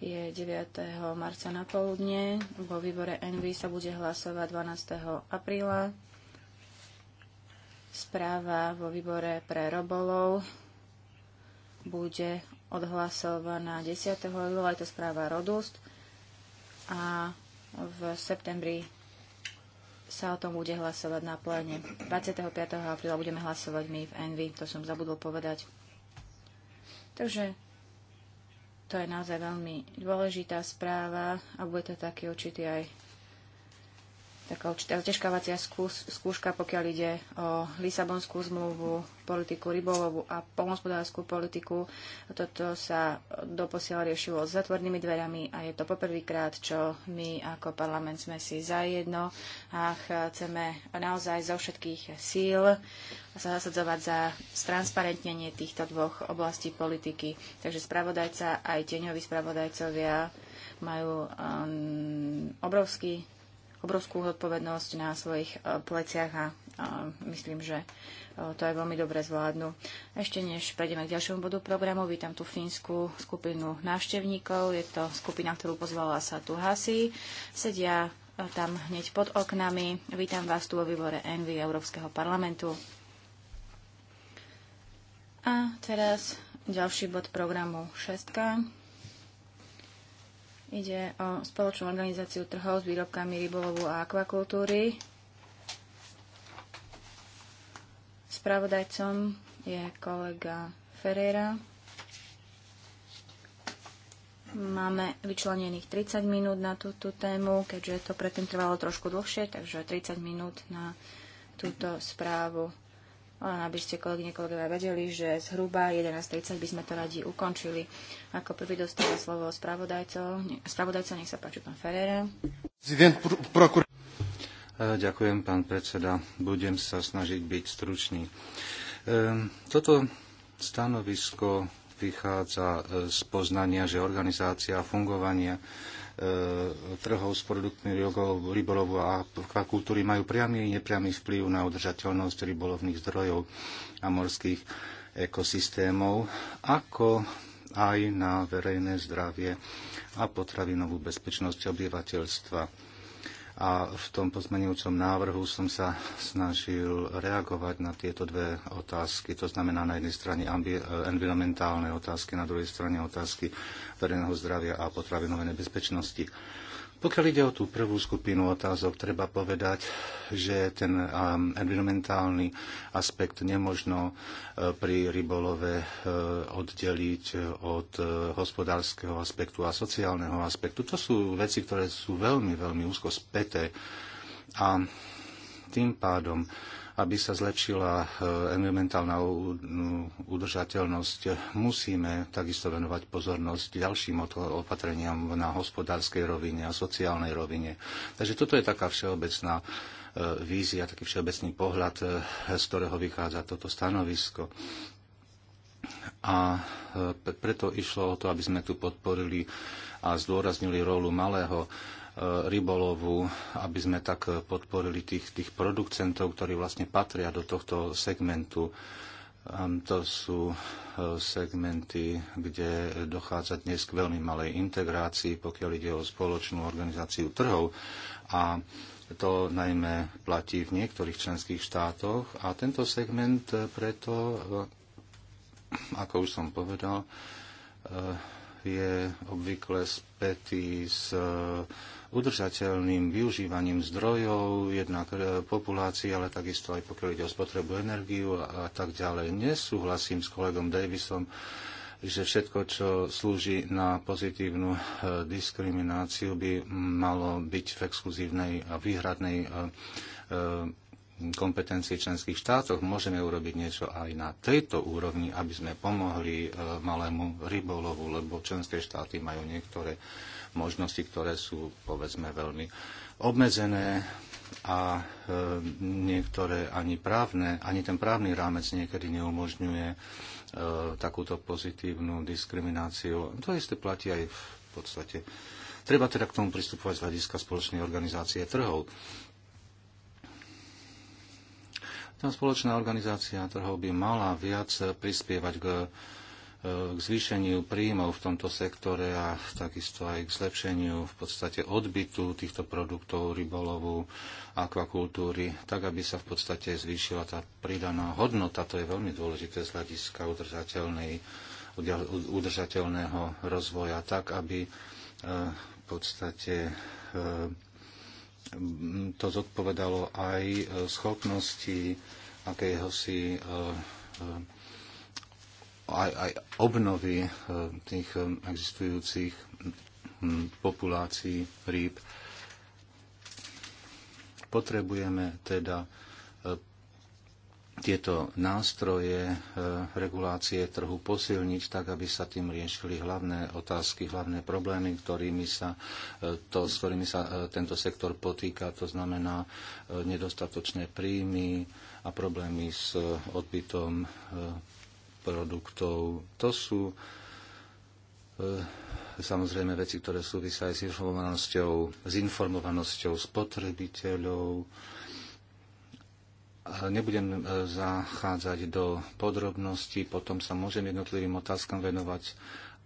je 9. marca na poludne. Vo výbore NV sa bude hlasovať 12. apríla. Správa vo výbore pre robolov bude odhlasovaná 10. júla, je to správa Rodust a v septembri sa o tom bude hlasovať na pléne. 25. apríla budeme hlasovať my v Envy, to som zabudol povedať. Takže to je naozaj veľmi dôležitá správa a bude to taký určitý aj taká určitá skús, skúška, pokiaľ ide o Lisabonskú zmluvu, politiku rybolovú a polnospodárskú politiku. Toto sa doposiaľ riešilo s zatvornými dverami a je to poprvýkrát, čo my ako parlament sme si zajedno a chceme naozaj zo všetkých síl sa zasadzovať za stransparentnenie týchto dvoch oblastí politiky. Takže spravodajca aj tieňoví spravodajcovia majú um, obrovský obrovskú zodpovednosť na svojich e, pleciach a myslím, že e, to aj veľmi dobre zvládnu. Ešte než prejdeme k ďalšiemu bodu programu, vítam tú fínsku skupinu návštevníkov. Je to skupina, ktorú pozvala sa tu Hasi. Sedia e, tam hneď pod oknami. Vítam vás tu vo výbore Envy Európskeho parlamentu. A teraz ďalší bod programu 6. Ide o spoločnú organizáciu trhov s výrobkami rybolovu a akvakultúry. Spravodajcom je kolega Ferreira. Máme vyčlenených 30 minút na túto tému, keďže to predtým trvalo trošku dlhšie, takže 30 minút na túto správu. Len aby ste, kolegyne, kolegovia, vedeli, že zhruba 11.30 by sme to radi ukončili. Ako prvý dostáva slovo spravodajco. nech sa páči, pán Ferreira. E, ďakujem, pán predseda. Budem sa snažiť byť stručný. E, toto stanovisko vychádza e, z poznania, že organizácia a fungovanie E, trhov s produktmi rybolovu, a akvakultúry majú priamy i nepriamy vplyv na udržateľnosť rybolovných zdrojov a morských ekosystémov, ako aj na verejné zdravie a potravinovú bezpečnosť obyvateľstva. A v tom pozmenujúcom návrhu som sa snažil reagovať na tieto dve otázky. To znamená na jednej strane environmentálne otázky, na druhej strane otázky verejného zdravia a potravinovej nebezpečnosti. Pokiaľ ide o tú prvú skupinu otázok, treba povedať, že ten um, environmentálny aspekt nemožno uh, pri rybolove uh, oddeliť uh, od hospodárskeho aspektu a sociálneho aspektu. To sú veci, ktoré sú veľmi, veľmi úzko späté a tým pádom aby sa zlepšila e, environmentálna udržateľnosť, musíme takisto venovať pozornosť ďalším opatreniam na hospodárskej rovine a sociálnej rovine. Takže toto je taká všeobecná e, vízia, taký všeobecný pohľad, e, z ktorého vychádza toto stanovisko. A preto išlo o to, aby sme tu podporili a zdôraznili rolu malého rybolovu, aby sme tak podporili tých, tých producentov, ktorí vlastne patria do tohto segmentu. Ehm, to sú e, segmenty, kde dochádza dnes k veľmi malej integrácii, pokiaľ ide o spoločnú organizáciu trhov. A to najmä platí v niektorých členských štátoch. A tento segment e, preto, e, ako už som povedal, je obvykle spätý s udržateľným využívaním zdrojov, jednak e, populácií, ale takisto aj pokiaľ ide o spotrebu energiu a tak ďalej. Nesúhlasím s kolegom Davisom, že všetko, čo slúži na pozitívnu e, diskrimináciu, by malo byť v exkluzívnej a výhradnej e, kompetencii členských štátoch. Môžeme urobiť niečo aj na tejto úrovni, aby sme pomohli malému rybolovu, lebo členské štáty majú niektoré možnosti, ktoré sú povedzme veľmi obmedzené a e, niektoré ani právne, ani ten právny rámec niekedy neumožňuje e, takúto pozitívnu diskrimináciu. To isté platí aj v podstate. Treba teda k tomu pristupovať z hľadiska spoločnej organizácie trhov. Tá spoločná organizácia trhov by mala viac prispievať k k zvýšeniu príjmov v tomto sektore a takisto aj k zlepšeniu v podstate odbytu týchto produktov rybolovu, akvakultúry, tak aby sa v podstate zvýšila tá pridaná hodnota. To je veľmi dôležité z hľadiska udržateľného rozvoja, tak aby e, v podstate e, to zodpovedalo aj e, schopnosti akéhosi aj, aj obnovy e, tých e, existujúcich populácií rýb. Potrebujeme teda e, tieto nástroje regulácie trhu posilniť tak, aby sa tým riešili hlavné otázky, hlavné problémy, ktorými sa, to, s ktorými sa tento sektor potýka, to znamená nedostatočné príjmy a problémy s odbytom produktov. To sú e, samozrejme veci, ktoré súvisia aj s informovanosťou, s informovanosťou spotrebiteľov. Nebudem e, zachádzať do podrobností, potom sa môžem jednotlivým otázkam venovať,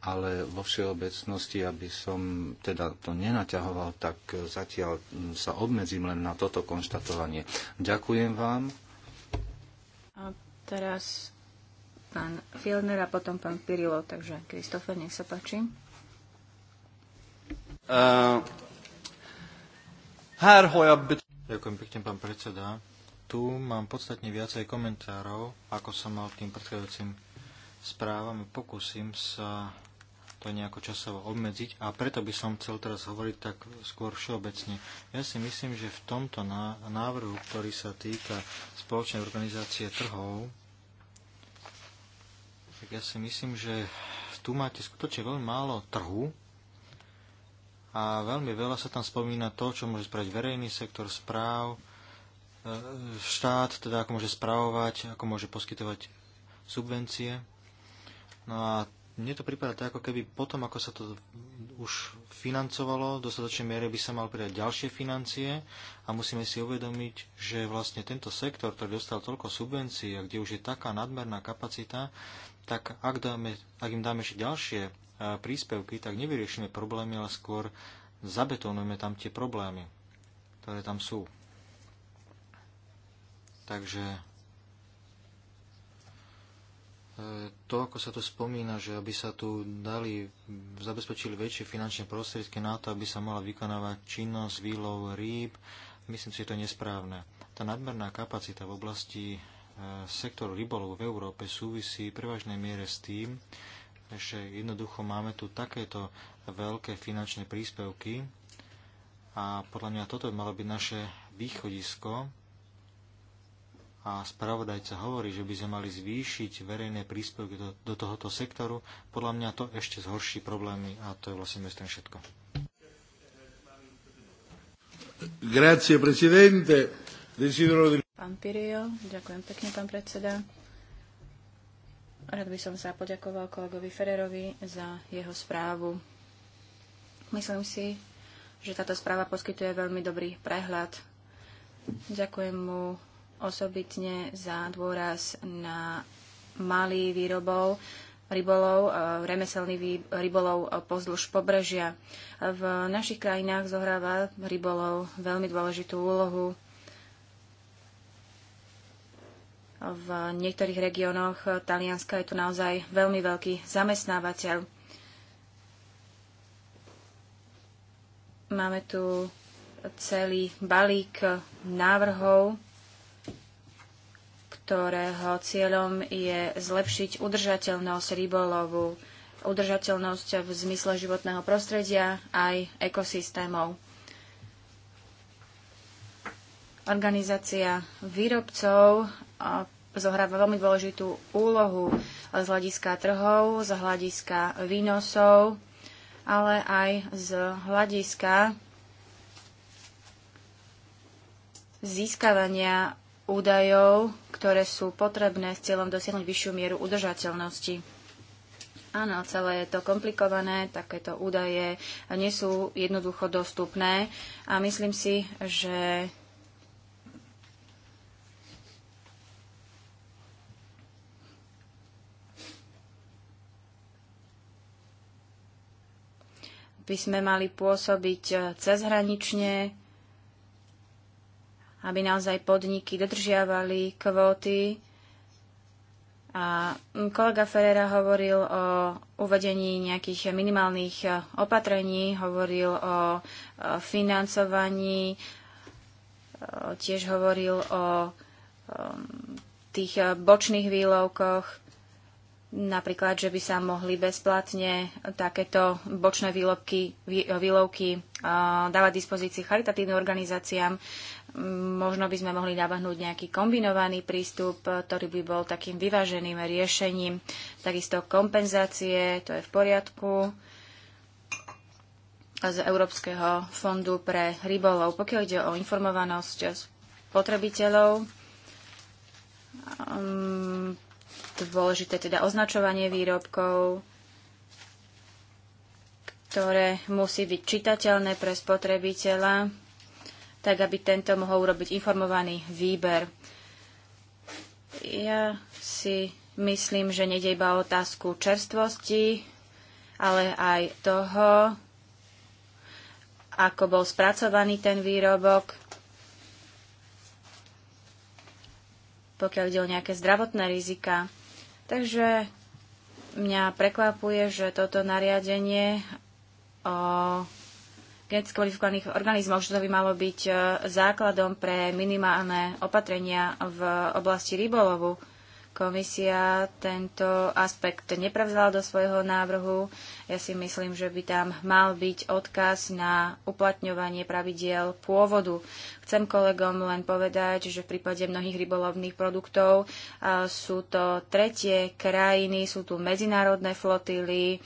ale vo všeobecnosti, aby som teda to nenaťahoval, tak e, zatiaľ sa obmedzím len na toto konštatovanie. Ďakujem vám. A teraz pán Fielner a potom pán Pirilov. Takže Kristofer, nech sa páči. Uh, Ďakujem pekne, pán predseda. Tu mám podstatne viacej komentárov, ako som mal k tým predchádzajúcim správam. Pokúsim sa to nejako časovo obmedziť a preto by som chcel teraz hovoriť tak skôr všeobecne. Ja si myslím, že v tomto návrhu, ktorý sa týka spoločnej organizácie trhov, tak ja si myslím, že tu máte skutočne veľmi málo trhu a veľmi veľa sa tam spomína to, čo môže spraviť verejný sektor správ, e, štát, teda ako môže správovať, ako môže poskytovať subvencie. No a mne to prípada tak, ako keby potom, ako sa to už financovalo, v dostatočnej miere by sa mal pridať ďalšie financie a musíme si uvedomiť, že vlastne tento sektor, ktorý dostal toľko subvencií a kde už je taká nadmerná kapacita, tak ak, dáme, ak im dáme ešte ďalšie e, príspevky, tak nevyriešime problémy, ale skôr zabetonujeme tam tie problémy, ktoré tam sú. Takže e, to, ako sa tu spomína, že aby sa tu dali, zabezpečili väčšie finančné prostriedky na to, aby sa mala vykonávať činnosť výlov rýb, myslím si, že to je nesprávne. Tá nadmerná kapacita v oblasti sektor rybolov v Európe súvisí v prevažnej miere s tým, že jednoducho máme tu takéto veľké finančné príspevky a podľa mňa toto by malo byť naše východisko a spravodajca hovorí, že by sme mali zvýšiť verejné príspevky do, do tohoto sektoru. Podľa mňa to ešte zhorší problémy a to je vlastne mesto všetko. Grazie, presidente. Desidero... Pán Pirio, ďakujem pekne, pán predseda. Rád by som sa poďakoval kolegovi Ferrerovi za jeho správu. Myslím si, že táto správa poskytuje veľmi dobrý prehľad. Ďakujem mu osobitne za dôraz na malý výrobov, rybolov, e, remeselný rybolov pozdĺž pobrežia. V našich krajinách zohráva rybolov veľmi dôležitú úlohu V niektorých regiónoch Talianska je tu naozaj veľmi veľký zamestnávateľ. Máme tu celý balík návrhov, ktorého cieľom je zlepšiť udržateľnosť rybolovu, udržateľnosť v zmysle životného prostredia aj ekosystémov. Organizácia výrobcov zohráva veľmi dôležitú úlohu z hľadiska trhov, z hľadiska výnosov, ale aj z hľadiska získavania údajov, ktoré sú potrebné s cieľom dosiahnuť vyššiu mieru udržateľnosti. Áno, celé je to komplikované, takéto údaje nie sú jednoducho dostupné a myslím si, že by sme mali pôsobiť e, cezhranične, aby naozaj podniky dodržiavali kvóty. A kolega Ferrera hovoril o uvedení nejakých minimálnych e, opatrení, hovoril o e, financovaní, tiež hovoril o tých bočných výlovkoch. Napríklad, že by sa mohli bezplatne takéto bočné výlobky, výlovky dávať dispozícii charitatívnym organizáciám. Možno by sme mohli navrhnúť nejaký kombinovaný prístup, ktorý by bol takým vyváženým riešením. Takisto kompenzácie, to je v poriadku z Európskeho fondu pre rybolov. Pokiaľ ide o informovanosť spotrebiteľov, um, dôležité teda označovanie výrobkov, ktoré musí byť čitateľné pre spotrebiteľa, tak aby tento mohol urobiť informovaný výber. Ja si myslím, že nejde iba o otázku čerstvosti, ale aj toho, ako bol spracovaný ten výrobok, pokiaľ ide o nejaké zdravotné rizika. Takže mňa prekvapuje, že toto nariadenie o geneticky modifikovaných organizmoch, že to by malo byť e, základom pre minimálne opatrenia v oblasti rybolovu. Komisia tento aspekt neprevzala do svojho návrhu. Ja si myslím, že by tam mal byť odkaz na uplatňovanie pravidiel pôvodu. Chcem kolegom len povedať, že v prípade mnohých rybolovných produktov sú to tretie krajiny, sú tu medzinárodné flotily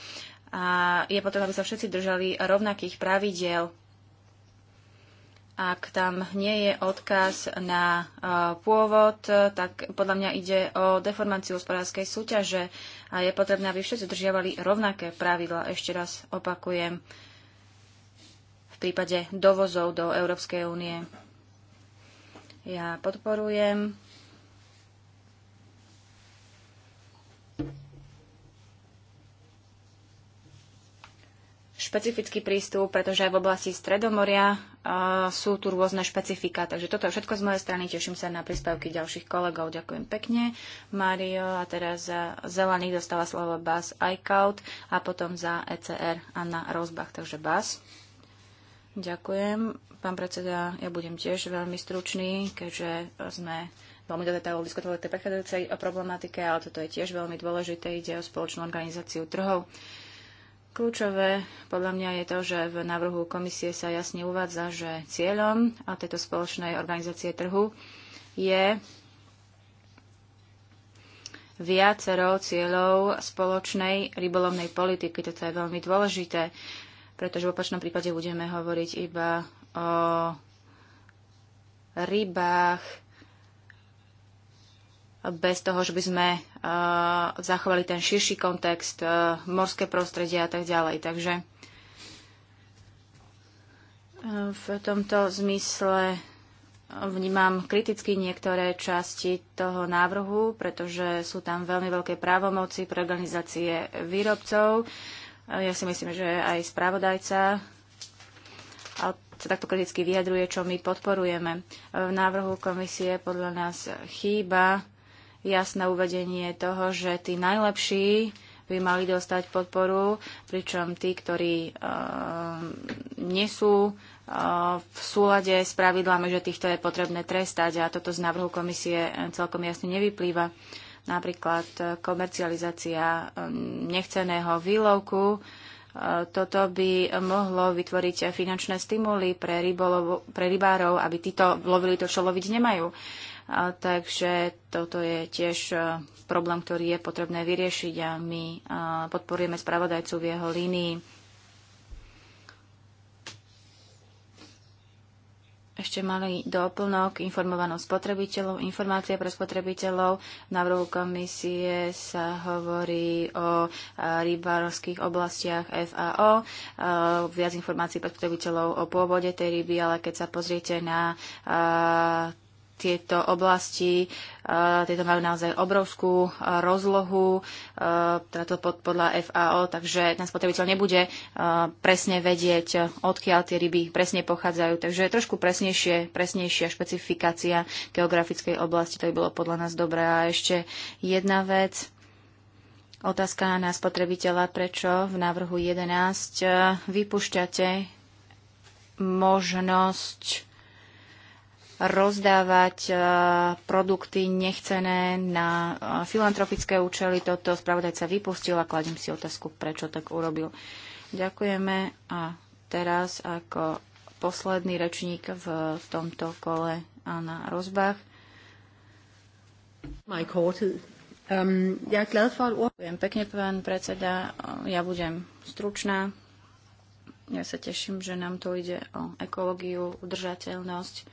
a je potrebné, aby sa všetci držali rovnakých pravidiel ak tam nie je odkaz na e, pôvod, tak podľa mňa ide o deformáciu hospodárskej súťaže a je potrebné, aby všetci dodržiavali rovnaké pravidla. Ešte raz opakujem, v prípade dovozov do Európskej únie. Ja podporujem špecifický prístup, pretože aj v oblasti Stredomoria uh, sú tu rôzne špecifika. Takže toto je všetko z mojej strany. Teším sa na príspevky ďalších kolegov. Ďakujem pekne, Mario. A teraz za zelených dostáva slovo Bas iCout a potom za ECR Anna Rozbach. Takže Bas. Ďakujem. Pán predseda, ja budem tiež veľmi stručný, keďže sme veľmi do detailov diskutovali o tej prechádzajúcej problematike, ale toto je tiež veľmi dôležité. Ide o spoločnú organizáciu trhov. Kľúčové podľa mňa je to, že v návrhu komisie sa jasne uvádza, že cieľom tejto spoločnej organizácie trhu je viacero cieľov spoločnej rybolovnej politiky. Toto je veľmi dôležité, pretože v opačnom prípade budeme hovoriť iba o rybách bez toho, že by sme zachovali ten širší kontext, e, morské prostredie a tak ďalej. Takže e, v tomto zmysle vnímam kriticky niektoré časti toho návrhu, pretože sú tam veľmi veľké právomoci pre organizácie výrobcov. Ja si myslím, že aj spravodajca sa takto kriticky vyjadruje, čo my podporujeme. E, v návrhu komisie podľa nás chýba jasné uvedenie toho, že tí najlepší by mali dostať podporu, pričom tí, ktorí e, nie sú e, v súlade s pravidlami, že týchto je potrebné trestať a toto z návrhu komisie ehm, celkom jasne nevyplýva. Napríklad e, komercializácia nechceného výlovku, e, toto by mohlo vytvoriť finančné stimuly pre, rybolov, pre rybárov, aby títo lovili to, čo loviť nemajú. Takže toto je tiež e, problém, ktorý je potrebné vyriešiť a my e, podporujeme spravodajcu v jeho línii. Ešte malý doplnok, informovanosť spotrebiteľov, informácie pre spotrebiteľov. V návrhu komisie sa hovorí o e, rybárovských oblastiach FAO, viac informácií pre spotrebiteľov o pôvode tej ryby, ale keď sa pozriete na tieto oblasti, tieto majú naozaj obrovskú rozlohu, teda to pod, podľa FAO, takže ten spotrebiteľ nebude presne vedieť, odkiaľ tie ryby presne pochádzajú. Takže trošku presnejšie, presnejšia špecifikácia geografickej oblasti, to by bolo podľa nás dobré. A ešte jedna vec, Otázka na spotrebiteľa, prečo v návrhu 11 vypúšťate možnosť rozdávať e, produkty nechcené na e, filantropické účely. Toto spravodajca vypustil a kladím si otázku, prečo tak urobil. Ďakujeme a teraz ako posledný rečník v tomto kole na rozbách. Er Ďakujem pekne, pán predseda. Ja budem stručná. Ja sa teším, že nám tu ide o ekológiu, udržateľnosť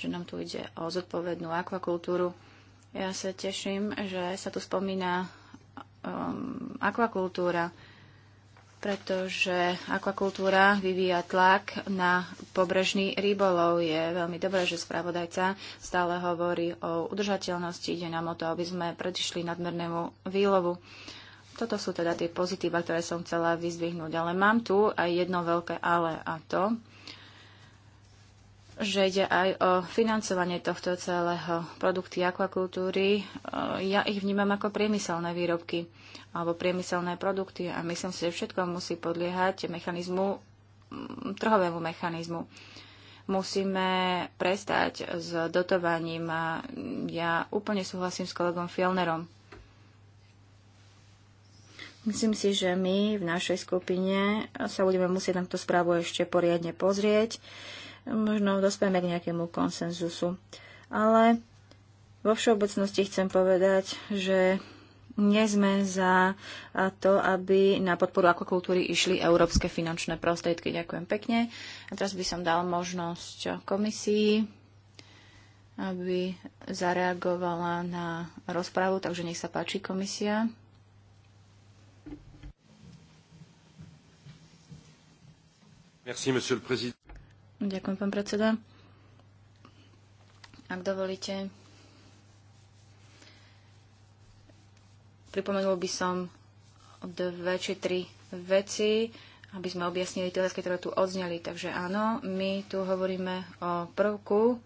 že nám tu ide o zodpovednú akvakultúru. Ja sa teším, že sa tu spomína um, akvakultúra, pretože akvakultúra vyvíja tlak na pobrežný rybolov. Je veľmi dobré, že spravodajca stále hovorí o udržateľnosti, ide nám o to, aby sme predišli nadmernému výlovu. Toto sú teda tie pozitíva, ktoré som chcela vyzvihnúť, ale mám tu aj jedno veľké ale a to, že ide aj o financovanie tohto celého produkty akvakultúry. E, ja ich vnímam ako priemyselné výrobky alebo priemyselné produkty a myslím si, že všetko musí podliehať mechanizmu, mm, trhovému mechanizmu. Musíme prestať s dotovaním a ja úplne súhlasím s kolegom Fielnerom. Myslím si, že my v našej skupine sa budeme musieť na tú správu ešte poriadne pozrieť možno dospieme k nejakému konsenzusu. Ale vo všeobecnosti chcem povedať, že nie sme za to, aby na podporu akvakultúry išli európske finančné prostriedky. Ďakujem pekne. A teraz by som dal možnosť komisii, aby zareagovala na rozprávu, takže nech sa páči komisia. Merci, monsieur le président. Ďakujem, pán predseda. Ak dovolíte, pripomenul by som dve či tri veci, aby sme objasnili tie otázky, ktoré tu odzneli. Takže áno, my tu hovoríme o prvku,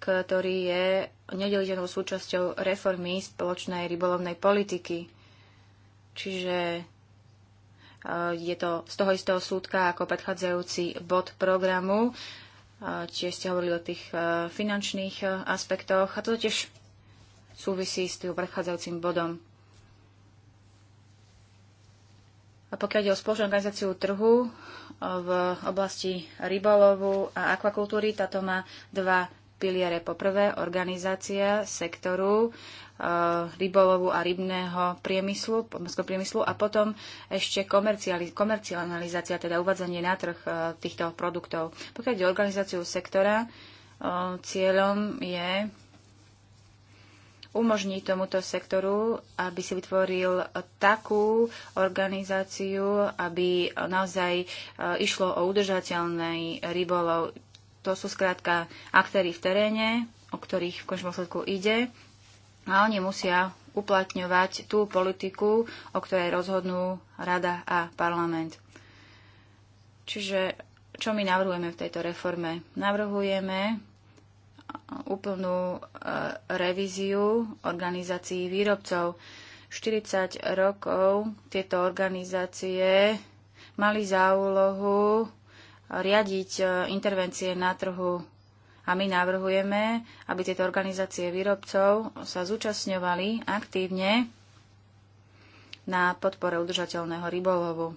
ktorý je nedeliteľnou súčasťou reformy spoločnej rybolovnej politiky. Čiže Eh, je to z toho istého súdka ako predchádzajúci bod programu. Eh, tiež ste hovorili o tých eh, finančných aspektoch a to tiež súvisí s tým predchádzajúcim bodom. A pokiaľ ide o spoločnú organizáciu trhu v oblasti rybolovu a akvakultúry, táto má dva piliere. Po prvé, organizácia sektoru Eh, rybolovu a rybného priemyslu, pomorského priemyslu a potom ešte komercializácia, teda uvádzanie na trh eh, týchto produktov. Pokiaľ ide organizáciu sektora, eh, cieľom je umožniť tomuto sektoru, aby si vytvoril takú organizáciu, aby naozaj išlo o udržateľný rybolov. To sú skrátka aktéry v teréne, o ktorých v končnom ide, a oni musia uplatňovať tú politiku, o ktorej rozhodnú rada a parlament. Čiže čo my navrhujeme v tejto reforme? Navrhujeme úplnú e, revíziu organizácií výrobcov. 40 rokov tieto organizácie mali za úlohu riadiť e, intervencie na trhu a my navrhujeme, aby tieto organizácie výrobcov sa zúčastňovali aktívne na podpore udržateľného rybolovu.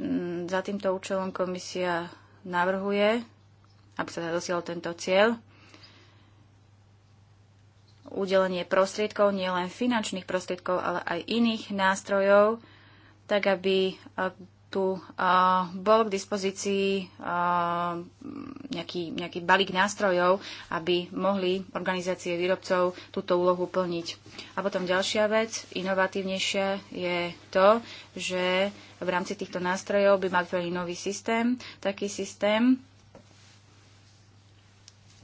Mm, za týmto účelom komisia navrhuje, aby sa dosiel tento cieľ, udelenie prostriedkov, nielen finančných prostriedkov, ale aj iných nástrojov, tak aby eh, tu eh, bol k dispozícii eh, nejaký, nejaký balík nástrojov, aby mohli organizácie výrobcov túto úlohu plniť. A potom ďalšia vec, inovatívnejšia, je to, že v rámci týchto nástrojov by mali nový systém, taký systém,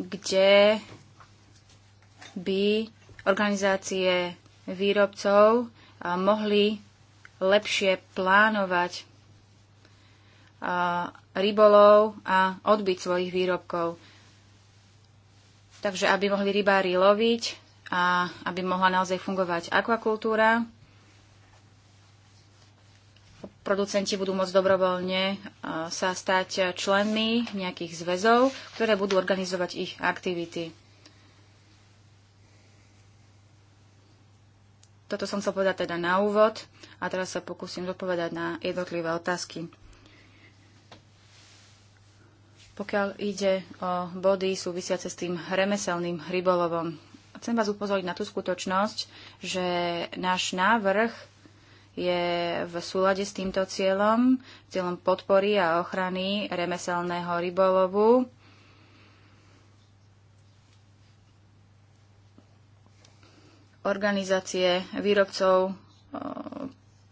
kde by organizácie výrobcov mohli lepšie plánovať rybolov a odbyť svojich výrobkov. Takže aby mohli rybári loviť a aby mohla naozaj fungovať akvakultúra, producenti budú môcť dobrovoľne e, sa stať členmi nejakých zväzov, ktoré budú organizovať ich aktivity. Toto som chcel povedať teda na úvod a teraz sa pokúsim odpovedať na jednotlivé otázky. Pokiaľ ide o body súvisiace s tým remeselným rybolovom, chcem vás upozoriť na tú skutočnosť, že náš návrh je v súlade s týmto cieľom, cieľom podpory a ochrany remeselného rybolovu. Organizácie výrobcov eh,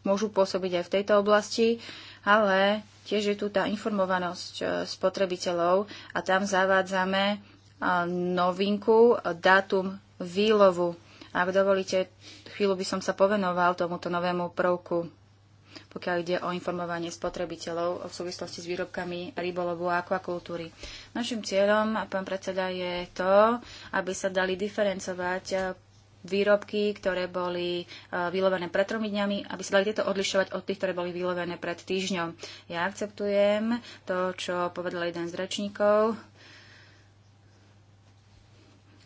môžu pôsobiť aj v tejto oblasti, ale Tiež je tu tá informovanosť e, spotrebiteľov a tam zavádzame e, novinku, e, dátum výlovu. Ak dovolíte, chvíľu by som sa povenoval tomuto novému prvku, pokiaľ ide o informovanie spotrebiteľov v súvislosti s výrobkami rybolovu a akvakultúry. Našim cieľom, pán predseda, je to, aby sa dali diferencovať výrobky, ktoré boli e, vylovené pred tromi dňami, aby sa dali tieto odlišovať od tých, ktoré boli vylovené pred týždňom. Ja akceptujem to, čo povedal jeden z rečníkov,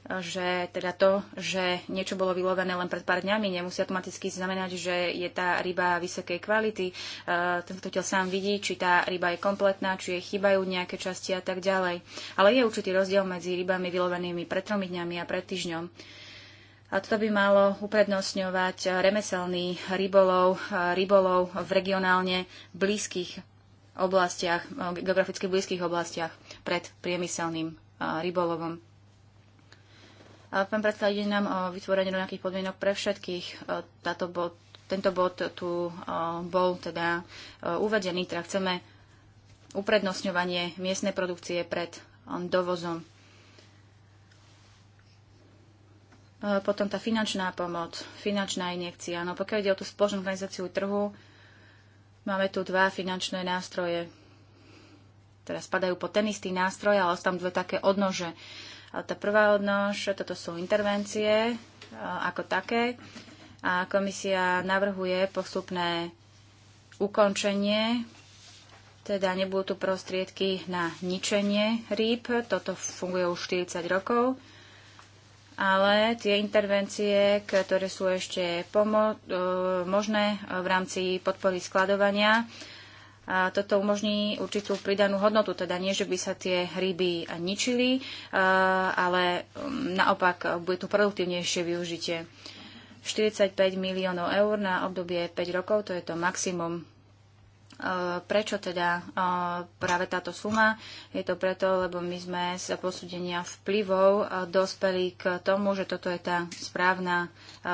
že teda to, že niečo bolo vylovené len pred pár dňami, nemusí automaticky znamenať, že je tá ryba vysokej kvality. E, ten tiel sám vidí, či tá ryba je kompletná, či jej chýbajú nejaké časti a tak ďalej. Ale je určitý rozdiel medzi rybami vylovenými pred tromi dňami a pred týždňom. A to by malo uprednostňovať remeselný rybolov, rybolov v regionálne blízkych oblastiach, eh, geograficky blízkych oblastiach pred priemyselným eh, rybolovom. A pán predseda, ide nám o vytvorenie rovnakých podmienok pre všetkých. Eh, táto bod, tento bod tu bol teda uvedený, teda chceme uprednostňovanie miestnej produkcie pred dovozom. Potom tá finančná pomoc, finančná injekcia. No pokiaľ ide o tú spoločnú organizáciu trhu, máme tu dva finančné nástroje. ktoré spadajú po ten istý nástroj, ale sú tam dve také odnože. Ale tá prvá odnož, toto sú intervencie ako také. A komisia navrhuje postupné ukončenie, teda nebudú tu prostriedky na ničenie rýb. Toto funguje už 40 rokov ale tie intervencie, ktoré sú ešte e, možné v rámci podpory skladovania, a toto umožní určitú pridanú hodnotu, teda nie, že by sa tie ryby ničili, e, ale naopak bude tu produktívnejšie využitie. 45 miliónov eur na obdobie 5 rokov, to je to maximum. Prečo teda práve táto suma? Je to preto, lebo my sme z posúdenia vplyvov dospeli k tomu, že toto je tá správna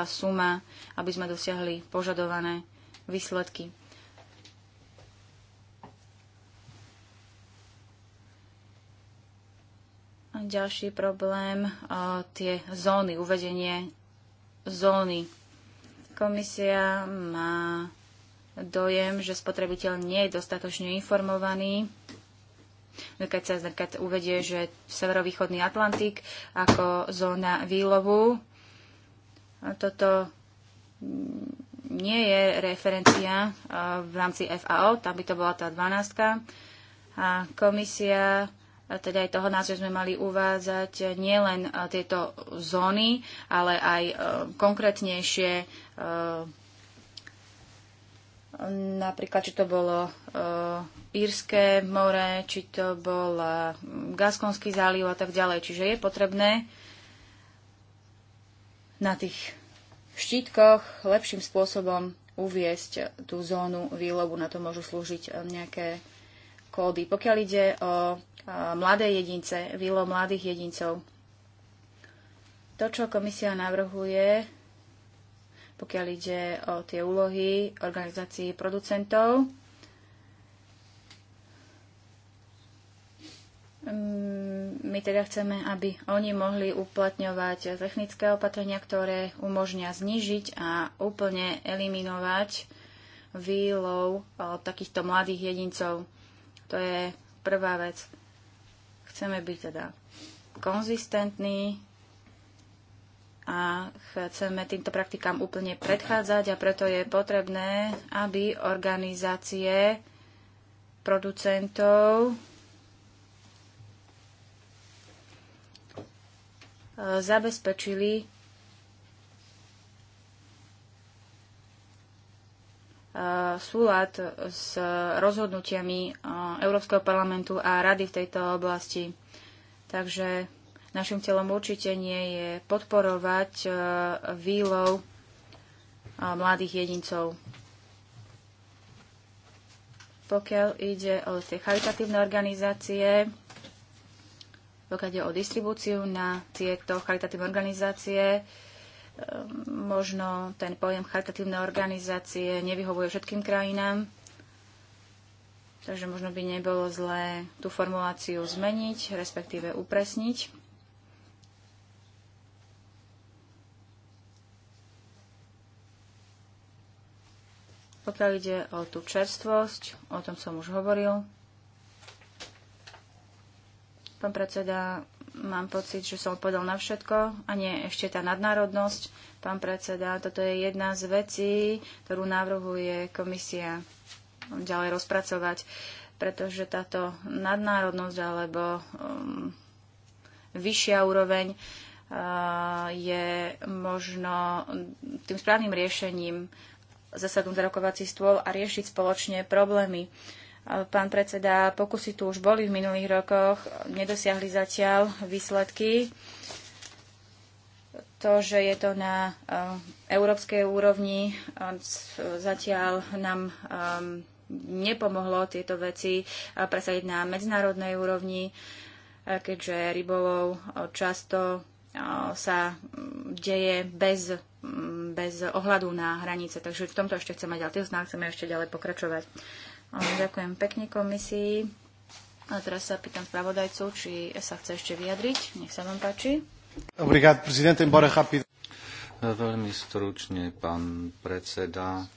suma, aby sme dosiahli požadované výsledky. Ďalší problém, tie zóny, uvedenie zóny. Komisia má dojem, že spotrebiteľ nie je dostatočne informovaný. No, keď sa keď uvedie, že severovýchodný Atlantik ako zóna výlovu, toto nie je referencia v rámci FAO, tam by to bola tá 12. A komisia a teda aj toho nás, že sme mali uvádzať nielen tieto zóny, ale aj konkrétnejšie Napríklad, či to bolo e, Írske more, či to bol e, Gaskonský záliv a tak ďalej. Čiže je potrebné na tých štítkoch lepším spôsobom uviesť tú zónu výlovu. Na to môžu slúžiť e, nejaké kódy. Pokiaľ ide o mladé jedince, výlov mladých jedincov, to, čo komisia navrhuje, pokiaľ ide o tie úlohy organizácií producentov. Mm, my teda chceme, aby oni mohli uplatňovať technické opatrenia, ktoré umožnia znižiť a úplne eliminovať výlov e, takýchto mladých jedincov. To je prvá vec. Chceme byť teda konzistentní, a chceme týmto praktikám úplne predchádzať a preto je potrebné, aby organizácie producentov e, zabezpečili e, súlad s rozhodnutiami e, Európskeho parlamentu a rady v tejto oblasti. Takže Našim cieľom určite nie je podporovať e, výlov e, mladých jedincov. Pokiaľ ide o tie charitatívne organizácie, pokiaľ ide o distribúciu na tieto charitatívne organizácie, e, možno ten pojem charitatívne organizácie nevyhovuje všetkým krajinám, takže možno by nebolo zlé tú formuláciu zmeniť, respektíve upresniť. Pokiaľ ide o tú čerstvosť, o tom som už hovoril. Pán predseda, mám pocit, že som odpovedal na všetko a nie ešte tá nadnárodnosť. Pán predseda, toto je jedna z vecí, ktorú navrhuje komisia ďalej rozpracovať, pretože táto nadnárodnosť alebo um, vyššia úroveň uh, je možno tým správnym riešením zasadnúť za rokovací stôl a riešiť spoločne problémy. Pán predseda, pokusy tu už boli v minulých rokoch, nedosiahli zatiaľ výsledky. To, že je to na eh, európskej úrovni, eh, zatiaľ nám eh, nepomohlo tieto veci presadiť na medzinárodnej úrovni, keďže rybolov často sa deje bez, bez ohľadu na hranice. Takže v tomto ešte chceme ďalej, tým chceme ešte ďalej pokračovať. Ďakujem pekne komisii. A teraz sa pýtam spravodajcu, či sa chce ešte vyjadriť. Nech sa vám páči. No, veľmi stručne, pán predseda.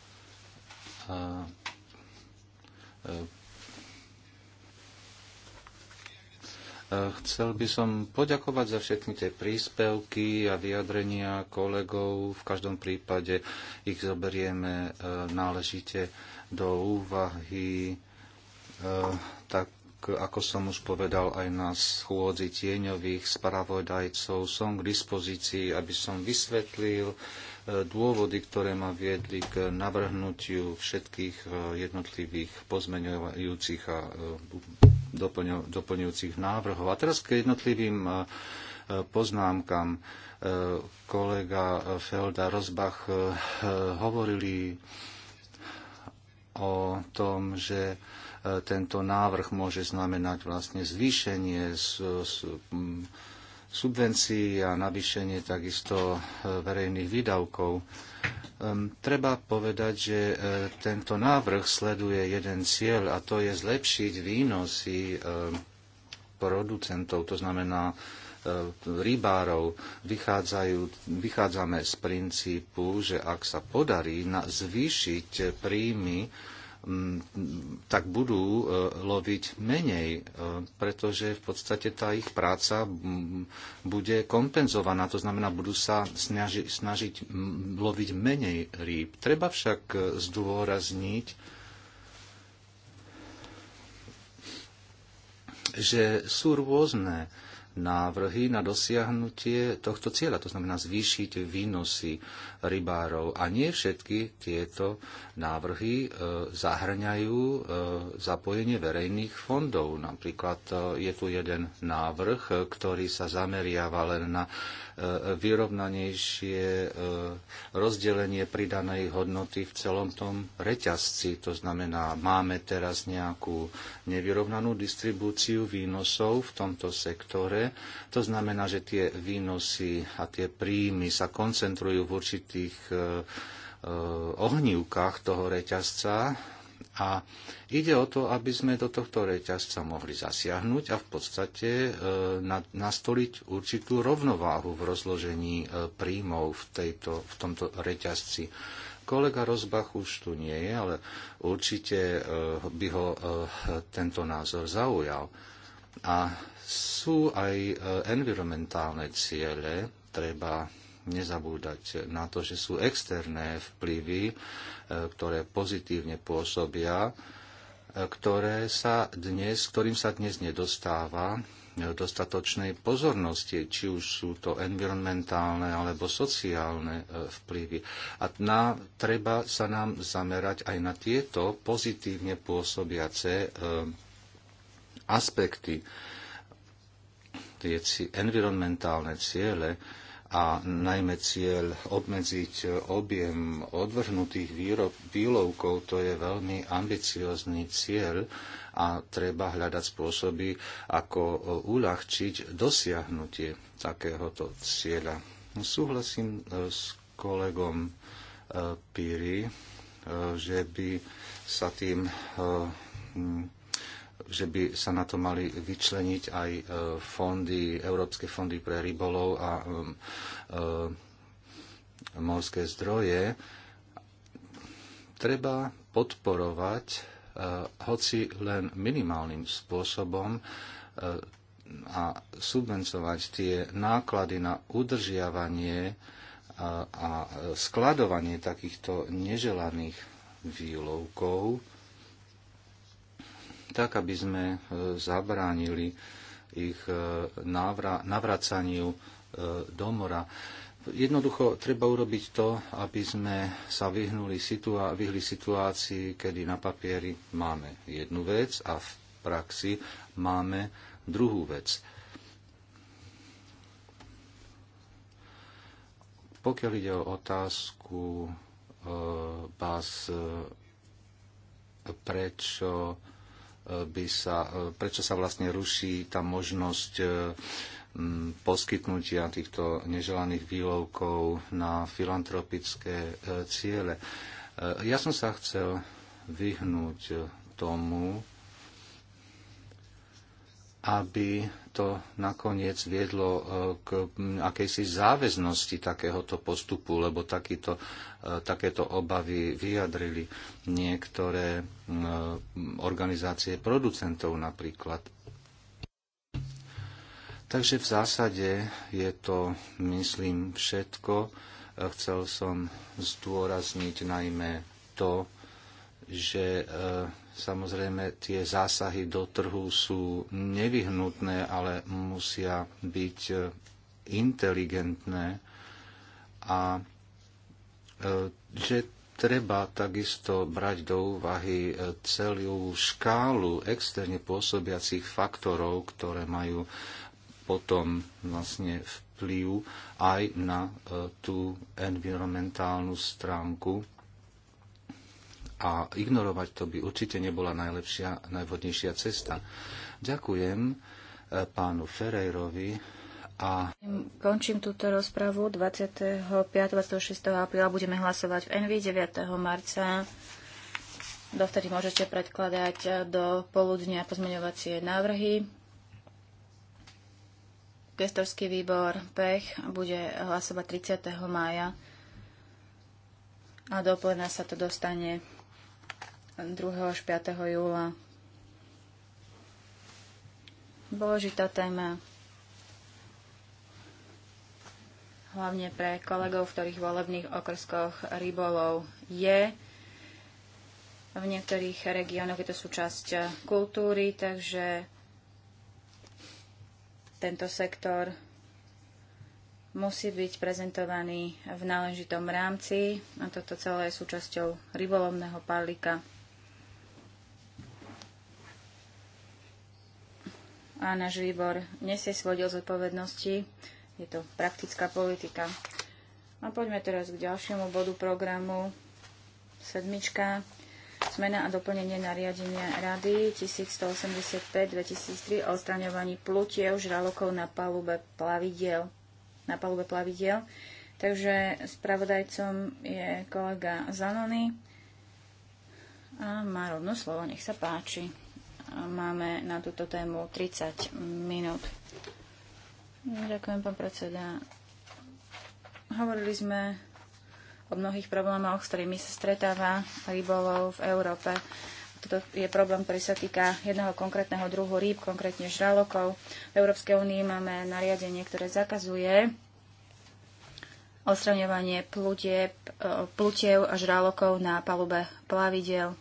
Chcel by som poďakovať za všetky tie príspevky a vyjadrenia kolegov. V každom prípade ich zoberieme e, náležite do úvahy. E, tak ako som už povedal aj na schôdzi tieňových spravodajcov, som k dispozícii, aby som vysvetlil e, dôvody, ktoré ma viedli k navrhnutiu všetkých jednotlivých pozmeňujúcich a doplňujúcich návrhov. A teraz k jednotlivým e, e, poznámkam. E, kolega Felda Rozbach hovorili o tom, že tento návrh môže znamenať vlastne zvýšenie subvencií a navýšenie takisto verejných výdavkov. Ehm, treba povedať, že e, tento návrh sleduje jeden cieľ a to je zlepšiť výnosy e, producentov, to znamená e, rybárov. vychádzame z princípu, že ak sa podarí zvýšiť príjmy, Mm, tak budú e, loviť menej, e, pretože v podstate tá ich práca bude kompenzovaná, to znamená, budú sa snaži, snažiť loviť menej rýb. Treba však e, zdôrazniť, že sú rôzne návrhy na dosiahnutie tohto cieľa, to znamená zvýšiť výnosy rybárov. A nie všetky tieto návrhy e, zahrňajú e, zapojenie verejných fondov. Napríklad e, je tu jeden návrh, ktorý sa zameriava len na vyrovnanejšie rozdelenie pridanej hodnoty v celom tom reťazci. To znamená, máme teraz nejakú nevyrovnanú distribúciu výnosov v tomto sektore. To znamená, že tie výnosy a tie príjmy sa koncentrujú v určitých tých e, e, ohnívkach toho reťazca a ide o to, aby sme do tohto reťazca mohli zasiahnuť a v podstate e, nastoliť určitú rovnováhu v rozložení príjmov v, tejto, v tomto reťazci. Kolega Rozbach už tu nie je, ale určite by ho tento názor zaujal. A sú aj environmentálne ciele, treba nezabúdať na to, že sú externé vplyvy, e, ktoré pozitívne pôsobia, e, ktoré sa dnes, ktorým sa dnes nedostáva e, dostatočnej pozornosti, či už sú to environmentálne alebo sociálne vplyvy. A na, treba sa nám zamerať aj na tieto pozitívne pôsobiace aspekty tie environmentálne ciele a najmä cieľ obmedziť objem odvrhnutých výlovkov, to je veľmi ambiciózny cieľ a treba hľadať spôsoby, ako uľahčiť dosiahnutie takéhoto cieľa. Súhlasím e, s kolegom e, Piri, e, že by sa tým že by sa na to mali vyčleniť aj e, fondy, európske fondy pre rybolov a um, e, morské zdroje. Treba podporovať e, hoci len minimálnym spôsobom a subvencovať tie náklady na udržiavanie a skladovanie takýchto neželaných výlovkov tak aby sme e, zabránili ich e, navracaniu e, do mora. Jednoducho treba urobiť to, aby sme sa vyhnuli situá- vyhli situácii, kedy na papieri máme jednu vec a v praxi máme druhú vec. Pokiaľ ide o otázku vás, prečo by sa, e, prečo sa vlastne ruší tá možnosť e, poskytnutia týchto neželaných výlovkov na filantropické e, ciele. Ja som sa chcel vyhnúť tomu, aby to nakoniec viedlo e, k akejsi záväznosti takéhoto postupu, lebo takýto, e, takéto obavy vyjadrili niektoré organizácie producentov napríklad. Takže v zásade je to, myslím, všetko. E, chcel som zdôrazniť najmä to, že Samozrejme, tie zásahy do trhu sú nevyhnutné, ale musia byť e, inteligentné a e, že treba takisto brať do úvahy e, celú škálu externe pôsobiacich faktorov, ktoré majú potom vlastne vplyv aj na tú environmentálnu stránku a ignorovať to by určite nebola najlepšia, najvhodnejšia cesta. Ďakujem e, pánu Ferejrovi a... Končím túto rozpravu 25. 26. apríla budeme hlasovať v Envy 9. marca. Dovtedy môžete predkladať do poludnia pozmeňovacie návrhy. Gestorský výbor PECH bude hlasovať 30. mája a do sa to dostane 2. až 5. júla. Dôležitá téma hlavne pre kolegov, v ktorých volebných okrskoch rybolov je. V niektorých regiónoch je to súčasť kultúry, takže tento sektor musí byť prezentovaný v náležitom rámci a toto celé je súčasťou rybolovného palika. a náš výbor nesie svoj diel zodpovednosti. Je to praktická politika. A poďme teraz k ďalšiemu bodu programu. Sedmička. Zmena a doplnenie nariadenia Rady 1185-2003 o odstraňovaní plutiev žralokov na palube plavidiel. Na palube plavidiel. Takže spravodajcom je kolega Zanony. A má rovno slovo, nech sa páči. Máme na túto tému 30 minút. Ďakujem, pán predseda. Hovorili sme o mnohých problémoch, s ktorými sa stretáva rybolov v Európe. Toto je problém, ktorý sa týka jedného konkrétneho druhu rýb, konkrétne žralokov. V Európskej únii máme nariadenie, ktoré zakazuje ostraňovanie plutiev a žralokov na palube plavidel.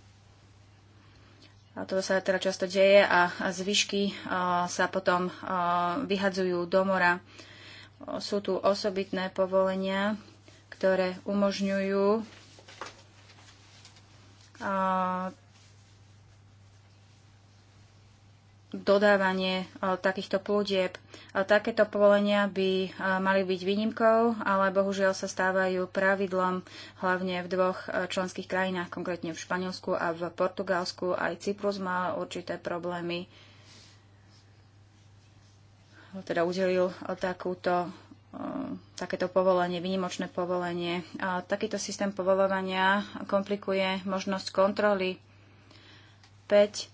A to sa teda často deje a, a zvyšky a, sa potom a, vyhadzujú do mora. Sú tu osobitné povolenia, ktoré umožňujú dodávanie e, takýchto plúdieb. Takéto povolenia by e, mali byť výnimkou, ale bohužiaľ sa stávajú pravidlom hlavne v dvoch e, členských krajinách, konkrétne v Španielsku a v Portugalsku. Aj Cyprus má určité problémy. Teda udelil takúto takéto povolenie, výnimočné povolenie. Takýto systém povolovania komplikuje možnosť kontroly 5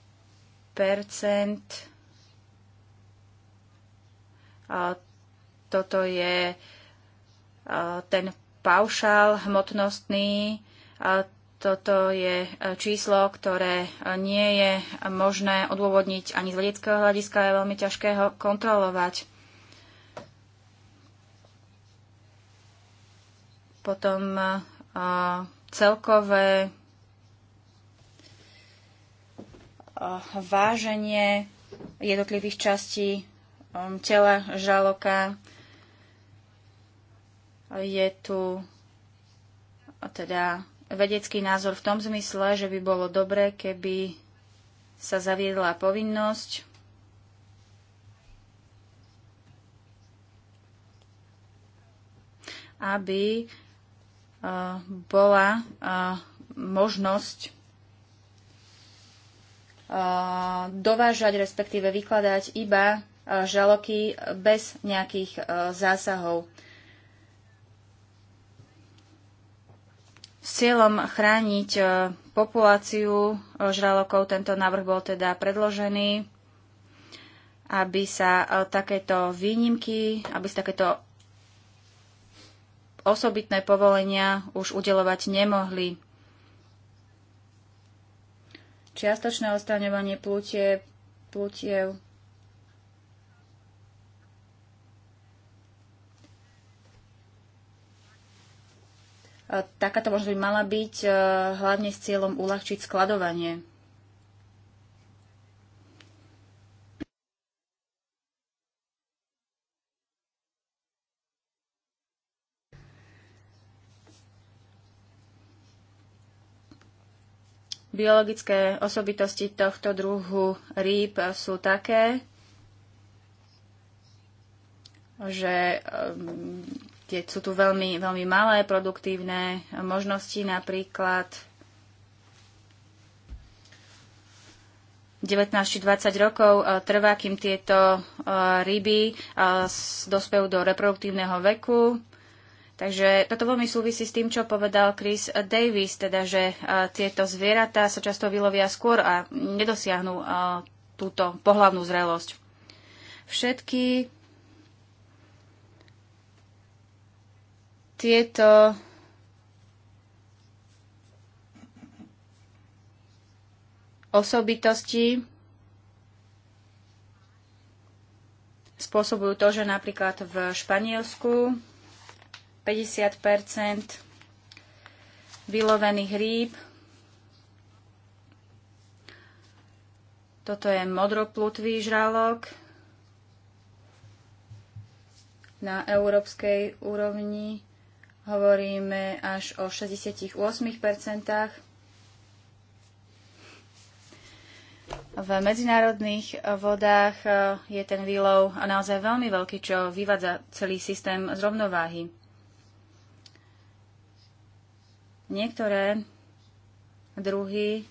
toto je ten paušál hmotnostný. Toto je číslo, ktoré nie je možné odôvodniť ani z vedeckého hľadiska, je veľmi ťažké ho kontrolovať. Potom celkové Eh, váženie jednotlivých častí eh, tela žaloka. Je tu eh, teda vedecký názor v tom zmysle, že by bolo dobré, keby sa zaviedla povinnosť aby bola možnosť Eh, dovážať, respektíve vykladať iba eh, žaloky bez nejakých eh, zásahov. S cieľom chrániť populáciu žralokov tento návrh bol teda predložený, aby sa takéto výnimky, aby sa takéto osobitné povolenia už udelovať nemohli čiastočné odstraňovanie plutie, plutiev. E, takáto možnosť by mala byť e, hlavne s cieľom uľahčiť skladovanie Biologické osobitosti tohto druhu rýb sú také, že keď um, sú tu veľmi, veľmi malé produktívne možnosti, napríklad 19 či 20 rokov uh, trvá, kým tieto uh, ryby uh, dospejú do reproduktívneho veku Takže toto veľmi súvisí s tým, čo povedal Chris Davis, teda že e, tieto zvieratá sa často vylovia skôr a nedosiahnu e, túto pohlavnú zrelosť. Všetky tieto osobitosti spôsobujú to, že napríklad v Španielsku 50 vylovených rýb. Toto je modroplutvý žralok na európskej úrovni hovoríme až o 68%. V medzinárodných vodách eh, je ten výlov naozaj veľmi veľký, čo vyvádza celý systém z rovnováhy. Niektoré druhy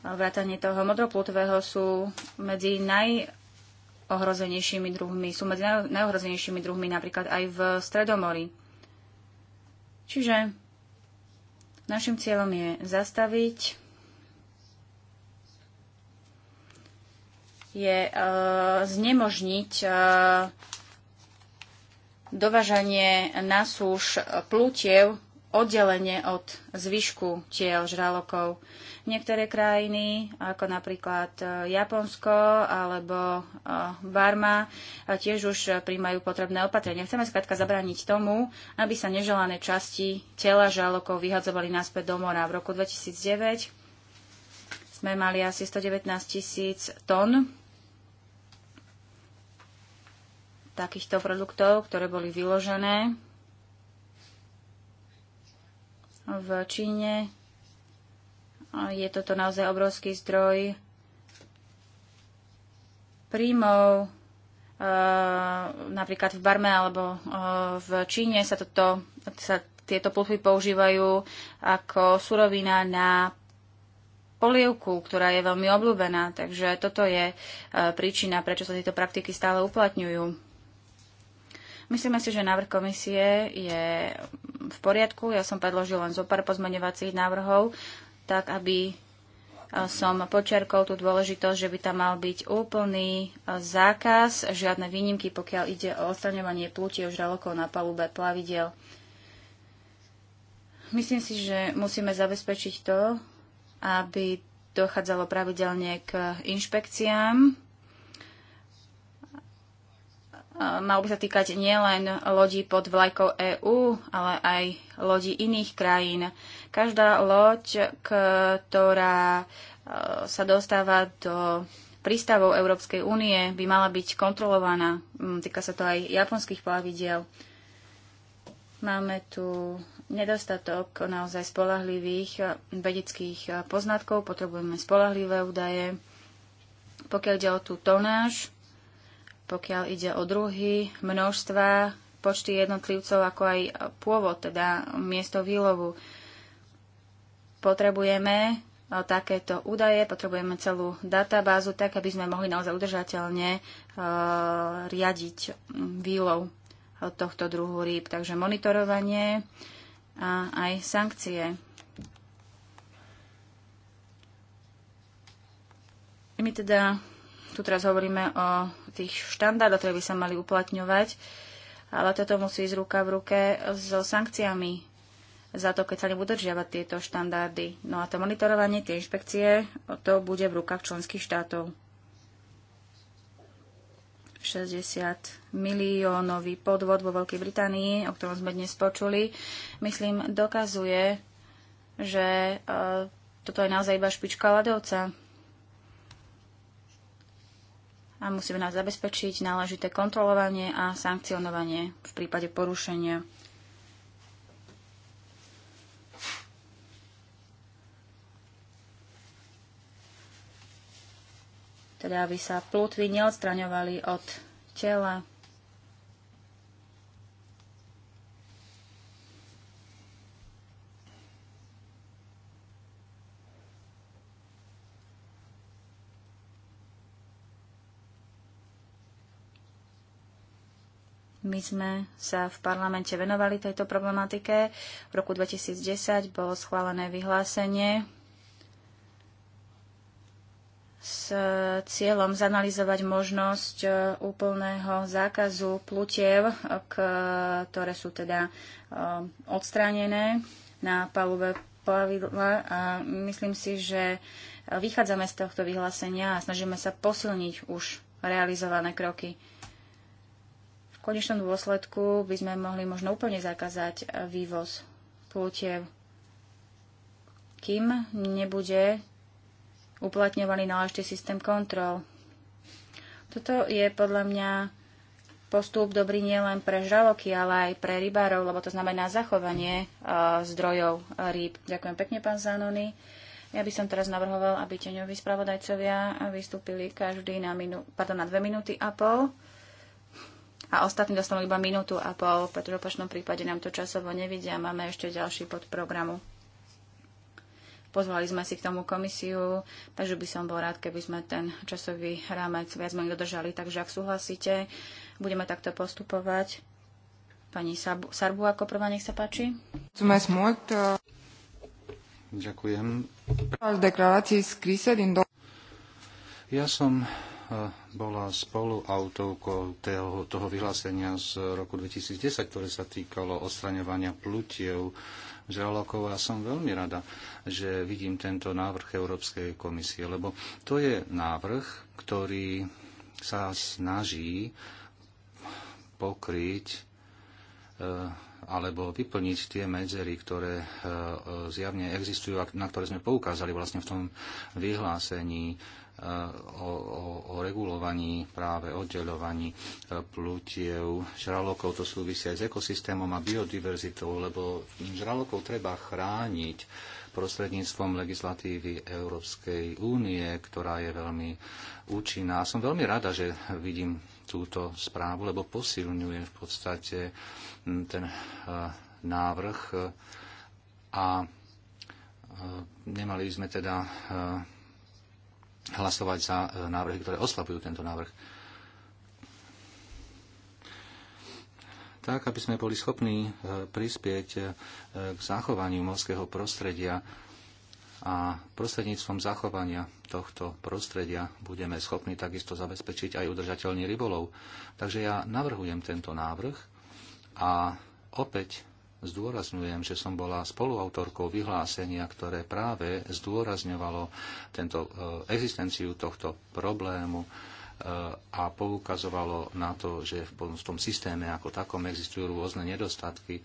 vrátanie toho modroplutového sú medzi najohrozenejšími druhmi, sú medzi najohrozenejšími druhmi napríklad aj v Stredomori. Čiže našim cieľom je zastaviť je e, znemožniť e, dovažanie na súž plutiev oddelenie od zvyšku tiel žralokov. Niektoré krajiny, ako napríklad e, Japonsko alebo e, Barma, e, tiež už príjmajú potrebné opatrenia. Chceme skrátka zabrániť tomu, aby sa neželané časti tela žralokov vyhadzovali naspäť do mora. V roku 2009 sme mali asi 119 tisíc tón takýchto produktov, ktoré boli vyložené v Číne. Je toto naozaj obrovský zdroj príjmov. Napríklad v Barme alebo v Číne sa, toto, sa tieto pluchy používajú ako surovina na polievku, ktorá je veľmi obľúbená. Takže toto je príčina, prečo sa tieto praktiky stále uplatňujú. Myslíme si, že návrh komisie je v poriadku. Ja som predložil len zo pár pozmeňovacích návrhov, tak aby e, som počiarkol tú dôležitosť, že by tam mal byť úplný e, zákaz, žiadne výnimky, pokiaľ ide o odstraňovanie už žralokov na palube plavidel. Myslím si, že musíme zabezpečiť to, aby dochádzalo pravidelne k inšpekciám Eh, mal by sa týkať nielen lodí pod vlajkou EÚ, ale aj lodí iných krajín. Každá loď, ktorá eh, sa dostáva do prístavov Európskej únie, by mala byť kontrolovaná. Mm, týka sa to aj japonských plavidiel. Máme tu nedostatok naozaj spolahlivých eh, vedeckých poznatkov, potrebujeme spolahlivé údaje. Pokiaľ ide o tú tonáž, pokiaľ ide o druhy, množstva, počty jednotlivcov, ako aj pôvod, teda miesto výlovu. Potrebujeme eh, takéto údaje, potrebujeme celú databázu, tak aby sme mohli naozaj udržateľne e, riadiť mm, výlov eh, tohto druhu rýb. Takže monitorovanie a aj sankcie. My teda tu teraz hovoríme o tých štandardov, ktoré by sa mali uplatňovať, ale toto musí ísť ruka v ruke so sankciami za to, keď sa nebudú držiavať tieto štandardy. No a to monitorovanie, tie inšpekcie, to bude v rukách členských štátov. 60 miliónový podvod vo Veľkej Británii, o ktorom sme dnes počuli, myslím, dokazuje, že e, toto je naozaj iba špička ľadovca a musíme nás zabezpečiť náležité kontrolovanie a sankcionovanie v prípade porušenia. Teda aby sa plútvy neodstraňovali od tela My sme sa v parlamente venovali tejto problematike. V roku 2010 bolo schválené vyhlásenie s cieľom zanalizovať možnosť e, úplného zákazu plutiev, e, ktoré sú teda e, odstránené na palube plavidla a myslím si, že vychádzame z tohto vyhlásenia a snažíme sa posilniť už realizované kroky konečnom dôsledku by sme mohli možno úplne zakázať e, vývoz pútev, kým nebude uplatňovaný náležitý systém kontrol. Toto je podľa mňa postup dobrý nielen pre žraloky, ale aj pre rybárov, lebo to znamená zachovanie e, zdrojov rýb. Ďakujem pekne, pán Zanony. Ja by som teraz navrhoval, aby teňoví spravodajcovia vystúpili každý na, minu- pardon, na dve minúty a pol a ostatní dostanú iba minútu a pol, pretože v opačnom prípade nám to časovo nevidia. Máme ešte ďalší programu. Pozvali sme si k tomu komisiu, takže by som bol rád, keby sme ten časový rámec viac menej dodržali. Takže ak súhlasíte, budeme takto postupovať. Pani Sabu, Sarbu ako prvá, nech sa páči. Ďakujem. Ja som Eh, bola spoluautovkou toho, toho vyhlásenia z roku 2010, ktoré sa týkalo odstraňovania plutiev žralokov a som veľmi rada, že vidím tento návrh Európskej komisie, lebo to je návrh, ktorý sa snaží pokryť eh, alebo vyplniť tie medzery, ktoré eh, zjavne existujú a na ktoré sme poukázali vlastne v tom vyhlásení Eh, o, o, o regulovaní, práve oddeľovaní eh, plutiev žralokov. To súvisia aj s ekosystémom a biodiverzitou, lebo žralokov treba chrániť prostredníctvom legislatívy Európskej únie, ktorá je veľmi účinná. Som veľmi rada, že vidím túto správu, lebo posilňuje v podstate mm, ten eh, návrh a nemali sme teda hlasovať za e, návrhy, ktoré oslabujú tento návrh. Tak, aby sme boli schopní e, prispieť e, k zachovaniu morského prostredia a prostredníctvom zachovania tohto prostredia budeme schopní takisto zabezpečiť aj udržateľný rybolov. Takže ja navrhujem tento návrh a opäť zdôrazňujem, že som bola spoluautorkou vyhlásenia, ktoré práve zdôrazňovalo tento, e, existenciu tohto problému e, a poukazovalo na to, že v tom systéme ako takom existujú rôzne nedostatky, e,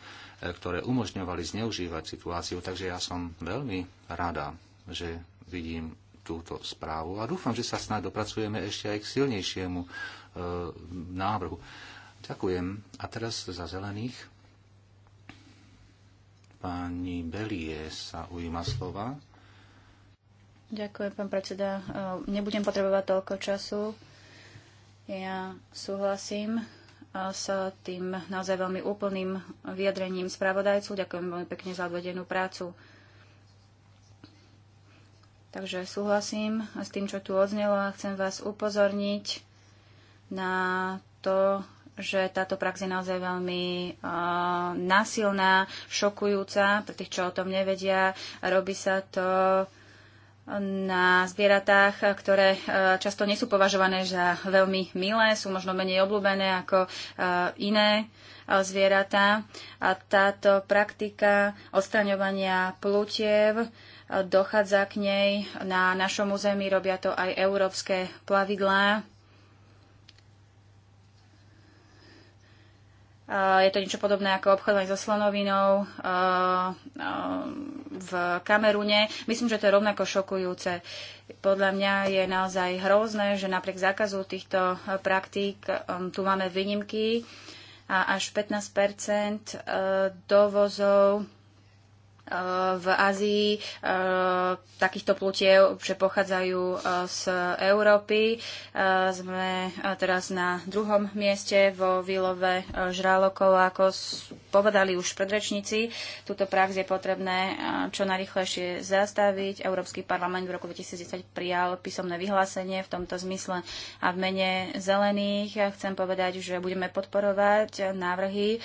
ktoré umožňovali zneužívať situáciu. Takže ja som veľmi rada, že vidím túto správu a dúfam, že sa snáď dopracujeme ešte aj k silnejšiemu návrhu. Ďakujem. A teraz za zelených. Pani Belie sa ujíma slova. Ďakujem, pán predseda. E, nebudem potrebovať toľko času. Ja súhlasím e, s tým naozaj veľmi úplným vyjadrením spravodajcu. Ďakujem veľmi pekne za odvedenú prácu. Takže súhlasím s tým, čo tu odznelo a chcem vás upozorniť na to, že táto prax je naozaj veľmi uh, násilná, šokujúca pre tých, čo o tom nevedia. Robí sa to na zvieratách, ktoré uh, často nie sú považované za veľmi milé, sú možno menej obľúbené ako uh, iné uh, zvieratá. A táto praktika odstraňovania plutiev dochádza k nej. Na našom území robia to aj európske plavidlá Eh, je to niečo podobné ako obchodovanie so slonovinou eh, eh, v Kamerune. Myslím, že to je rovnako šokujúce. Podľa mňa je naozaj hrozné, že napriek zákazu týchto praktík tu máme výnimky a až 15 dovozov v Ázii e, takýchto plutiev, že pochádzajú e, z Európy. E, sme teraz na druhom mieste vo výlove žralokov. Ako povedali už predrečníci, túto prax je potrebné čo najrychlejšie zastaviť. Európsky parlament v roku 2010 prijal písomné vyhlásenie v tomto zmysle a v mene zelených chcem povedať, že budeme podporovať návrhy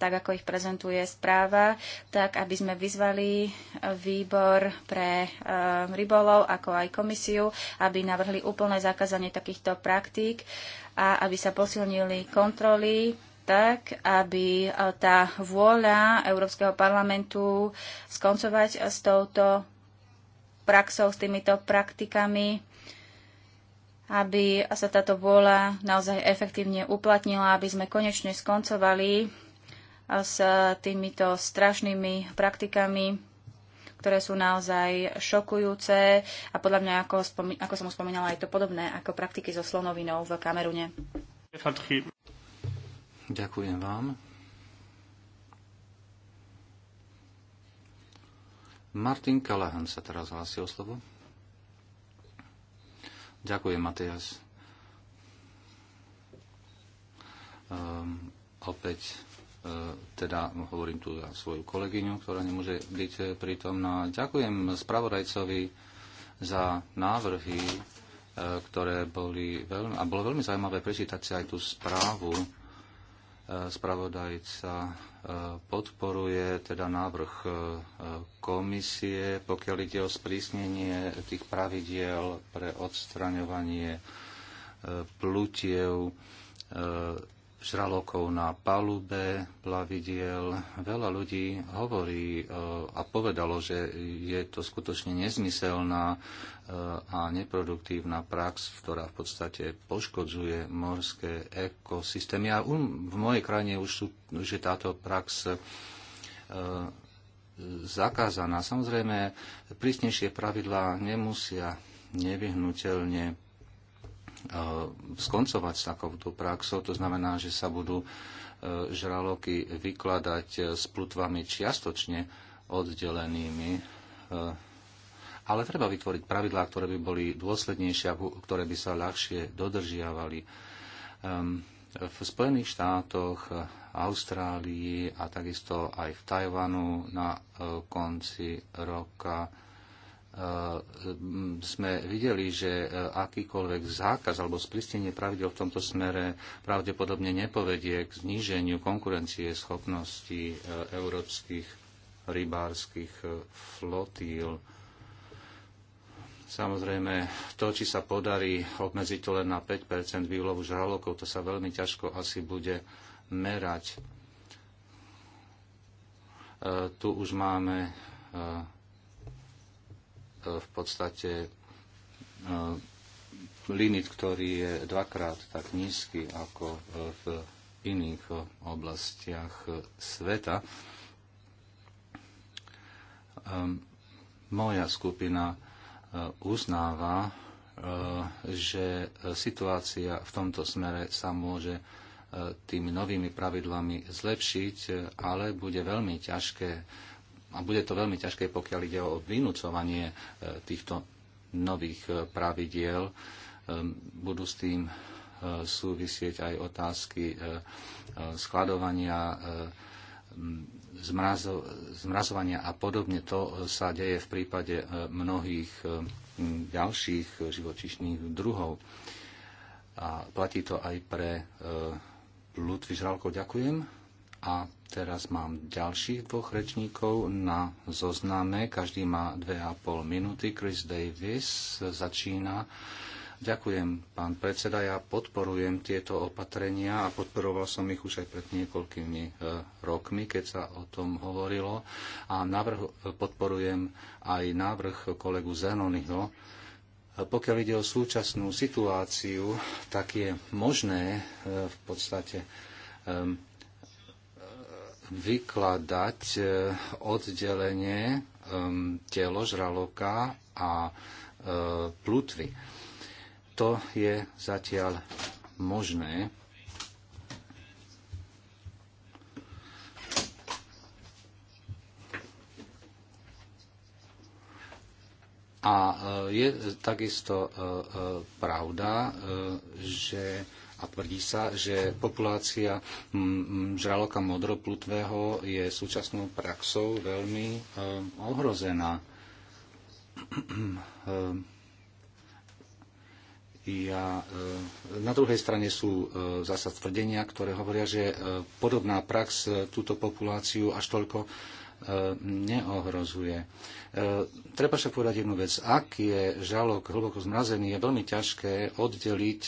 tak ako ich prezentuje správa, tak aby sme vyzvali e, výbor pre e, rybolov, ako aj komisiu, aby navrhli úplné zakázanie takýchto praktík a aby sa posilnili kontroly tak, aby e, tá vôľa Európskeho parlamentu skoncovať s touto praxou, s týmito praktikami, aby sa táto vôľa naozaj efektívne uplatnila, aby sme konečne skoncovali s týmito strašnými praktikami, ktoré sú naozaj šokujúce a podľa mňa, ako, ako som už spomínala, je to podobné ako praktiky so slonovinou v Kamerune. Ďakujem vám. Martin Callahan sa teraz hlási o slovo. Ďakujem, Matias. Um, opäť E, teda hovorím tu za svoju kolegyňu, ktorá nemôže byť prítomná. Ďakujem spravodajcovi za návrhy, e, ktoré boli veľmi, a bolo veľmi zaujímavé prečítať si aj tú správu. E, spravodajca podporuje teda návrh komisie, pokiaľ ide o sprísnenie tých pravidiel pre odstraňovanie plutiev žralokov na palube plavidiel. Veľa ľudí hovorí e, a povedalo, že je to skutočne nezmyselná e, a neproduktívna prax, ktorá v podstate poškodzuje morské ekosystémy. A v mojej krajine už, sú, že je táto prax e, zakázaná. Samozrejme, prísnejšie pravidlá nemusia nevyhnutelne E, skoncovať s takouto praxou. To znamená, že sa budú e, žraloky vykladať e, s plutvami čiastočne oddelenými. Ale treba vytvoriť pravidlá, ktoré by boli dôslednejšie a ktoré by sa ľahšie dodržiavali. V Spojených štátoch, Austrálii a takisto aj v Tajvanu na konci roka E, sme videli, že e, akýkoľvek zákaz alebo sprístenie pravidel v tomto smere pravdepodobne nepovedie k zníženiu konkurencie schopnosti e, európskych rybárskych flotíl. Samozrejme, to, či sa podarí obmedziť to len na 5 výlovu žralokov, to sa veľmi ťažko asi bude merať. Tu už máme E, v podstate e, limit, ktorý je dvakrát tak nízky ako e, v iných oblastiach sveta. Moja skupina uznáva, že situácia v tomto smere sa môže tými novými pravidlami zlepšiť, ale bude veľmi ťažké a bude to veľmi ťažké, pokiaľ ide o vynúcovanie e, týchto nových e, pravidiel. E, budú s tým súvisieť aj otázky skladovania, zmrazovania a podobne. To sa deje v prípade mnohých ďalších živočišných druhov. A platí to aj pre Ludvík Žralko. Ďakujem. A teraz mám ďalších dvoch rečníkov na zozname. Každý má dve a pol minúty. Chris Davis začína. Ďakujem, pán predseda. Ja podporujem tieto opatrenia a podporoval som ich už aj pred niekoľkými e, rokmi, keď sa o tom hovorilo. A navrh podporujem aj návrh kolegu Zenonyho. E, pokiaľ ide o súčasnú situáciu, tak je možné e, v podstate vykladať e, oddelenie telo žraloka a e, plutvy. To je zatiaľ možné. A e, je takisto pravda, že a tvrdí sa, že populácia žraloka modroplutvého je súčasnou praxou veľmi e, ohrozená. E, ja, e, na druhej strane sú zasa tvrdenia, ktoré hovoria, že podobná prax túto populáciu až toľko neohrozuje. Treba však povedať jednu vec. Ak je žalok hlboko zmrazený, je veľmi ťažké oddeliť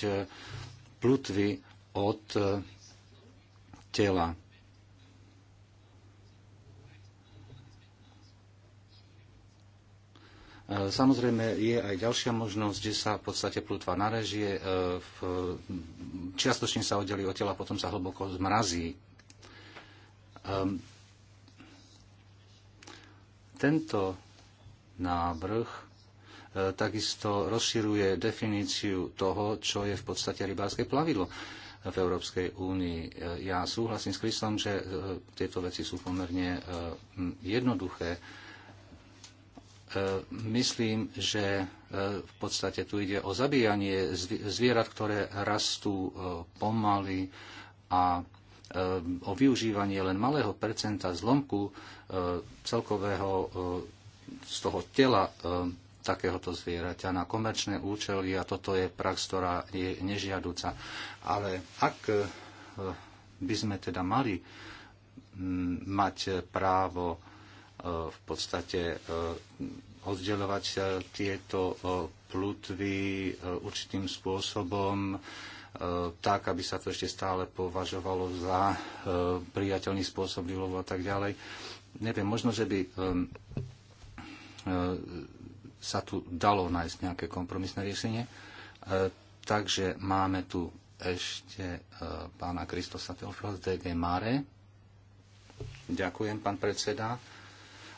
plutvy od e, tela. E, samozrejme je aj ďalšia možnosť, že sa v podstate plutva narežie, e, čiastočne sa oddelí od tela, potom sa hlboko zmrazí. Ehm, tento návrh E, takisto rozširuje definíciu toho, čo je v podstate rybárske plavidlo v Európskej únii. E, ja súhlasím s Kristom, že e, tieto veci sú pomerne jednoduché. Myslím, že v podstate tu ide o zabíjanie zvierat, ktoré rastú pomaly a o využívanie len malého percenta zlomku celkového z toho tela takéhoto zvieraťa na komerčné účely a toto je prax, ktorá je nežiaduca. Ale ak e, by sme teda mali mať právo e, v podstate e, oddelovať tieto plutvy určitým spôsobom, tak, aby sa to ešte stále považovalo za priateľný spôsob výlovu a tak ďalej. Neviem, možno, že by sa tu dalo nájsť nejaké kompromisné riešenie. E, takže máme tu ešte e, pána Kristosa Teofila z DG Mare. Ďakujem, pán predseda.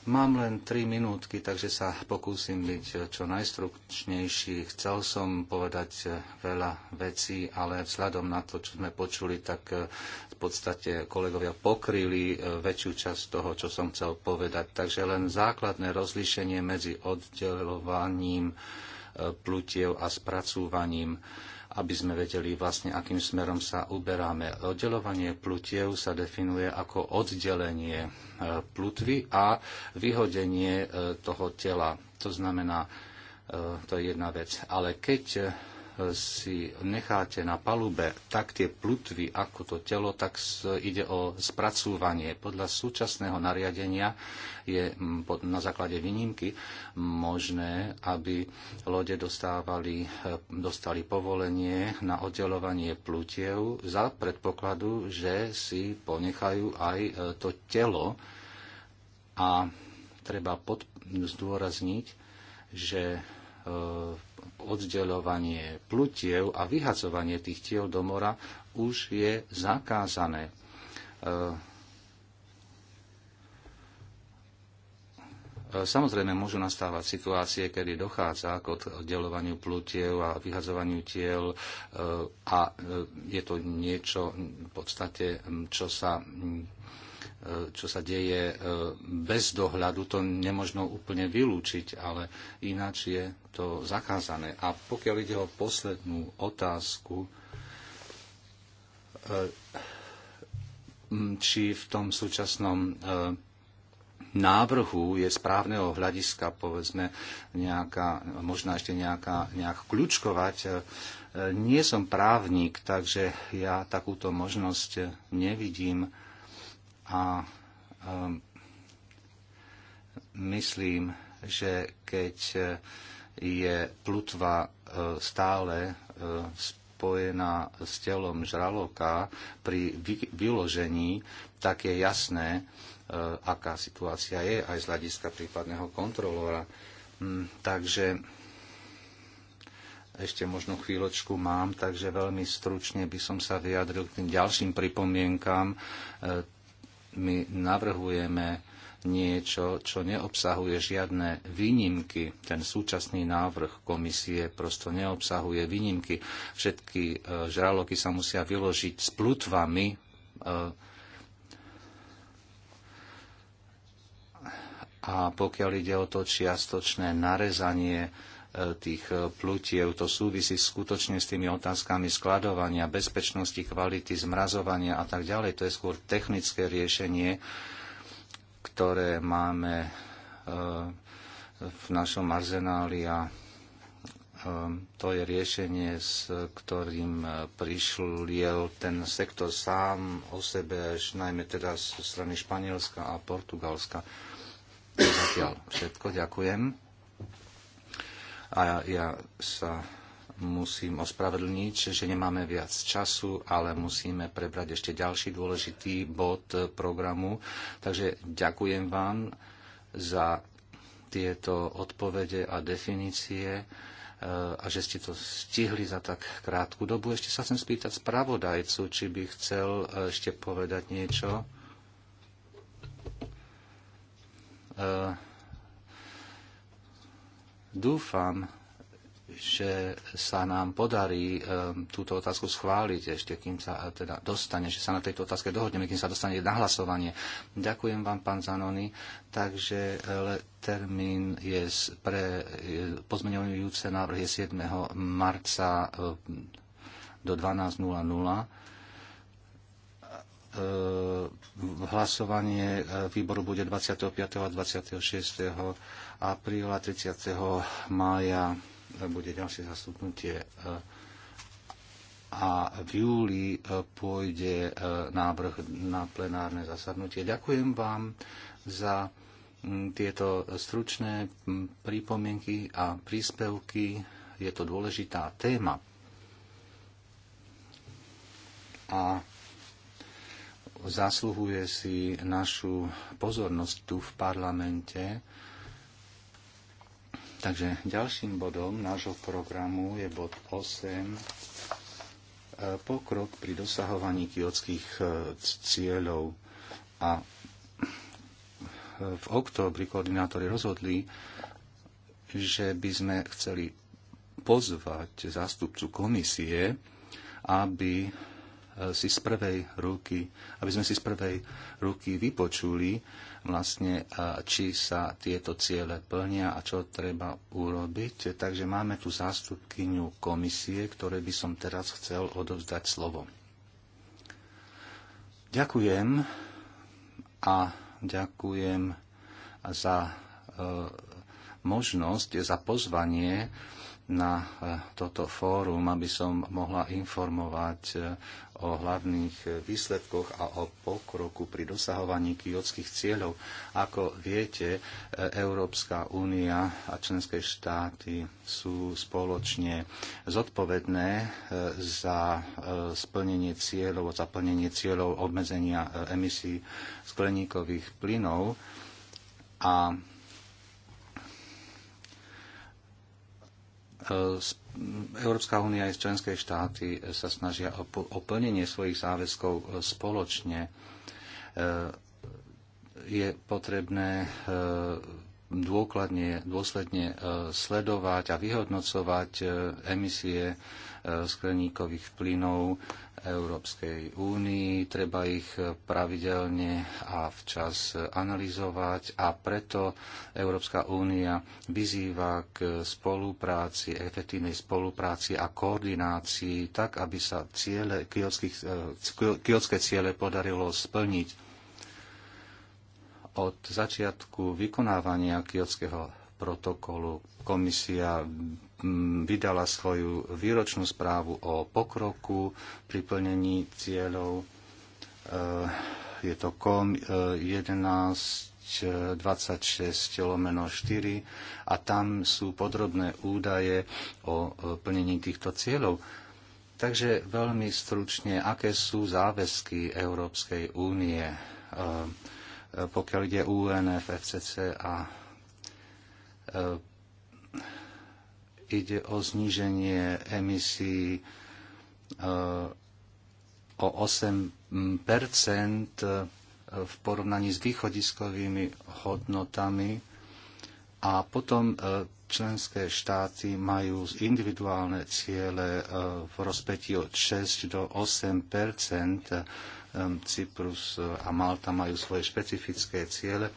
Mám len tri minútky, takže sa pokúsim byť čo najstručnejší. Chcel som povedať eh, veľa vecí, ale vzhľadom na to, čo sme počuli, tak eh, v podstate kolegovia pokryli eh, väčšiu časť toho, čo som chcel povedať. Takže len základné rozlíšenie medzi oddelovaním plutiev a spracúvaním aby sme vedeli vlastne, akým smerom sa uberáme. Oddelovanie plutiev sa definuje ako oddelenie e, plutvy a vyhodenie e, toho tela. To znamená, e, to je jedna vec. Ale keď si necháte na palube tak tie plutvy, ako to telo, tak ide o spracúvanie. Podľa súčasného nariadenia je na základe výnimky možné, aby lode dostávali, e, dostali povolenie na oddelovanie plutiev za predpokladu, že si ponechajú aj e, to telo a treba pod, zdôrazniť, že e, oddelovanie plutiev a vyhacovanie tých tiel do mora už je zakázané. E, e, samozrejme môžu nastávať situácie, kedy dochádza k oddelovaniu plutiev a vyhadzovaniu tiel e, a je to niečo v podstate, čo sa čo sa deje e, bez dohľadu, to nemožno úplne vylúčiť, ale ináč je to zakázané. A pokiaľ ide o poslednú otázku, e, či v tom súčasnom e, návrhu je správneho hľadiska, povedzme, nejaká, možno ešte nejaká, nejak kľúčkovať, nie som právnik, takže ja takúto možnosť nevidím a um, myslím, že keď eh, je plutva eh, stále eh, spojená s telom žraloka pri vyložení, tak je jasné, aká situácia je aj z hľadiska prípadného kontrolóra. Hm, takže ešte možno chvíľočku mám, takže veľmi stručne by som sa vyjadril k tým ďalším pripomienkám my navrhujeme niečo, čo neobsahuje žiadne výnimky. Ten súčasný návrh komisie prosto neobsahuje výnimky. Všetky e, žraloky sa musia vyložiť s plutvami. E, a pokiaľ ide o to čiastočné narezanie, tých e, plutiev. To súvisí skutočne s tými otázkami skladovania, bezpečnosti, kvality, zmrazovania a tak ďalej. To je skôr technické riešenie, ktoré máme e, v našom arzenáli a e, to je riešenie, s ktorým prišiel ten sektor sám o sebe, najmä teda zo strany Španielska a Portugalska. Zatiaľ všetko, ďakujem a ja sa musím ospravedlniť, že nemáme viac času, ale musíme prebrať ešte ďalší dôležitý bod programu. Takže ďakujem vám za tieto odpovede a definície e, a že ste to stihli za tak krátku dobu. Ešte sa chcem spýtať spravodajcu, či by chcel e, ešte povedať niečo. E, Dúfam, že sa nám podarí um, túto otázku schváliť ešte, kým sa e, teda dostane, že sa na tejto otázke dohodneme, kým sa dostane na hlasovanie. Ďakujem vám, pán Zanoni. Takže e, le, termín je pre e, pozmeňujúce návrh je 7. marca do 12.00 E, hlasovanie e, výboru bude 25. a 26. apríla, 30. mája bude ďalšie zastupnutie e, a v júli pôjde návrh na plenárne zasadnutie. Ďakujem vám za tieto stručné pripomienky a príspevky. Je to dôležitá téma. A zasluhuje si našu pozornosť tu v parlamente. Takže ďalším bodom nášho programu je bod 8. E, pokrok pri dosahovaní kiotských e, cieľov. A e, v októbri koordinátori rozhodli, že by sme chceli pozvať zástupcu komisie, aby si z prvej ruky, aby sme si z prvej ruky vypočuli vlastne, či sa tieto ciele plnia a čo treba urobiť. Takže máme tu zástupkyňu komisie, ktoré by som teraz chcel odovzdať slovo. Ďakujem a ďakujem za e, možnosť, za pozvanie na e, toto fórum, aby som mohla informovať e, o hlavných e, výsledkoch a o pokroku pri dosahovaní kiotských cieľov. Ako viete, Európska únia a členské štáty sú spoločne zodpovedné za splnenie cieľov, za plnenie cieľov obmedzenia emisí skleníkových plynov a E, Európska únia aj členské štáty e, sa snažia o plnenie svojich záväzkov e, spoločne. Je potrebné dôkladne, dôsledne sledovať a vyhodnocovať emisie skleníkových plynov Európskej únii. Treba ich pravidelne a včas analyzovať a preto Európska únia vyzýva k spolupráci, efektívnej spolupráci a koordinácii tak, aby sa ciele, kiotské eh, ciele podarilo splniť. Od začiatku vykonávania kiotského protokolu. Komisia mm, vydala svoju výročnú správu o pokroku pri plnení cieľov. Eh, je to KOM 1126 eh, lomeno 4 a tam sú podrobné údaje o eh, plnení týchto cieľov. Takže veľmi stručne, aké sú záväzky Európskej únie, pokiaľ ide UNF, FCC a Ehm, ide o zníženie emisí ehm, o 8 ehm, v porovnaní s východiskovými hodnotami a potom členské štáty majú individuálne ciele v rozpetí od 6 do 8 Cyprus a Malta majú svoje špecifické ciele.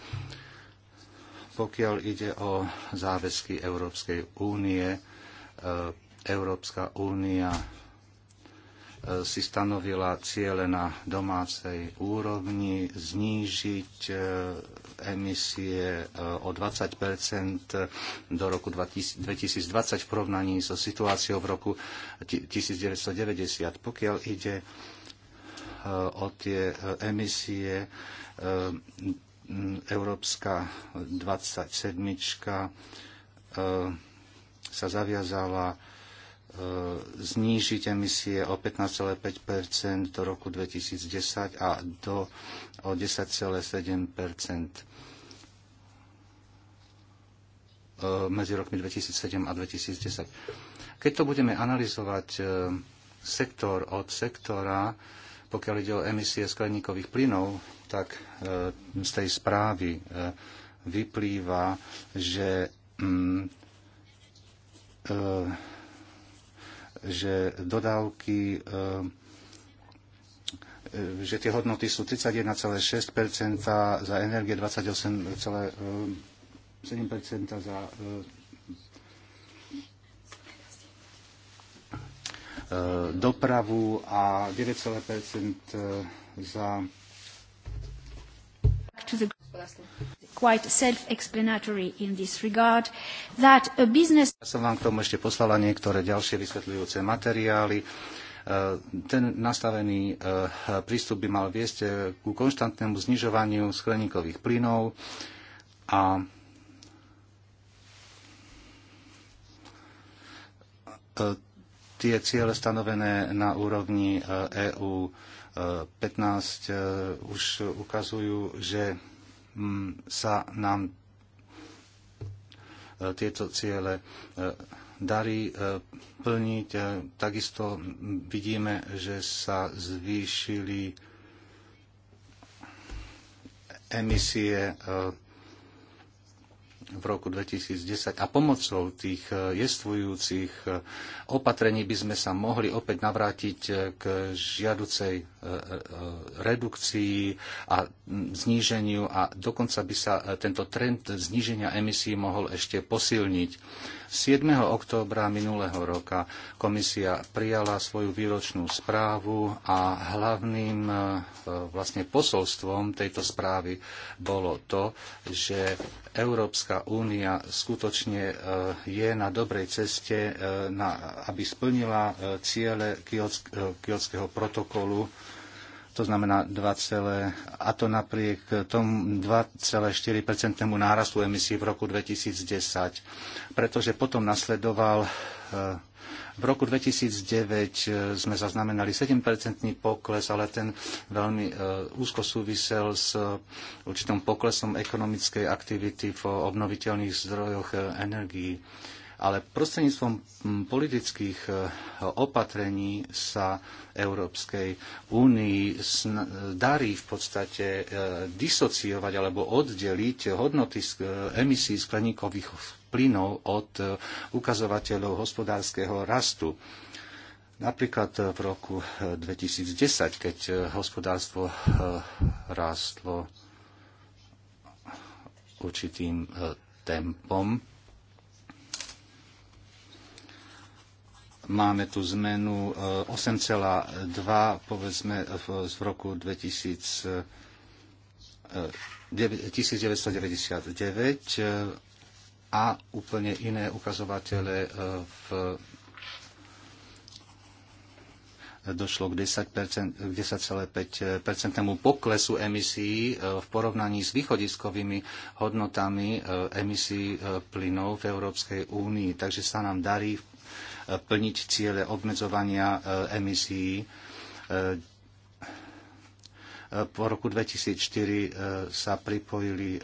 Pokiaľ ide o záväzky Európskej únie, e, Európska únia e, si stanovila ciele na domácej úrovni znížiť e, emisie o 20 do roku 2020 v porovnaní so situáciou v roku 1990. Pokiaľ ide o tie emisie Európska 27 e, sa zaviazala e, znížiť emisie o 15,5 do roku 2010 a do o 10,7 e, medzi rokmi 2007 a 2010. Keď to budeme analyzovať sektor od sektora, pokiaľ ide o emisie skleníkových plynov, tak e, z tej správy e, vyplýva, že mm, e, že dodávky že tie hodnoty sú 31,6% za energie, 28,7% za E, dopravu a 9,5 e, za quite self-explanatory in this regard, that a business... Ja som vám k tomu ešte poslala niektoré ďalšie vysvetľujúce materiály. E, ten nastavený prístup by mal viesť ku konštantnému znižovaniu skleníkových plynov a to tie ciele stanovené na úrovni EÚ eh, 15 e eh, eh, už ukazujú, že mm, sa nám tieto ciele darí plniť. Takisto vidíme, že sa zvýšili emisie v roku 2010 a pomocou tých e, jestvujúcich e, opatrení by sme sa mohli opäť navrátiť e, k žiaducej redukcii a zníženiu a dokonca by sa tento trend zníženia emisí mohol ešte posilniť. 7. októbra minulého roka komisia prijala svoju výročnú správu a hlavným e, vlastne posolstvom tejto správy bolo to, že Európska únia skutočne e, je na dobrej ceste, e, aby splnila ciele kiotského protokolu to znamená 2, a to napriek tomu 2,4-percentnému nárastu emisí v roku 2010, pretože potom nasledoval eh, v roku 2009 eh, sme zaznamenali 7-percentný pokles, ale ten veľmi eh, úzko súvisel s určitým poklesom ekonomickej aktivity v obnoviteľných zdrojoch energií ale prostredníctvom mm, politických e, opatrení sa Európskej únii darí v podstate e, disociovať alebo oddeliť hodnoty e, emisí skleníkových plynov od ukazovateľov hospodárskeho rastu. Napríklad v roku 2010, keď hospodárstvo rástlo určitým tempom, Máme tu zmenu 8,2, e, povedzme, v, v roku 2000, 1999 e, e, a úplne iné ukazovatele v došlo k 10,5% percentnému poklesu emisí v porovnaní s východiskovými hodnotami emisí plynov v Európskej únii. Takže sa nám darí plniť ciele obmedzovania e, emisí. E, po roku 2004 e, sa pripojili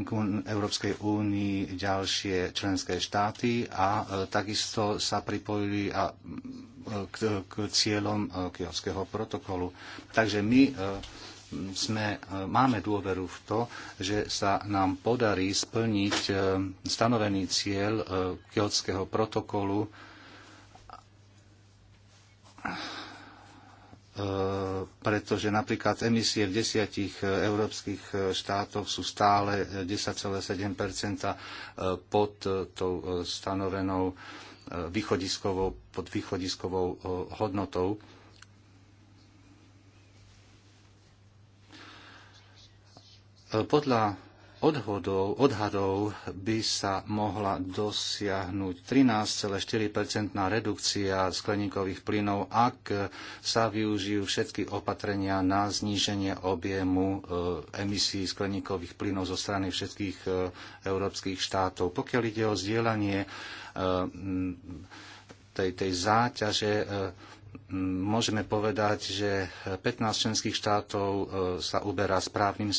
k Európskej únii ďalšie členské štáty a takisto sa pripojili k, cieľom kievského protokolu. Takže my sme, máme dôveru v to, že sa nám podarí splniť e, stanovený cieľ e, Kyotského protokolu e, pretože napríklad emisie v desiatich európskych štátoch sú stále 10,7 pod tou stanovenou východiskovou, pod východiskovou hodnotou. Podľa odhodov, odhadov by sa mohla dosiahnuť 13,4 redukcia skleníkových plynov, ak sa využijú všetky opatrenia na zníženie objemu e, emisí skleníkových plynov zo strany všetkých e, európskych štátov. Pokiaľ ide o zdieľanie e, tej, tej záťaže, môžeme povedať, že 15 členských štátov e, sa uberá správnym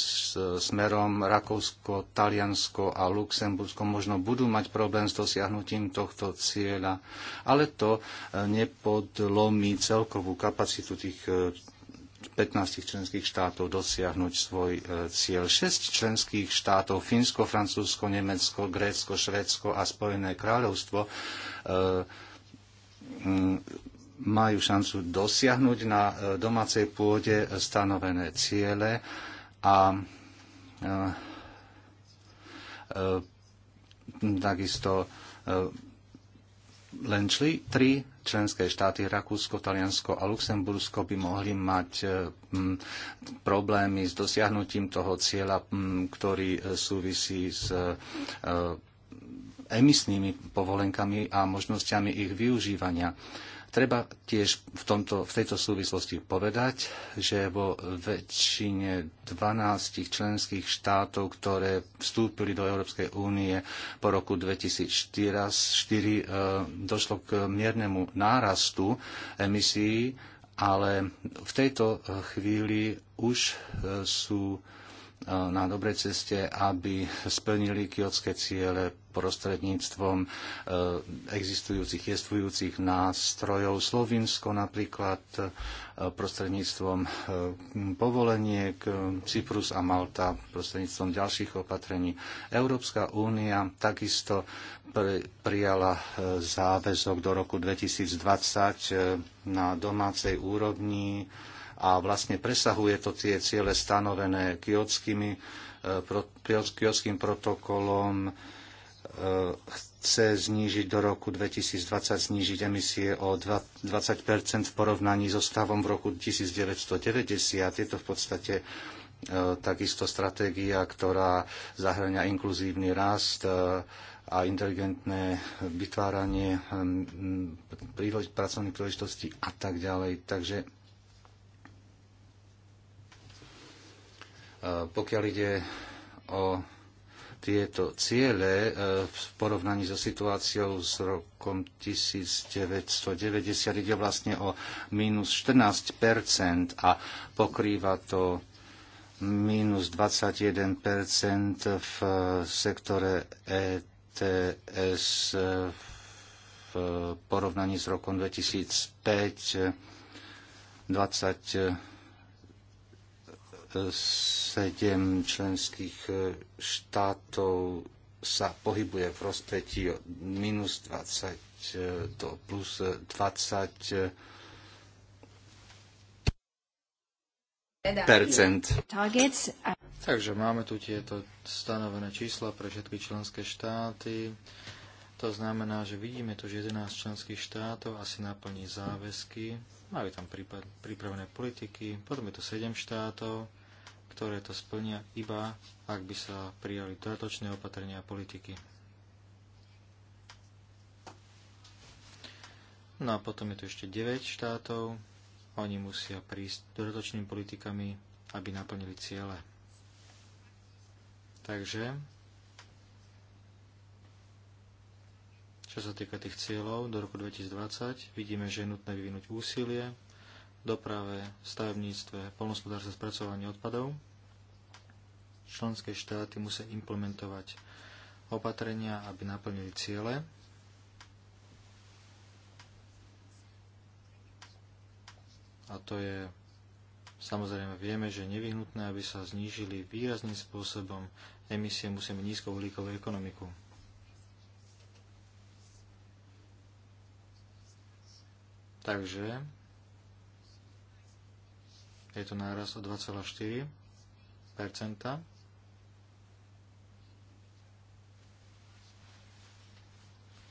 smerom. Rakousko, Taliansko a Luxembursko možno budú mať problém s dosiahnutím tohto cieľa, ale to e, nepodlomí celkovú kapacitu tých 15 e, členských štátov dosiahnuť svoj cieľ. 6 členských štátov, Fínsko, Francúzsko, Nemecko, Grécko, Švédsko a Spojené kráľovstvo, majú šancu dosiahnuť na e, domácej pôde stanovené ciele a e, e, takisto len čli, tri členské štáty, Rakúsko, Taliansko a Luxembursko, by mohli mať problémy s dosiahnutím toho cieľa, ktorý súvisí s emisnými povolenkami a možnosťami ich využívania. Treba tiež v, tomto, v tejto súvislosti povedať, že vo väčšine 12 členských štátov, ktoré vstúpili do Európskej únie po roku 2004, eh, došlo k miernemu nárastu emisí, ale v tejto chvíli už eh, sú E, na dobrej ceste, aby splnili kiotské ciele prostredníctvom e, existujúcich, jestvujúcich nástrojov. Slovinsko napríklad e, prostredníctvom povoleniek, Cyprus a Malta prostredníctvom ďalších opatrení. Európska únia takisto prijala záväzok do roku 2020 na domácej úrovni a vlastne presahuje to tie ciele stanovené kiotskými, e, protokolom, e, chce znížiť do roku 2020 znížiť emisie o 20 v porovnaní so stavom v roku 1990. Je to v podstate e, takisto stratégia, ktorá zahrania inkluzívny rast a inteligentné vytváranie pracovných príležitostí a tak ďalej. Takže Pokiaľ ide o tieto ciele e, v porovnaní so situáciou s rokom 1990 ide vlastne o mínus 14 a pokrýva to mínus 21 v sektore ETS e, v porovnaní s rokom 2005 20 sedem členských e, štátov sa pohybuje v rozpetí od minus 20 e, do plus 20 e, percent. Takže máme tu tieto stanovené čísla pre všetky členské štáty. To znamená, že vidíme tu, že 11 členských štátov asi naplní záväzky, majú tam pripravené politiky, potom je to 7 štátov, ktoré to splnia iba, ak by sa prijali dodatočné opatrenia a politiky. No a potom je tu ešte 9 štátov. Oni musia prísť dodatočnými politikami, aby naplnili ciele. Takže, čo sa týka tých cieľov do roku 2020, vidíme, že je nutné vyvinúť úsilie, doprave, stavebníctve, polnospodárstve, spracovanie odpadov. Členské štáty musia implementovať opatrenia, aby naplnili ciele. A to je, samozrejme vieme, že je nevyhnutné, aby sa znížili výrazným spôsobom emisie, musíme nízko uhlíkovú ekonomiku. Takže je to náraz o 2,4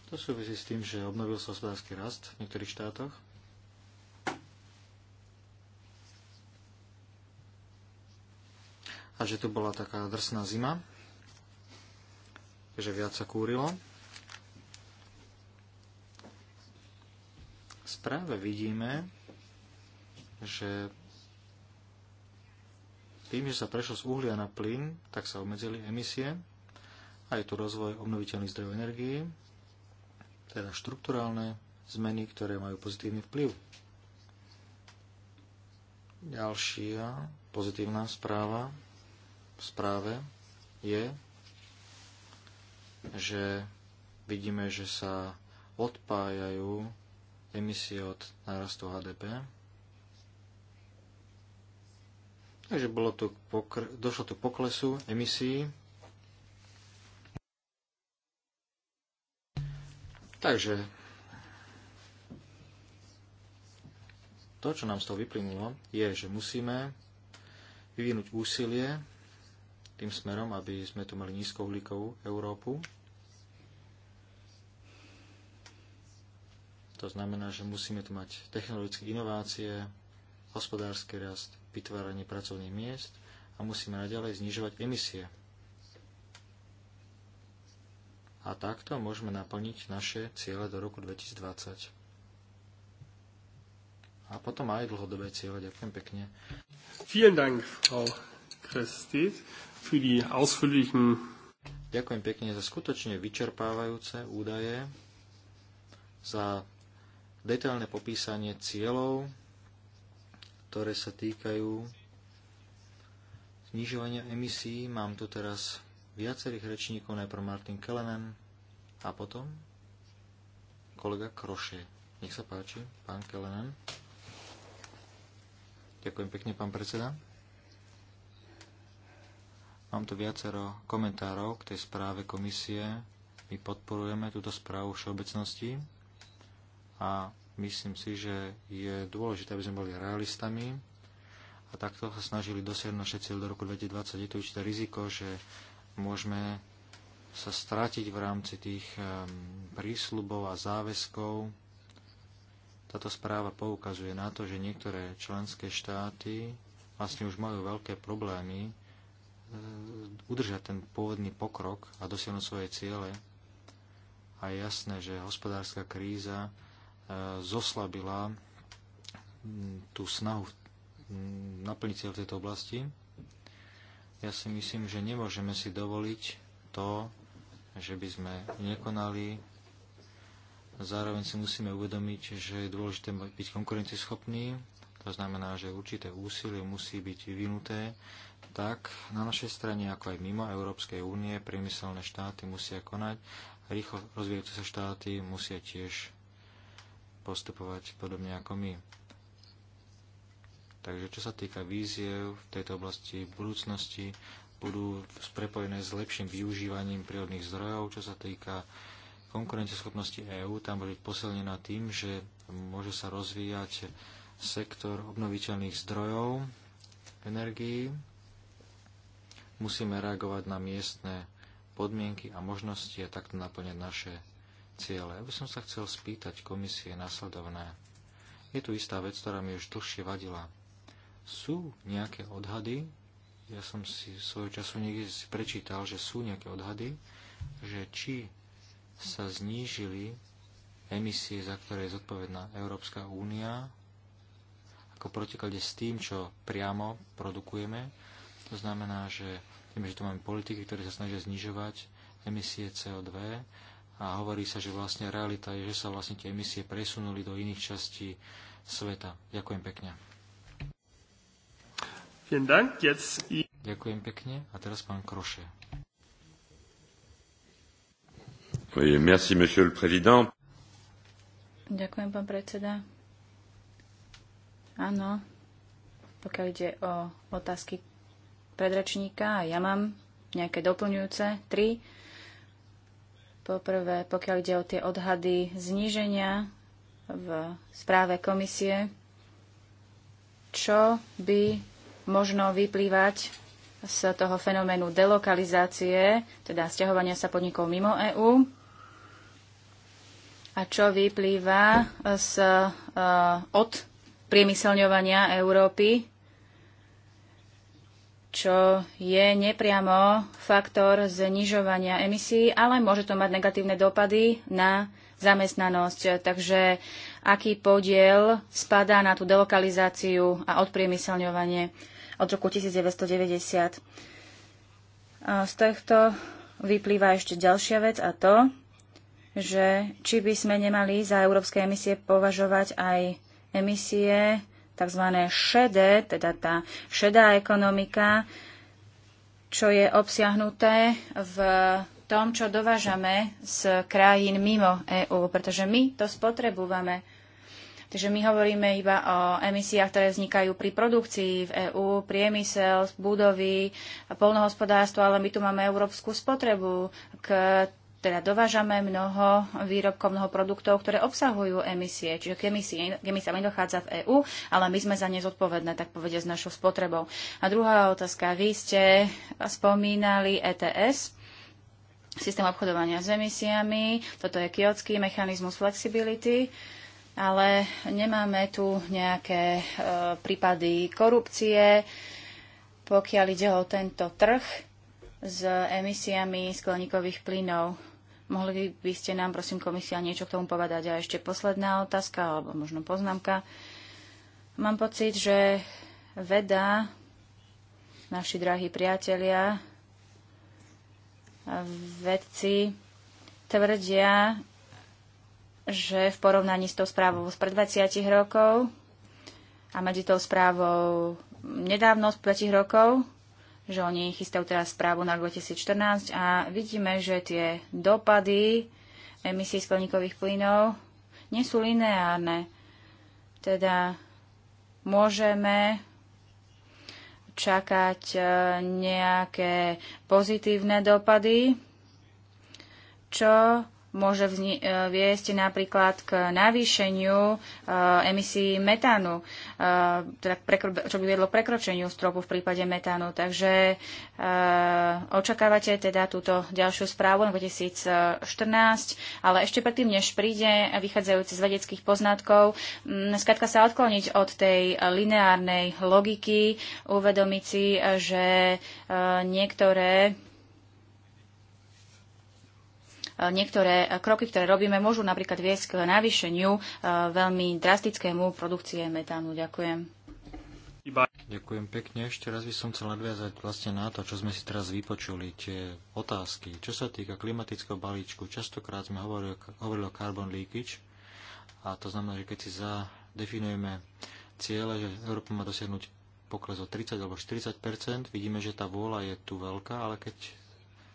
To súvisí s tým, že obnovil sa hospodársky rast v niektorých štátoch. A že tu bola taká drsná zima, že viac sa kúrilo. Správe vidíme, že tým, že sa prešlo z uhlia na plyn, tak sa obmedzili emisie a je tu rozvoj obnoviteľných zdrojov energií, teda štruktúrálne zmeny, ktoré majú pozitívny vplyv. Ďalšia pozitívna správa v správe je, že vidíme, že sa odpájajú emisie od nárastu HDP, Takže bolo to pokr- došlo tu poklesu emisí. Takže to, čo nám z toho vyplynulo, je, že musíme vyvinúť úsilie tým smerom, aby sme tu mali nízkouhlíkovú Európu. To znamená, že musíme tu mať technologické inovácie, hospodársky rast, vytváranie pracovných miest a musíme naďalej znižovať emisie. A takto môžeme naplniť naše ciele do roku 2020. A potom aj dlhodobé ciele. Ďakujem pekne. Vielen Dank, Frau Christit, für die ausführlichen... Ďakujem pekne za skutočne vyčerpávajúce údaje, za detailné popísanie cieľov, ktoré sa týkajú znižovania emisí. Mám tu teraz viacerých rečníkov, najprv Martin Kelenen a potom kolega Kroše. Nech sa páči, pán Kelenen. Ďakujem pekne, pán predseda. Mám tu viacero komentárov k tej správe komisie. My podporujeme túto správu všeobecnosti a Myslím si, že je dôležité, aby sme boli realistami a takto sa snažili dosiahnuť naše cieľ do roku 2020. Je to určité riziko, že môžeme sa stratiť v rámci tých prísľubov a záväzkov. Táto správa poukazuje na to, že niektoré členské štáty vlastne už majú veľké problémy e, udržať ten pôvodný pokrok a dosiahnuť svoje ciele. A je jasné, že hospodárska kríza E, zoslabila tú snahu naplniť v tejto oblasti. Ja si myslím, že nemôžeme si dovoliť to, že by sme nekonali. Zároveň si musíme uvedomiť, že je dôležité byť konkurencieschopný. To znamená, že určité úsilie musí byť vyvinuté tak na našej strane, ako aj mimo Európskej únie, priemyselné štáty musia konať, rýchlo rozvíjajúce sa štáty musia tiež postupovať podobne ako my. Takže čo sa týka víziev v tejto oblasti budúcnosti, budú prepojené s lepším využívaním prírodných zdrojov. Čo sa týka konkurenceschopnosti EÚ, tam bude posilnená tým, že môže sa rozvíjať sektor obnoviteľných zdrojov energií. Musíme reagovať na miestne podmienky a možnosti a takto naplňať naše ciele. Ja by som sa chcel spýtať komisie nasledovné. Je tu istá vec, ktorá mi už dlhšie vadila. Sú nejaké odhady, ja som si svojho času niekde si prečítal, že sú nejaké odhady, že či sa znížili emisie, za ktoré je zodpovedná Európska únia, ako protiklade s tým, čo priamo produkujeme. To znamená, že tým, že tu máme politiky, ktoré sa snažia znižovať emisie CO2, a hovorí sa, že vlastne realita je, že sa vlastne tie emisie presunuli do iných častí sveta. Ďakujem pekne. Ďakujem pekne. A teraz pán Kroše. Oui, merci, monsieur le président. Ďakujem, pán predseda. Áno, pokiaľ ide o otázky predrečníka, ja mám nejaké doplňujúce, tri. Poprvé, pokiaľ ide o tie odhady zníženia v správe komisie, čo by možno vyplývať z toho fenoménu delokalizácie, teda stiahovania sa podnikov mimo EÚ a čo vyplýva z, eh, od priemyselňovania Európy čo je nepriamo faktor znižovania emisí, ale môže to mať negatívne dopady na zamestnanosť. Takže aký podiel spadá na tú delokalizáciu a odpriemyselňovanie od roku 1990. Z tohto vyplýva ešte ďalšia vec a to, že či by sme nemali za európske emisie považovať aj emisie, tzv. šedé, teda tá šedá ekonomika, čo je obsiahnuté v tom, čo dovážame z krajín mimo EÚ, pretože my to spotrebujeme. Takže my hovoríme iba o emisiách, ktoré vznikajú pri produkcii v EÚ, priemysel, budovy, polnohospodárstvo, ale my tu máme európsku spotrebu, teda dovážame mnoho výrobkov, mnoho produktov, ktoré obsahujú emisie. Čiže k, emisii, k nedochádza v EÚ, ale my sme za ne zodpovedné, tak povedia, s našou spotrebou. A druhá otázka. Vy ste spomínali ETS, systém obchodovania s emisiami. Toto je kiotský mechanizmus flexibility ale nemáme tu nejaké e, prípady korupcie. Pokiaľ ide o tento trh, s emisiami skleníkových plynov. Mohli by ste nám, prosím, komisia niečo k tomu povedať? A ešte posledná otázka, alebo možno poznámka. Mám pocit, že veda, naši drahí priatelia, vedci tvrdia, že v porovnaní s tou správou z pred 20 rokov a medzi tou správou nedávno z 5 rokov že oni chystajú teraz správu na rok 2014 a vidíme, že tie dopady emisí skleníkových plynov nie sú lineárne. Teda môžeme čakať e, nejaké pozitívne dopady, čo môže vzni- e, viesť napríklad k navýšeniu e, emisí metánu, e, teda čo by viedlo k prekročeniu stropu v prípade metánu. Takže očakávate teda túto ďalšiu správu na 2014, ale ešte predtým, než príde vychádzajúci z vedeckých poznatkov, skratka sa odkloniť od tej lineárnej logiky, uvedomiť si, že niektoré niektoré kroky, ktoré robíme, môžu napríklad viesť k navýšeniu eh, veľmi drastickému produkcie metánu. Ďakujem. Ďakujem pekne. Ešte raz by som chcel nadviazať vlastne na to, čo sme si teraz vypočuli, tie otázky. Čo sa týka klimatického balíčku, častokrát sme hovorili, hovorili o carbon leakage a to znamená, že keď si zadefinujeme ciele, že Európa má dosiahnuť pokles o 30 alebo 40 vidíme, že tá vôľa je tu veľká, ale keď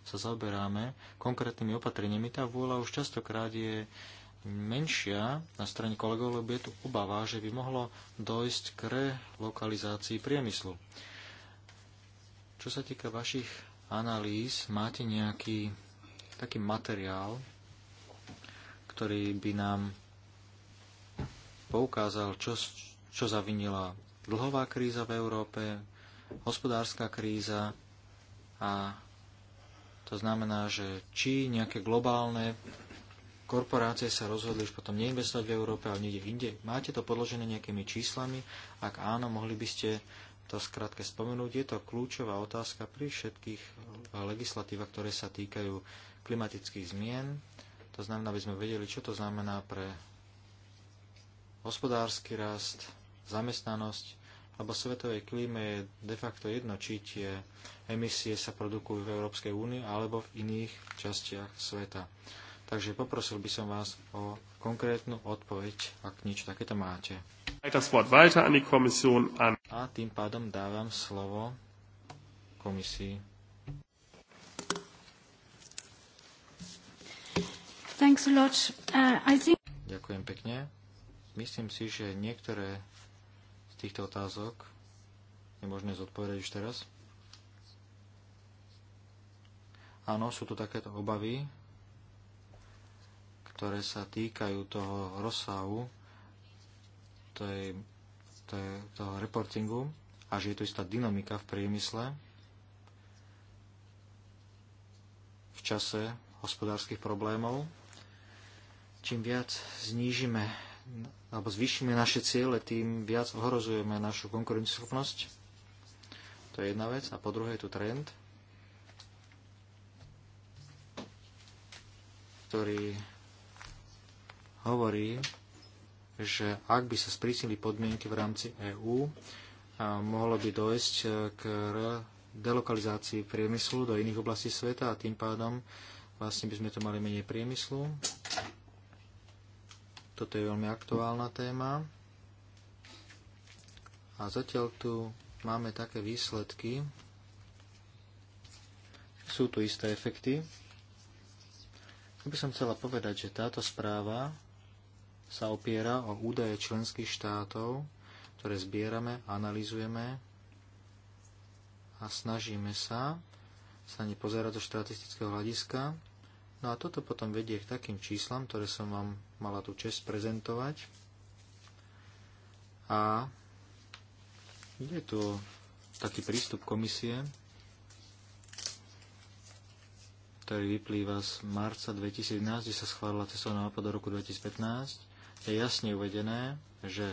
sa zaoberáme konkrétnymi opatreniami, tá vôľa už častokrát je menšia na strane kolegov, lebo je tu obava, že by mohlo dojsť k relokalizácii priemyslu. Čo sa týka vašich analýz, máte nejaký taký materiál, ktorý by nám poukázal, čo, čo zavinila dlhová kríza v Európe, hospodárska kríza a to znamená, že či nejaké globálne korporácie sa rozhodli už potom neinvestovať v Európe, ale niekde inde. Máte to podložené nejakými číslami? Ak áno, mohli by ste to skrátke spomenúť. Je to kľúčová otázka pri všetkých legislatívach, ktoré sa týkajú klimatických zmien. To znamená, aby sme vedeli, čo to znamená pre hospodársky rast, zamestnanosť alebo svetovej klíme je de facto jedno, či tie emisie sa produkujú v Európskej únii alebo v iných častiach sveta. Takže poprosil by som vás o konkrétnu odpoveď, ak niečo takéto máte. A tým pádom dávam slovo komisii. Uh, Ďakujem pekne. Myslím si, že niektoré týchto otázok je možné zodpovedať už teraz? Áno, sú tu takéto obavy, ktoré sa týkajú toho rozsahu tej, tej, toho reportingu a že je tu istá dynamika v priemysle v čase hospodárskych problémov. Čím viac znížime alebo zvýšime naše ciele, tým viac ohrozujeme našu konkurenceschopnosť. To je jedna vec. A po druhé je tu trend, ktorý hovorí, že ak by sa sprísnili podmienky v rámci EÚ, mohlo by dojsť k delokalizácii priemyslu do iných oblastí sveta a tým pádom vlastne by sme to mali menej priemyslu toto je veľmi aktuálna téma. A zatiaľ tu máme také výsledky. Sú tu isté efekty. Ja by som chcela povedať, že táto správa sa opiera o údaje členských štátov, ktoré zbierame, analizujeme a snažíme sa sa nepozerať do štatistického hľadiska, No a toto potom vedie k takým číslam, ktoré som vám mala tu čest prezentovať. A je tu taký prístup komisie, ktorý vyplýva z marca 2011, kde sa schválila cestovná mapa do roku 2015. Je jasne uvedené, že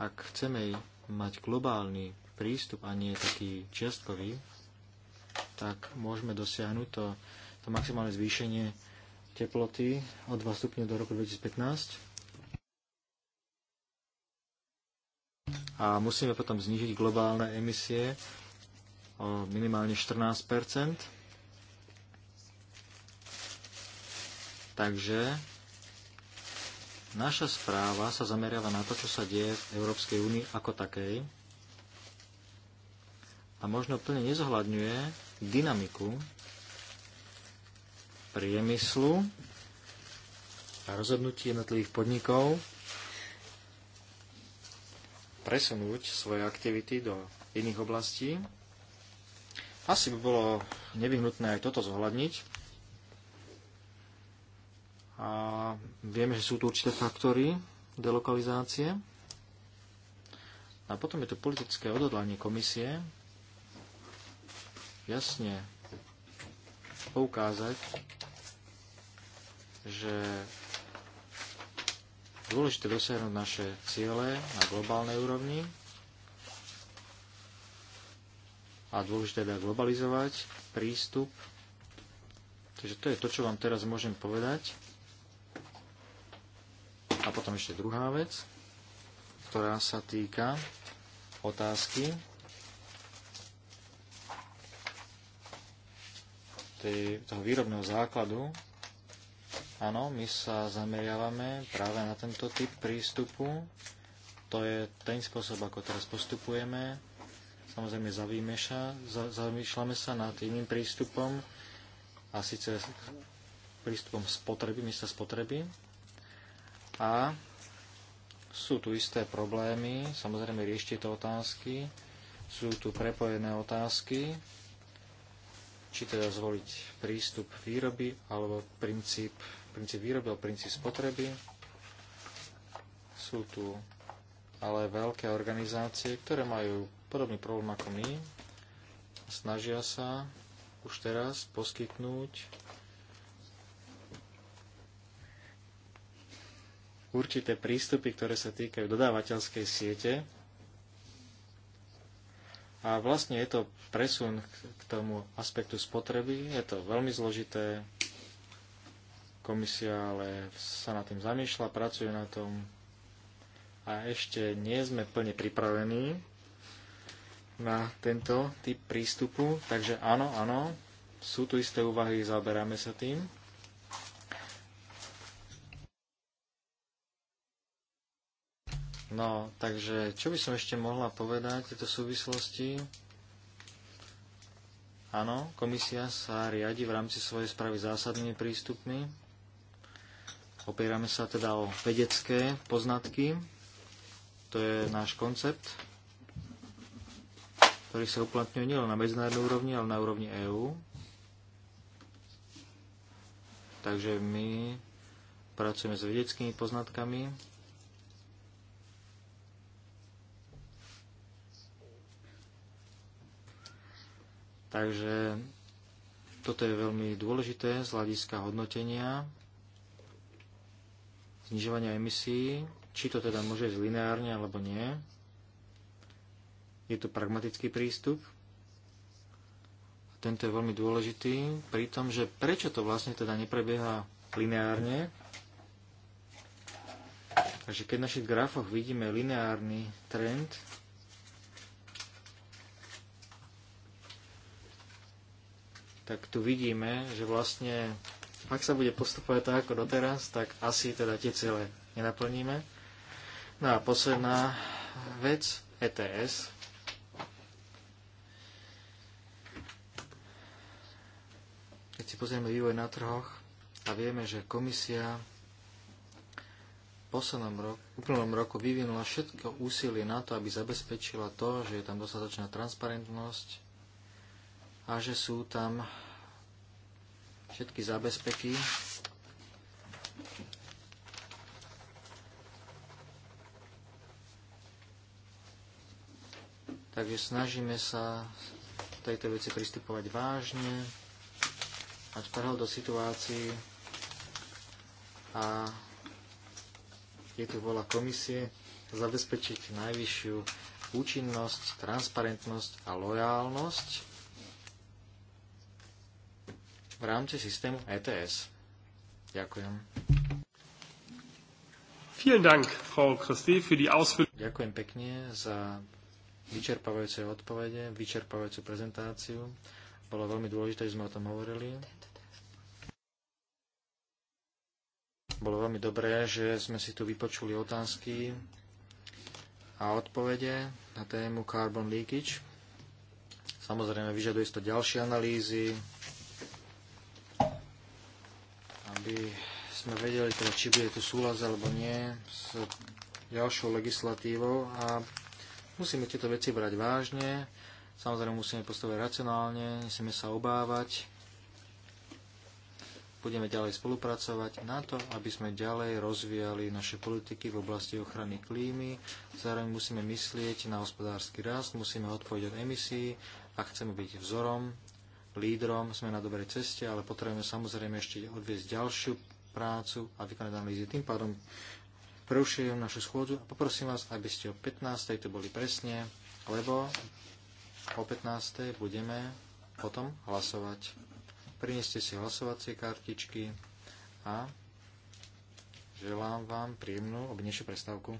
ak chceme mať globálny prístup a nie taký čiastkový, tak môžeme dosiahnuť to, to maximálne zvýšenie teploty o 2 stupne do roku 2015. A musíme potom znižiť globálne emisie o minimálne 14 Takže naša správa sa zameriava na to, čo sa deje v Európskej únii ako takej a možno plne nezohľadňuje dynamiku priemyslu a rozhodnutí jednotlivých podnikov presunúť svoje aktivity do iných oblastí. Asi by bolo nevyhnutné aj toto zohľadniť. A vieme, že sú tu určité faktory delokalizácie. A potom je tu politické odhodlanie komisie jasne poukázať, že dôležité dosiahnuť naše ciele na globálnej úrovni a dôležité teda globalizovať prístup. Takže to je to, čo vám teraz môžem povedať. A potom ešte druhá vec, ktorá sa týka otázky, tej, toho výrobného základu, áno, my sa zameriavame práve na tento typ prístupu. To je ten spôsob, ako teraz postupujeme. Samozrejme, zavýmeša, za, zamýšľame sa nad iným prístupom, a síce prístupom spotreby, miesta spotreby. A sú tu isté problémy, samozrejme riešte to otázky, sú tu prepojené otázky, či teda zvoliť prístup výroby alebo princíp, princíp výroby alebo princíp spotreby. Sú tu ale veľké organizácie, ktoré majú podobný problém ako my. Snažia sa už teraz poskytnúť určité prístupy, ktoré sa týkajú dodávateľskej siete a vlastne je to presun k tomu aspektu spotreby. Je to veľmi zložité. Komisia ale sa na tým zamýšľa, pracuje na tom. A ešte nie sme plne pripravení na tento typ prístupu. Takže áno, áno, sú tu isté úvahy, zaoberáme sa tým. No, takže čo by som ešte mohla povedať v tejto súvislosti? Áno, komisia sa riadi v rámci svojej správy zásadnými prístupmi. Opierame sa teda o vedecké poznatky. To je náš koncept, ktorý sa uplatňuje nielen na medzinárodnej úrovni, ale na úrovni EÚ. Takže my pracujeme s vedeckými poznatkami, Takže toto je veľmi dôležité z hľadiska hodnotenia znižovania emisí, či to teda môže ísť lineárne alebo nie. Je tu pragmatický prístup. Tento je veľmi dôležitý pri tom, že prečo to vlastne teda neprebieha lineárne. Takže keď v našich grafoch vidíme lineárny trend, tak tu vidíme, že vlastne ak sa bude postupovať tak ako doteraz, tak asi teda tie celé nenaplníme. No a posledná vec, ETS. Keď si pozrieme vývoj na trhoch a vieme, že komisia v poslednom roku, úplnom roku vyvinula všetko úsilie na to, aby zabezpečila to, že je tam dostatočná transparentnosť, a že sú tam všetky zabezpeky. Takže snažíme sa tejto veci pristupovať vážne, mať prehľad do situácií a je tu vola komisie zabezpečiť najvyššiu účinnosť, transparentnosť a lojálnosť v rámci systému ETS. Ďakujem. Ďakujem pekne za vyčerpávajúce odpovede, vyčerpávajúcu prezentáciu. Bolo veľmi dôležité, že sme o tom hovorili. Bolo veľmi dobré, že sme si tu vypočuli otázky a odpovede na tému carbon leakage. Samozrejme, vyžaduje to ďalšie analýzy, aby sme vedeli, teda, či bude tu súhlas alebo nie s ďalšou legislatívou a musíme tieto veci brať vážne, samozrejme musíme postavať racionálne, nesmieme sa obávať, budeme ďalej spolupracovať na to, aby sme ďalej rozvíjali naše politiky v oblasti ochrany klímy. Zároveň musíme myslieť na hospodársky rast, musíme odpovedať od emisí a chceme byť vzorom lídrom, sme na dobrej ceste, ale potrebujeme samozrejme ešte odviesť ďalšiu prácu a vykonať analýzy. Tým pádom prerušujem našu schôdzu a poprosím vás, aby ste o 15. to boli presne, lebo o 15. budeme potom hlasovať. Prineste si hlasovacie kartičky a želám vám príjemnú obnejšiu prestávku.